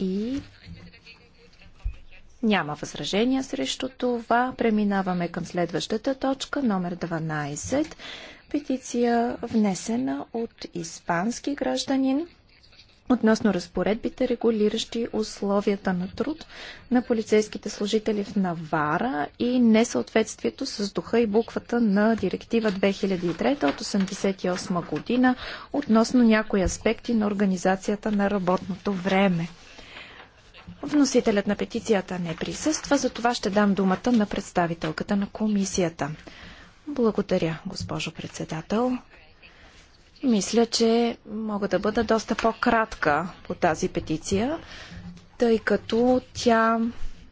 И няма възражения срещу това. Преминаваме към следващата точка, номер 12. Петиция внесена от испански гражданин относно разпоредбите, регулиращи условията на труд на полицейските служители в Навара и несъответствието с духа и буквата на Директива 2003 от 1988 година относно някои аспекти на организацията на работното време. Вносителят на петицията не присъства, за това ще дам думата на представителката на комисията. Благодаря, госпожо председател. Мисля, че мога да бъда доста по-кратка по тази петиция, тъй като тя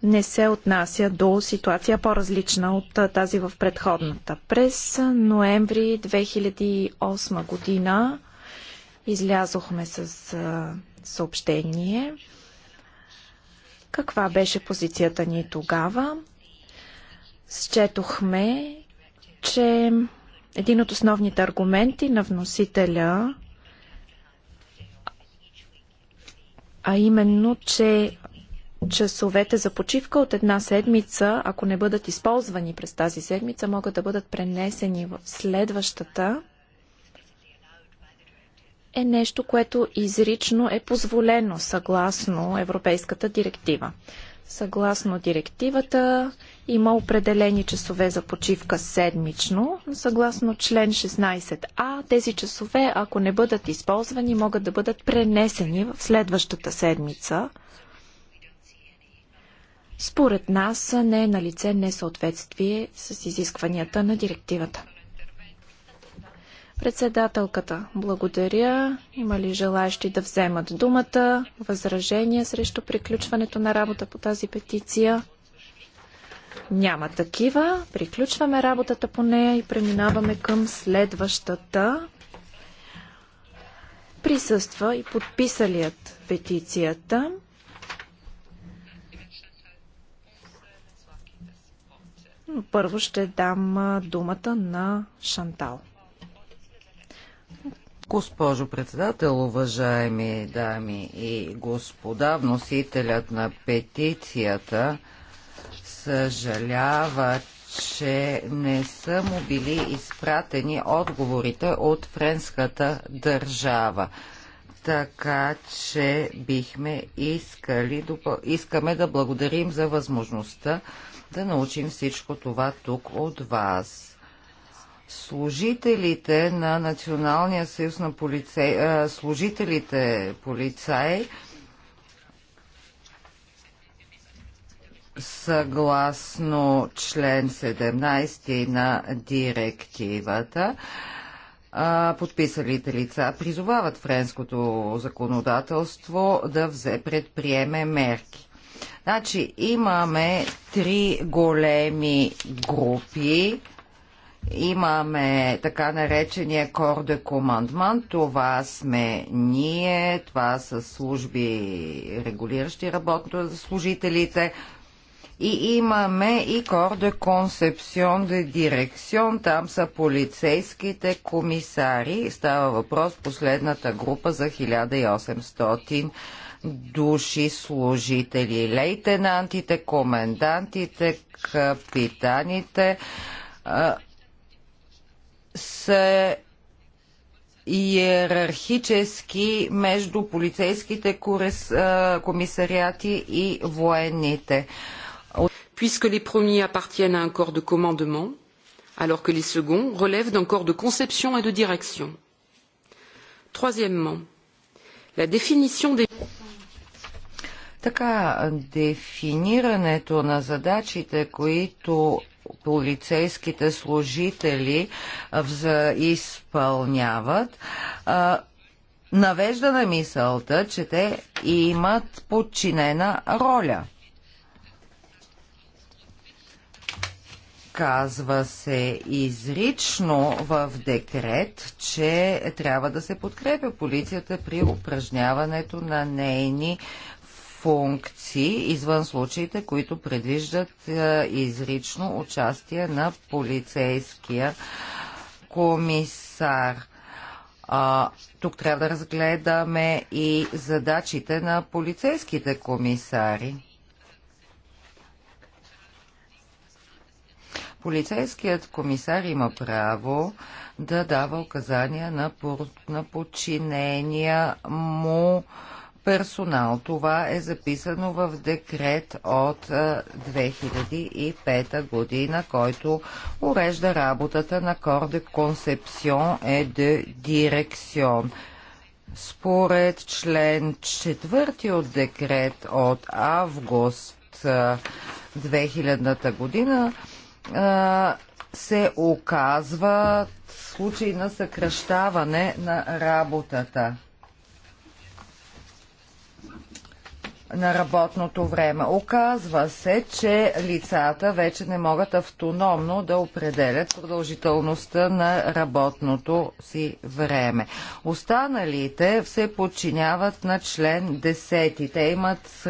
не се отнася до ситуация по-различна от тази в предходната. През ноември 2008 година излязохме с съобщение. Каква беше позицията ни тогава? Счетохме, че един от основните аргументи на вносителя, а именно, че часовете за почивка от една седмица, ако не бъдат използвани през тази седмица, могат да бъдат пренесени в следващата, е нещо, което изрично е позволено съгласно Европейската директива. Съгласно директивата има определени часове за почивка седмично. Съгласно член 16а, тези часове, ако не бъдат използвани, могат да бъдат пренесени в следващата седмица. Според нас не е на лице несъответствие с изискванията на директивата. Председателката, благодаря. Има ли желаящи да вземат думата? Възражения срещу приключването на работа по тази петиция? Няма такива. Приключваме работата по нея и преминаваме към следващата. Присъства и подписалият петицията. Първо ще дам думата на Шантал. Госпожо председател, уважаеми дами и господа, вносителят на петицията съжалява, че не са му били изпратени отговорите от френската държава. Така че бихме искали, искаме да благодарим за възможността да научим всичко това тук от вас служителите на Националния съюз на полицаи, служителите полицаи съгласно член 17 на директивата подписалите лица призовават френското законодателство да взе предприеме мерки. Значи имаме три големи групи Имаме така наречения корде командман. Това сме ние, това са служби, регулиращи работното за служителите. И имаме и корде Консепсион концепцион де дирекцион. Там са полицейските комисари. Става въпрос последната група за 1800 души служители. Лейтенантите, комендантите, капитаните, са иерархически между полицейските комисариати и военните. Puisque les premiers appartiennent à un corps de commandement, alors que les seconds relèvent d'un corps de conception et de direction. Troisièmement, la définition des... Така, дефинирането на задачите, които полицейските служители за изпълняват, навежда на мисълта, че те имат подчинена роля. казва се изрично в декрет, че трябва да се подкрепя полицията при упражняването на нейни функции, извън случаите, които предвиждат е, изрично участие на полицейския комисар. А, тук трябва да разгледаме и задачите на полицейските комисари. Полицейският комисар има право да дава указания на, на подчинения му а, персонал. Това е записано в декрет от 2005 година, който урежда работата на Кор де Концепсион е де Дирекцион. Според член 4 от декрет от август 2000 година се оказва случай на съкръщаване на работата. на работното време. Оказва се, че лицата вече не могат автономно да определят продължителността на работното си време. Останалите се подчиняват на член 10. Те имат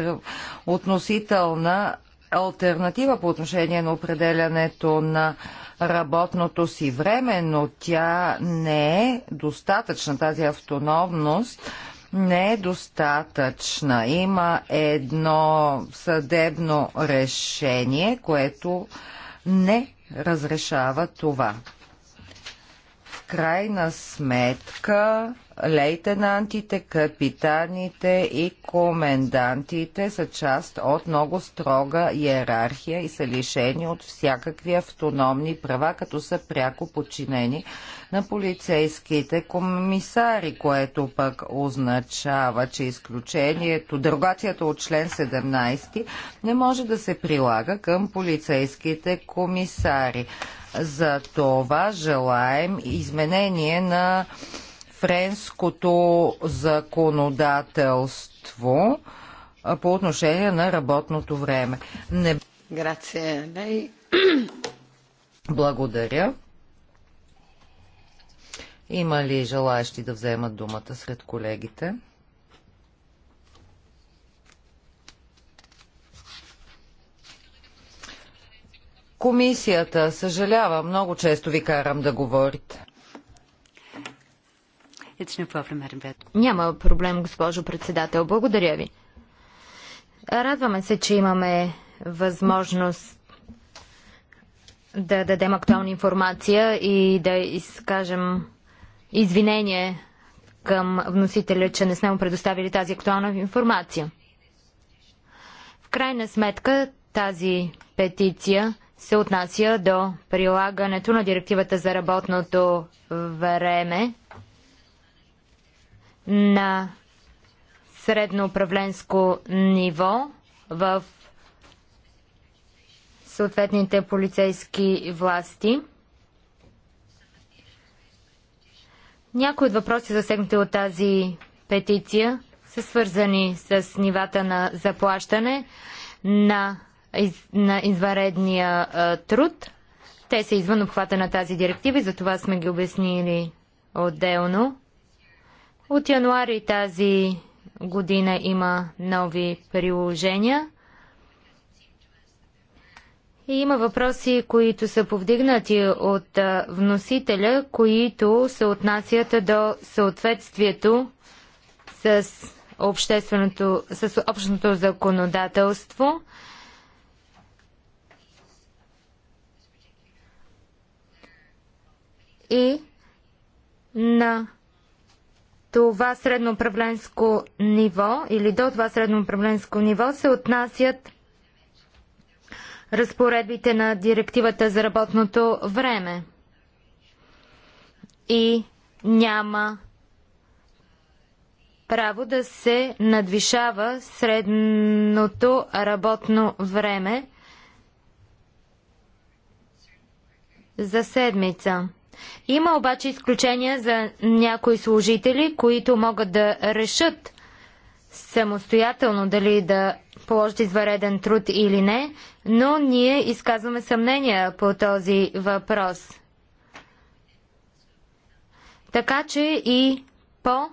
относителна альтернатива по отношение на определянето на работното си време, но тя не е достатъчна тази автономност не е достатъчна. Има едно съдебно решение, което не разрешава това. В крайна сметка лейтенантите, капитаните и комендантите са част от много строга иерархия и са лишени от всякакви автономни права, като са пряко подчинени на полицейските комисари, което пък означава, че изключението, дерогацията от член 17 не може да се прилага към полицейските комисари. За това желаем изменение на френското законодателство по отношение на работното време. Не... Благодаря. Има ли желаящи да вземат думата сред колегите? Комисията, съжалява, много често ви карам да говорите. Няма проблем, госпожо председател. Благодаря ви. Радваме се, че имаме възможност да дадем актуална информация и да изкажем извинение към вносителя, че не сме му предоставили тази актуална информация. В крайна сметка тази петиция се отнася до прилагането на директивата за работното време на средноуправленско ниво в съответните полицейски власти. Някои от въпроси, засегнати от тази петиция, са свързани с нивата на заплащане на, из, на изваредния а, труд. Те са извън обхвата на тази директива и затова сме ги обяснили отделно. От януари тази година има нови приложения. И има въпроси, които са повдигнати от вносителя, които се отнасят до съответствието с общественото, с общото законодателство. И на това средно управленско ниво или до това средно управленско ниво се отнасят разпоредбите на директивата за работното време. И няма право да се надвишава средното работно време за седмица. Има обаче изключения за някои служители, които могат да решат самостоятелно дали да положат извареден труд или не, но ние изказваме съмнения по този въпрос. Така че и по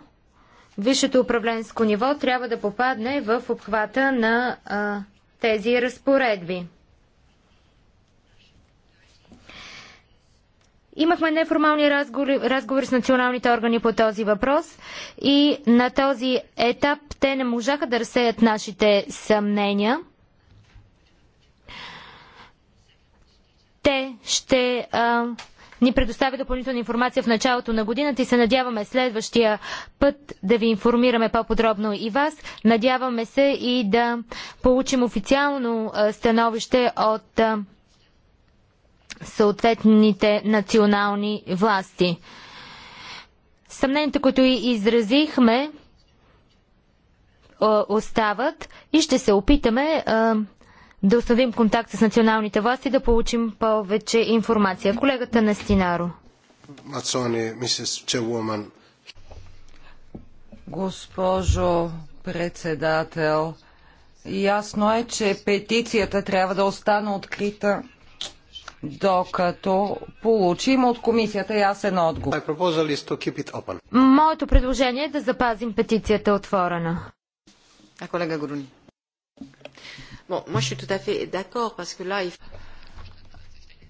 висшето управленско ниво трябва да попадне в обхвата на а, тези разпоредби. Имахме неформални разговори, разговори с националните органи по този въпрос и на този етап те не можаха да разсеят нашите съмнения. Те ще а, ни предоставят допълнителна информация в началото на годината и се надяваме следващия път да ви информираме по-подробно и вас. Надяваме се и да получим официално становище от съответните национални власти. Съмненията, които и изразихме, остават и ще се опитаме да установим контакт с националните власти и да получим повече информация. Колегата Настинаро. Мацони, Госпожо председател, ясно е, че петицията трябва да остана открита докато получим от комисията ясен отговор. Моето предложение е да запазим петицията отворена. А колега Груни?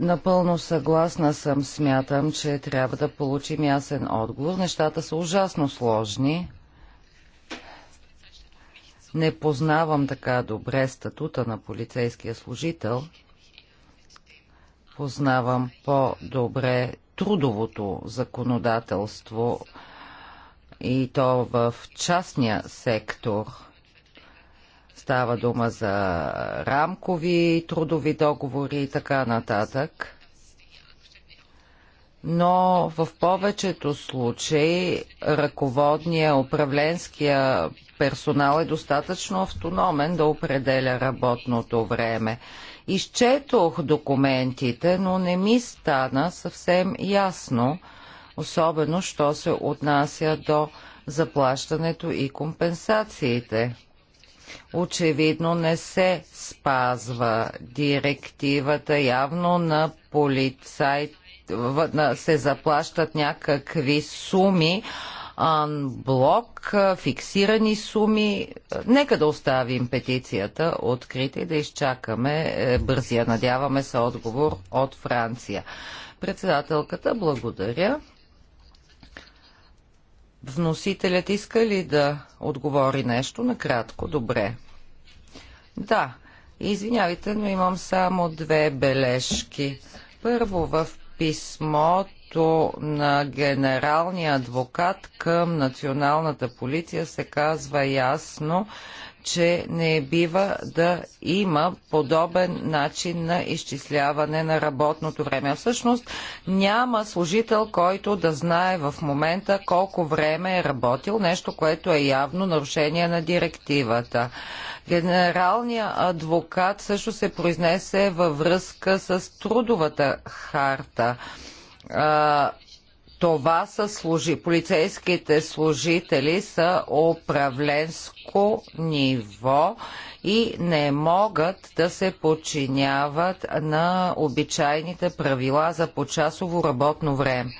Напълно съгласна съм. Смятам, че трябва да получим ясен отговор. Нещата са ужасно сложни. Не познавам така добре статута на полицейския служител – познавам по-добре трудовото законодателство и то в частния сектор. Става дума за рамкови трудови договори и така нататък. Но в повечето случаи ръководния, управленския персонал е достатъчно автономен да определя работното време. Изчетох документите, но не ми стана съвсем ясно, особено, що се отнася до заплащането и компенсациите. Очевидно не се спазва директивата. Явно на полицай се заплащат някакви суми, Анблок, фиксирани суми. Нека да оставим петицията открита и да изчакаме е, бързия, надяваме се, отговор от Франция. Председателката, благодаря. Вносителят иска ли да отговори нещо накратко? Добре. Да, извинявайте, но имам само две бележки. Първо в писмото писмото на генералния адвокат към националната полиция се казва ясно, че не бива да има подобен начин на изчисляване на работното време. Всъщност няма служител, който да знае в момента колко време е работил, нещо, което е явно нарушение на директивата. Генералният адвокат също се произнесе във връзка с трудовата харта а, това са служи, полицейските служители са управленско ниво и не могат да се подчиняват на обичайните правила за почасово работно време.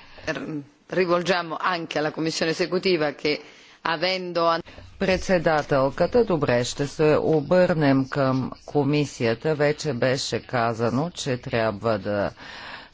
Rivolgiamo anche alla Commissione esecutiva che avendo Председателката, добре, ще се обърнем към комисията. Вече беше казано, че трябва да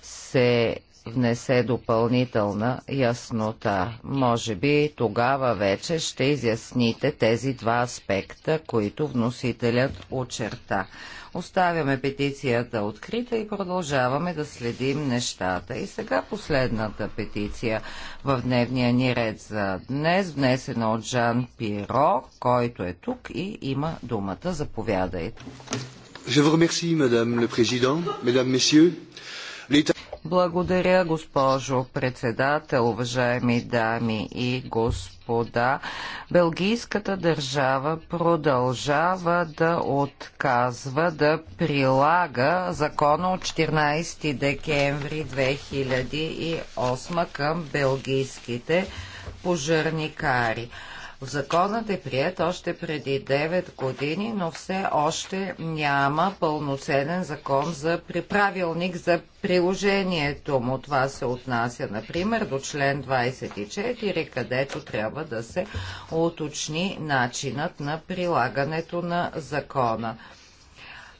се внесе допълнителна яснота. Може би тогава вече ще изясните тези два аспекта, които вносителят очерта. Оставяме петицията открита и продължаваме да следим нещата. И сега последната петиция в дневния ни ред за днес, внесена от Жан Пиро, който е тук и има думата. Заповядайте. Je vous remercie, Madame le Président, Mesdames, Messieurs. Благодаря, госпожо председател, уважаеми дами и господа. Белгийската държава продължава да отказва да прилага закона от 14 декември 2008 към белгийските пожарникари. Законът е прият още преди 9 години, но все още няма пълноценен закон за приправилник за приложението му. Това се отнася, например, до член 24, където трябва да се уточни начинът на прилагането на закона.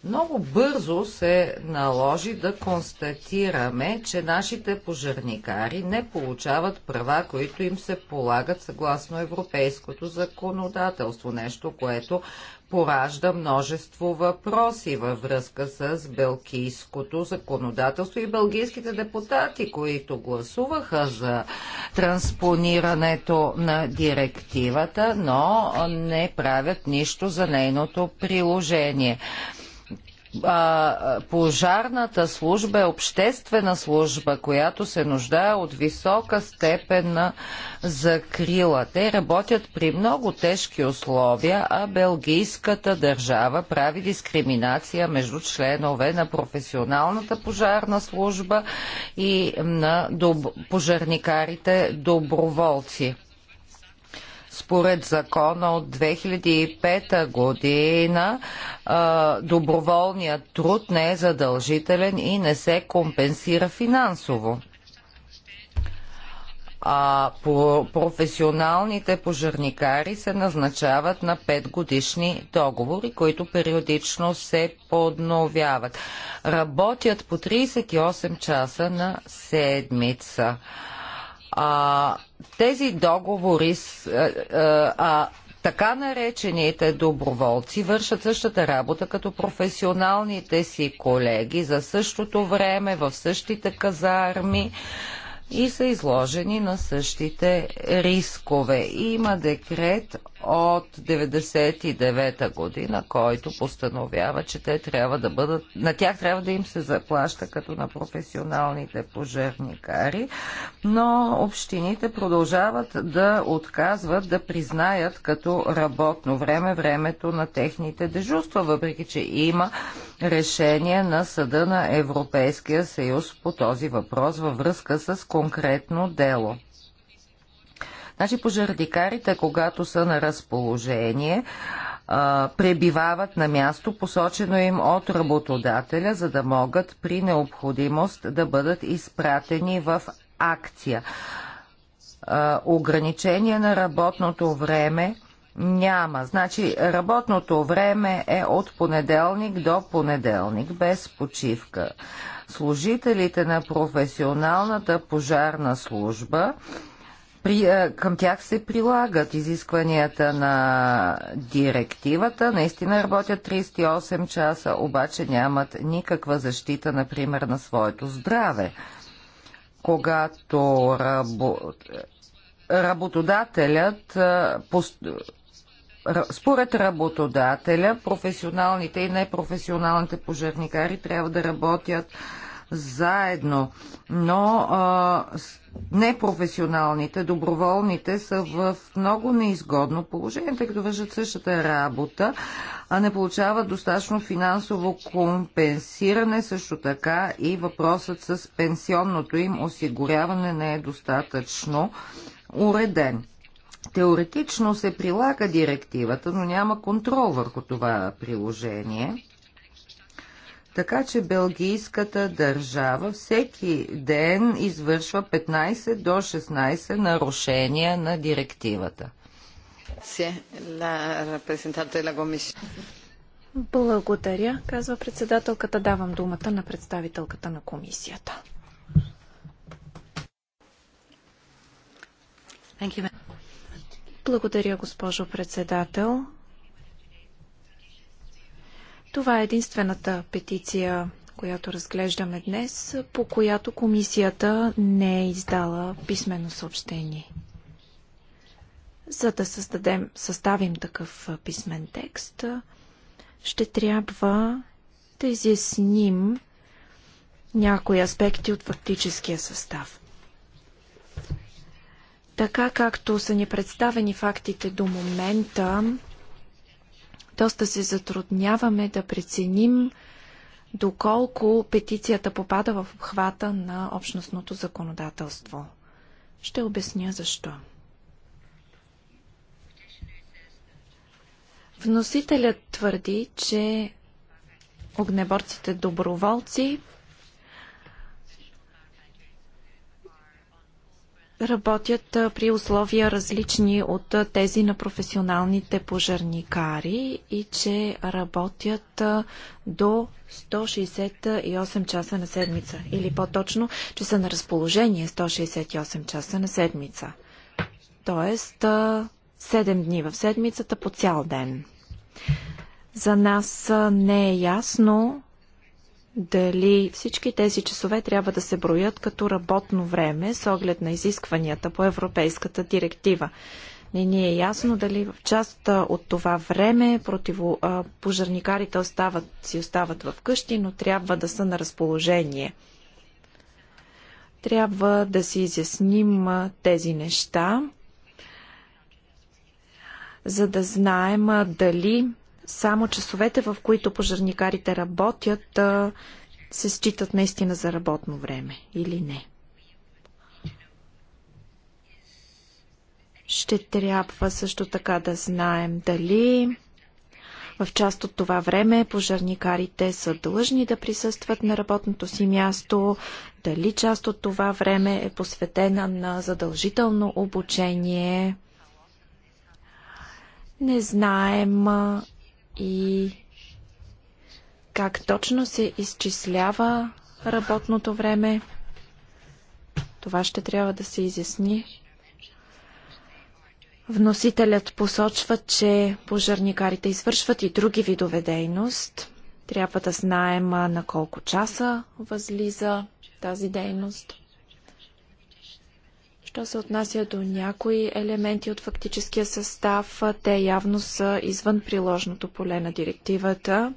Много бързо се наложи да констатираме, че нашите пожарникари не получават права, които им се полагат съгласно европейското законодателство. Нещо, което поражда множество въпроси във връзка с белгийското законодателство и белгийските депутати, които гласуваха за транспонирането на директивата, но не правят нищо за нейното приложение а, пожарната служба е обществена служба, която се нуждае от висока степен на закрила. Те работят при много тежки условия, а белгийската държава прави дискриминация между членове на професионалната пожарна служба и на доб... пожарникарите доброволци според закона от 2005 година доброволният труд не е задължителен и не се компенсира финансово а професионалните пожарникари се назначават на 5 годишни договори, които периодично се подновяват. Работят по 38 часа на седмица. А, тези договори, с, а, е, е, а така наречените доброволци вършат същата работа като професионалните си колеги за същото време, в същите казарми и са изложени на същите рискове. Има декрет от 99-та година, който постановява, че те трябва да бъдат, на тях трябва да им се заплаща като на професионалните пожарникари, но общините продължават да отказват да признаят като работно време времето на техните дежурства, въпреки че има решение на Съда на Европейския съюз по този въпрос във връзка с конкретно дело. Значи пожардикарите, когато са на разположение, пребивават на място, посочено им от работодателя, за да могат при необходимост да бъдат изпратени в акция. Ограничение на работното време няма. Значи работното време е от понеделник до понеделник, без почивка. Служителите на професионалната пожарна служба при, е, към тях се прилагат изискванията на директивата. Наистина работят 38 часа, обаче нямат никаква защита, например, на своето здраве. Когато рабо... работодателят е, според работодателя, професионалните и непрофесионалните пожарникари трябва да работят заедно, но а, непрофесионалните, доброволните са в много неизгодно положение, тъй като вършат същата работа, а не получават достатъчно финансово компенсиране. Също така и въпросът с пенсионното им осигуряване не е достатъчно уреден. Теоретично се прилага директивата, но няма контрол върху това приложение. Така че белгийската държава всеки ден извършва 15 до 16 нарушения на директивата. Благодаря, казва председателката. Давам думата на представителката на комисията. Благодаря, госпожо председател. Това е единствената петиция, която разглеждаме днес, по която комисията не е издала писмено съобщение. За да създадем, съставим такъв писмен текст, ще трябва да изясним някои аспекти от фактическия състав. Така както са ни представени фактите до момента, доста се затрудняваме да преценим доколко петицията попада в обхвата на общностното законодателство. Ще обясня защо. Вносителят твърди, че огнеборците доброволци работят при условия различни от тези на професионалните пожарникари и че работят до 168 часа на седмица. Или по-точно, че са на разположение 168 часа на седмица. Тоест 7 дни в седмицата по цял ден. За нас не е ясно дали всички тези часове трябва да се броят като работно време с оглед на изискванията по Европейската директива. Не ни е ясно дали в част от това време противо, а, пожарникарите остават, си остават в къщи, но трябва да са на разположение. Трябва да си изясним тези неща, за да знаем дали само часовете, в които пожарникарите работят, се считат наистина за работно време или не. Ще трябва също така да знаем дали в част от това време пожарникарите са длъжни да присъстват на работното си място, дали част от това време е посветена на задължително обучение. Не знаем и как точно се изчислява работното време. Това ще трябва да се изясни. Вносителят посочва, че пожарникарите извършват и други видове дейност. Трябва да знаем на колко часа възлиза тази дейност. Що се отнася до някои елементи от фактическия състав, те явно са извън приложното поле на директивата.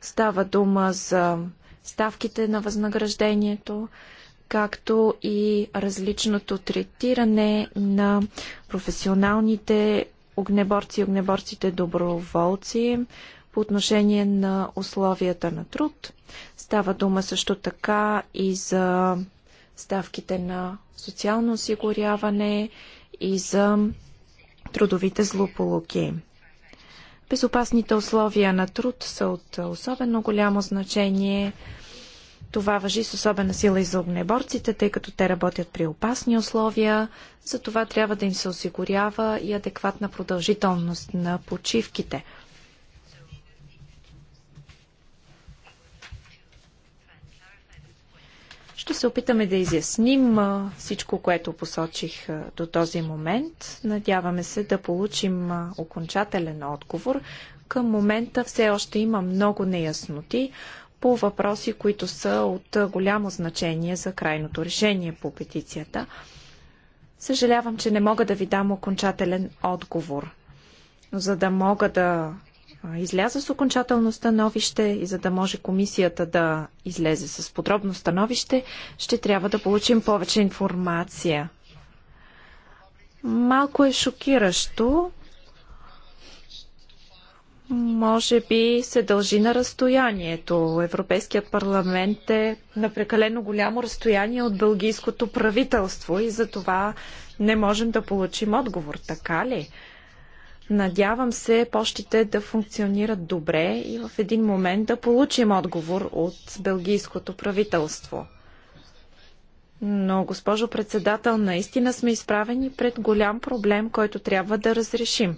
Става дума за ставките на възнаграждението, както и различното третиране на професионалните огнеборци и огнеборците доброволци по отношение на условията на труд. Става дума също така и за ставките на социално осигуряване и за трудовите злополуки. Безопасните условия на труд са от особено голямо значение. Това въжи с особена сила и за огнеборците, тъй като те работят при опасни условия. За това трябва да им се осигурява и адекватна продължителност на почивките – Ще се опитаме да изясним всичко, което посочих до този момент. Надяваме се да получим окончателен отговор. Към момента все още има много неясноти по въпроси, които са от голямо значение за крайното решение по петицията. Съжалявам, че не мога да ви дам окончателен отговор. Но за да мога да изляза с окончателно становище и за да може комисията да излезе с подробно становище, ще трябва да получим повече информация. Малко е шокиращо. Може би се дължи на разстоянието. Европейският парламент е на прекалено голямо разстояние от бългийското правителство и за това не можем да получим отговор. Така ли? Надявам се почтите да функционират добре и в един момент да получим отговор от белгийското правителство. Но, госпожо председател, наистина сме изправени пред голям проблем, който трябва да разрешим.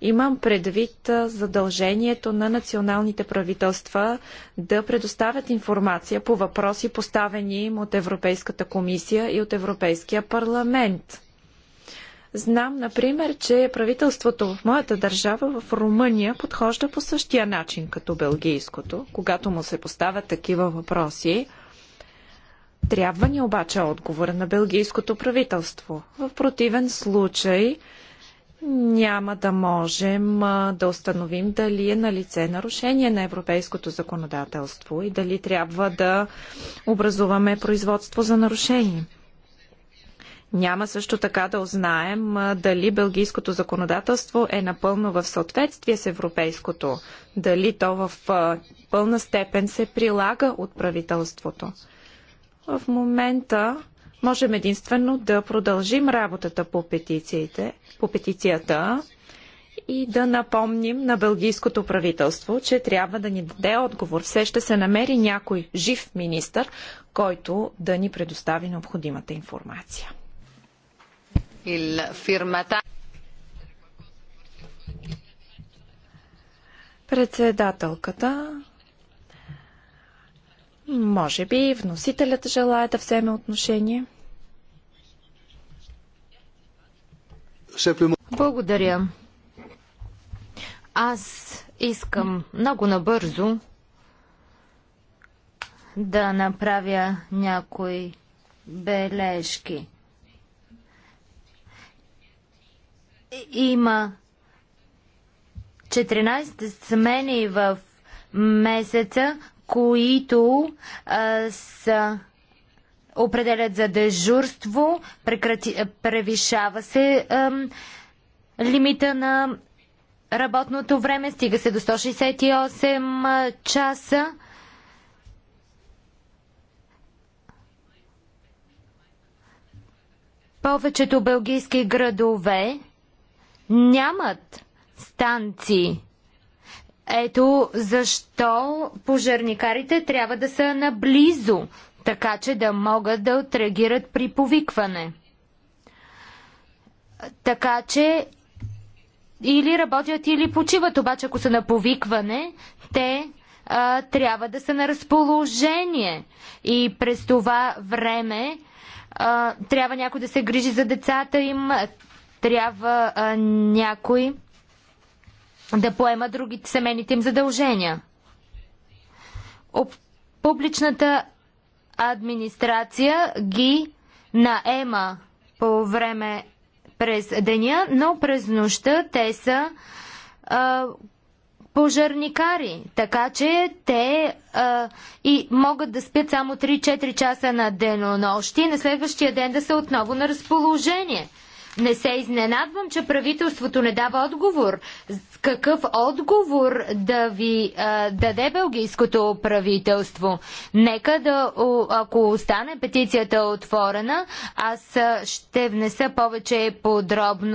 Имам предвид задължението на националните правителства да предоставят информация по въпроси, поставени им от Европейската комисия и от Европейския парламент. Знам, например, че правителството в моята държава, в Румъния, подхожда по същия начин като белгийското, когато му се поставят такива въпроси. Трябва ни обаче отговора на белгийското правителство. В противен случай няма да можем да установим дали е на лице нарушение на европейското законодателство и дали трябва да образуваме производство за нарушение. Няма също така да узнаем дали белгийското законодателство е напълно в съответствие с европейското, дали то в пълна степен се прилага от правителството. В момента можем единствено да продължим работата по, петициите, по петицията и да напомним на бългийското правителство, че трябва да ни даде отговор. Все ще се намери някой жив министър, който да ни предостави необходимата информация. Il Председателката може би вносителят желая да вземе отношение. Благодаря. Аз искам много набързо да направя някои бележки. Има 14 смени в месеца, които а, са определят за дежурство, прекрати, превишава се а, лимита на работното време, стига се до 168 часа. Повечето белгийски градове нямат станции. Ето защо пожарникарите трябва да са наблизо, така че да могат да отреагират при повикване. Така че или работят, или почиват, обаче ако са на повикване, те а, трябва да са на разположение. И през това време а, трябва някой да се грижи за децата им, трябва а, някой да поема другите семейните им задължения. Об, публичната администрация ги наема по време през деня, но през нощта те са а, пожарникари, така че те а, и могат да спят само 3-4 часа на денонощи и на следващия ден да са отново на разположение – не се изненадвам, че правителството не дава отговор. Какъв отговор да ви а, даде белгийското правителство? Нека да, ако остане петицията отворена, аз ще внеса повече подробно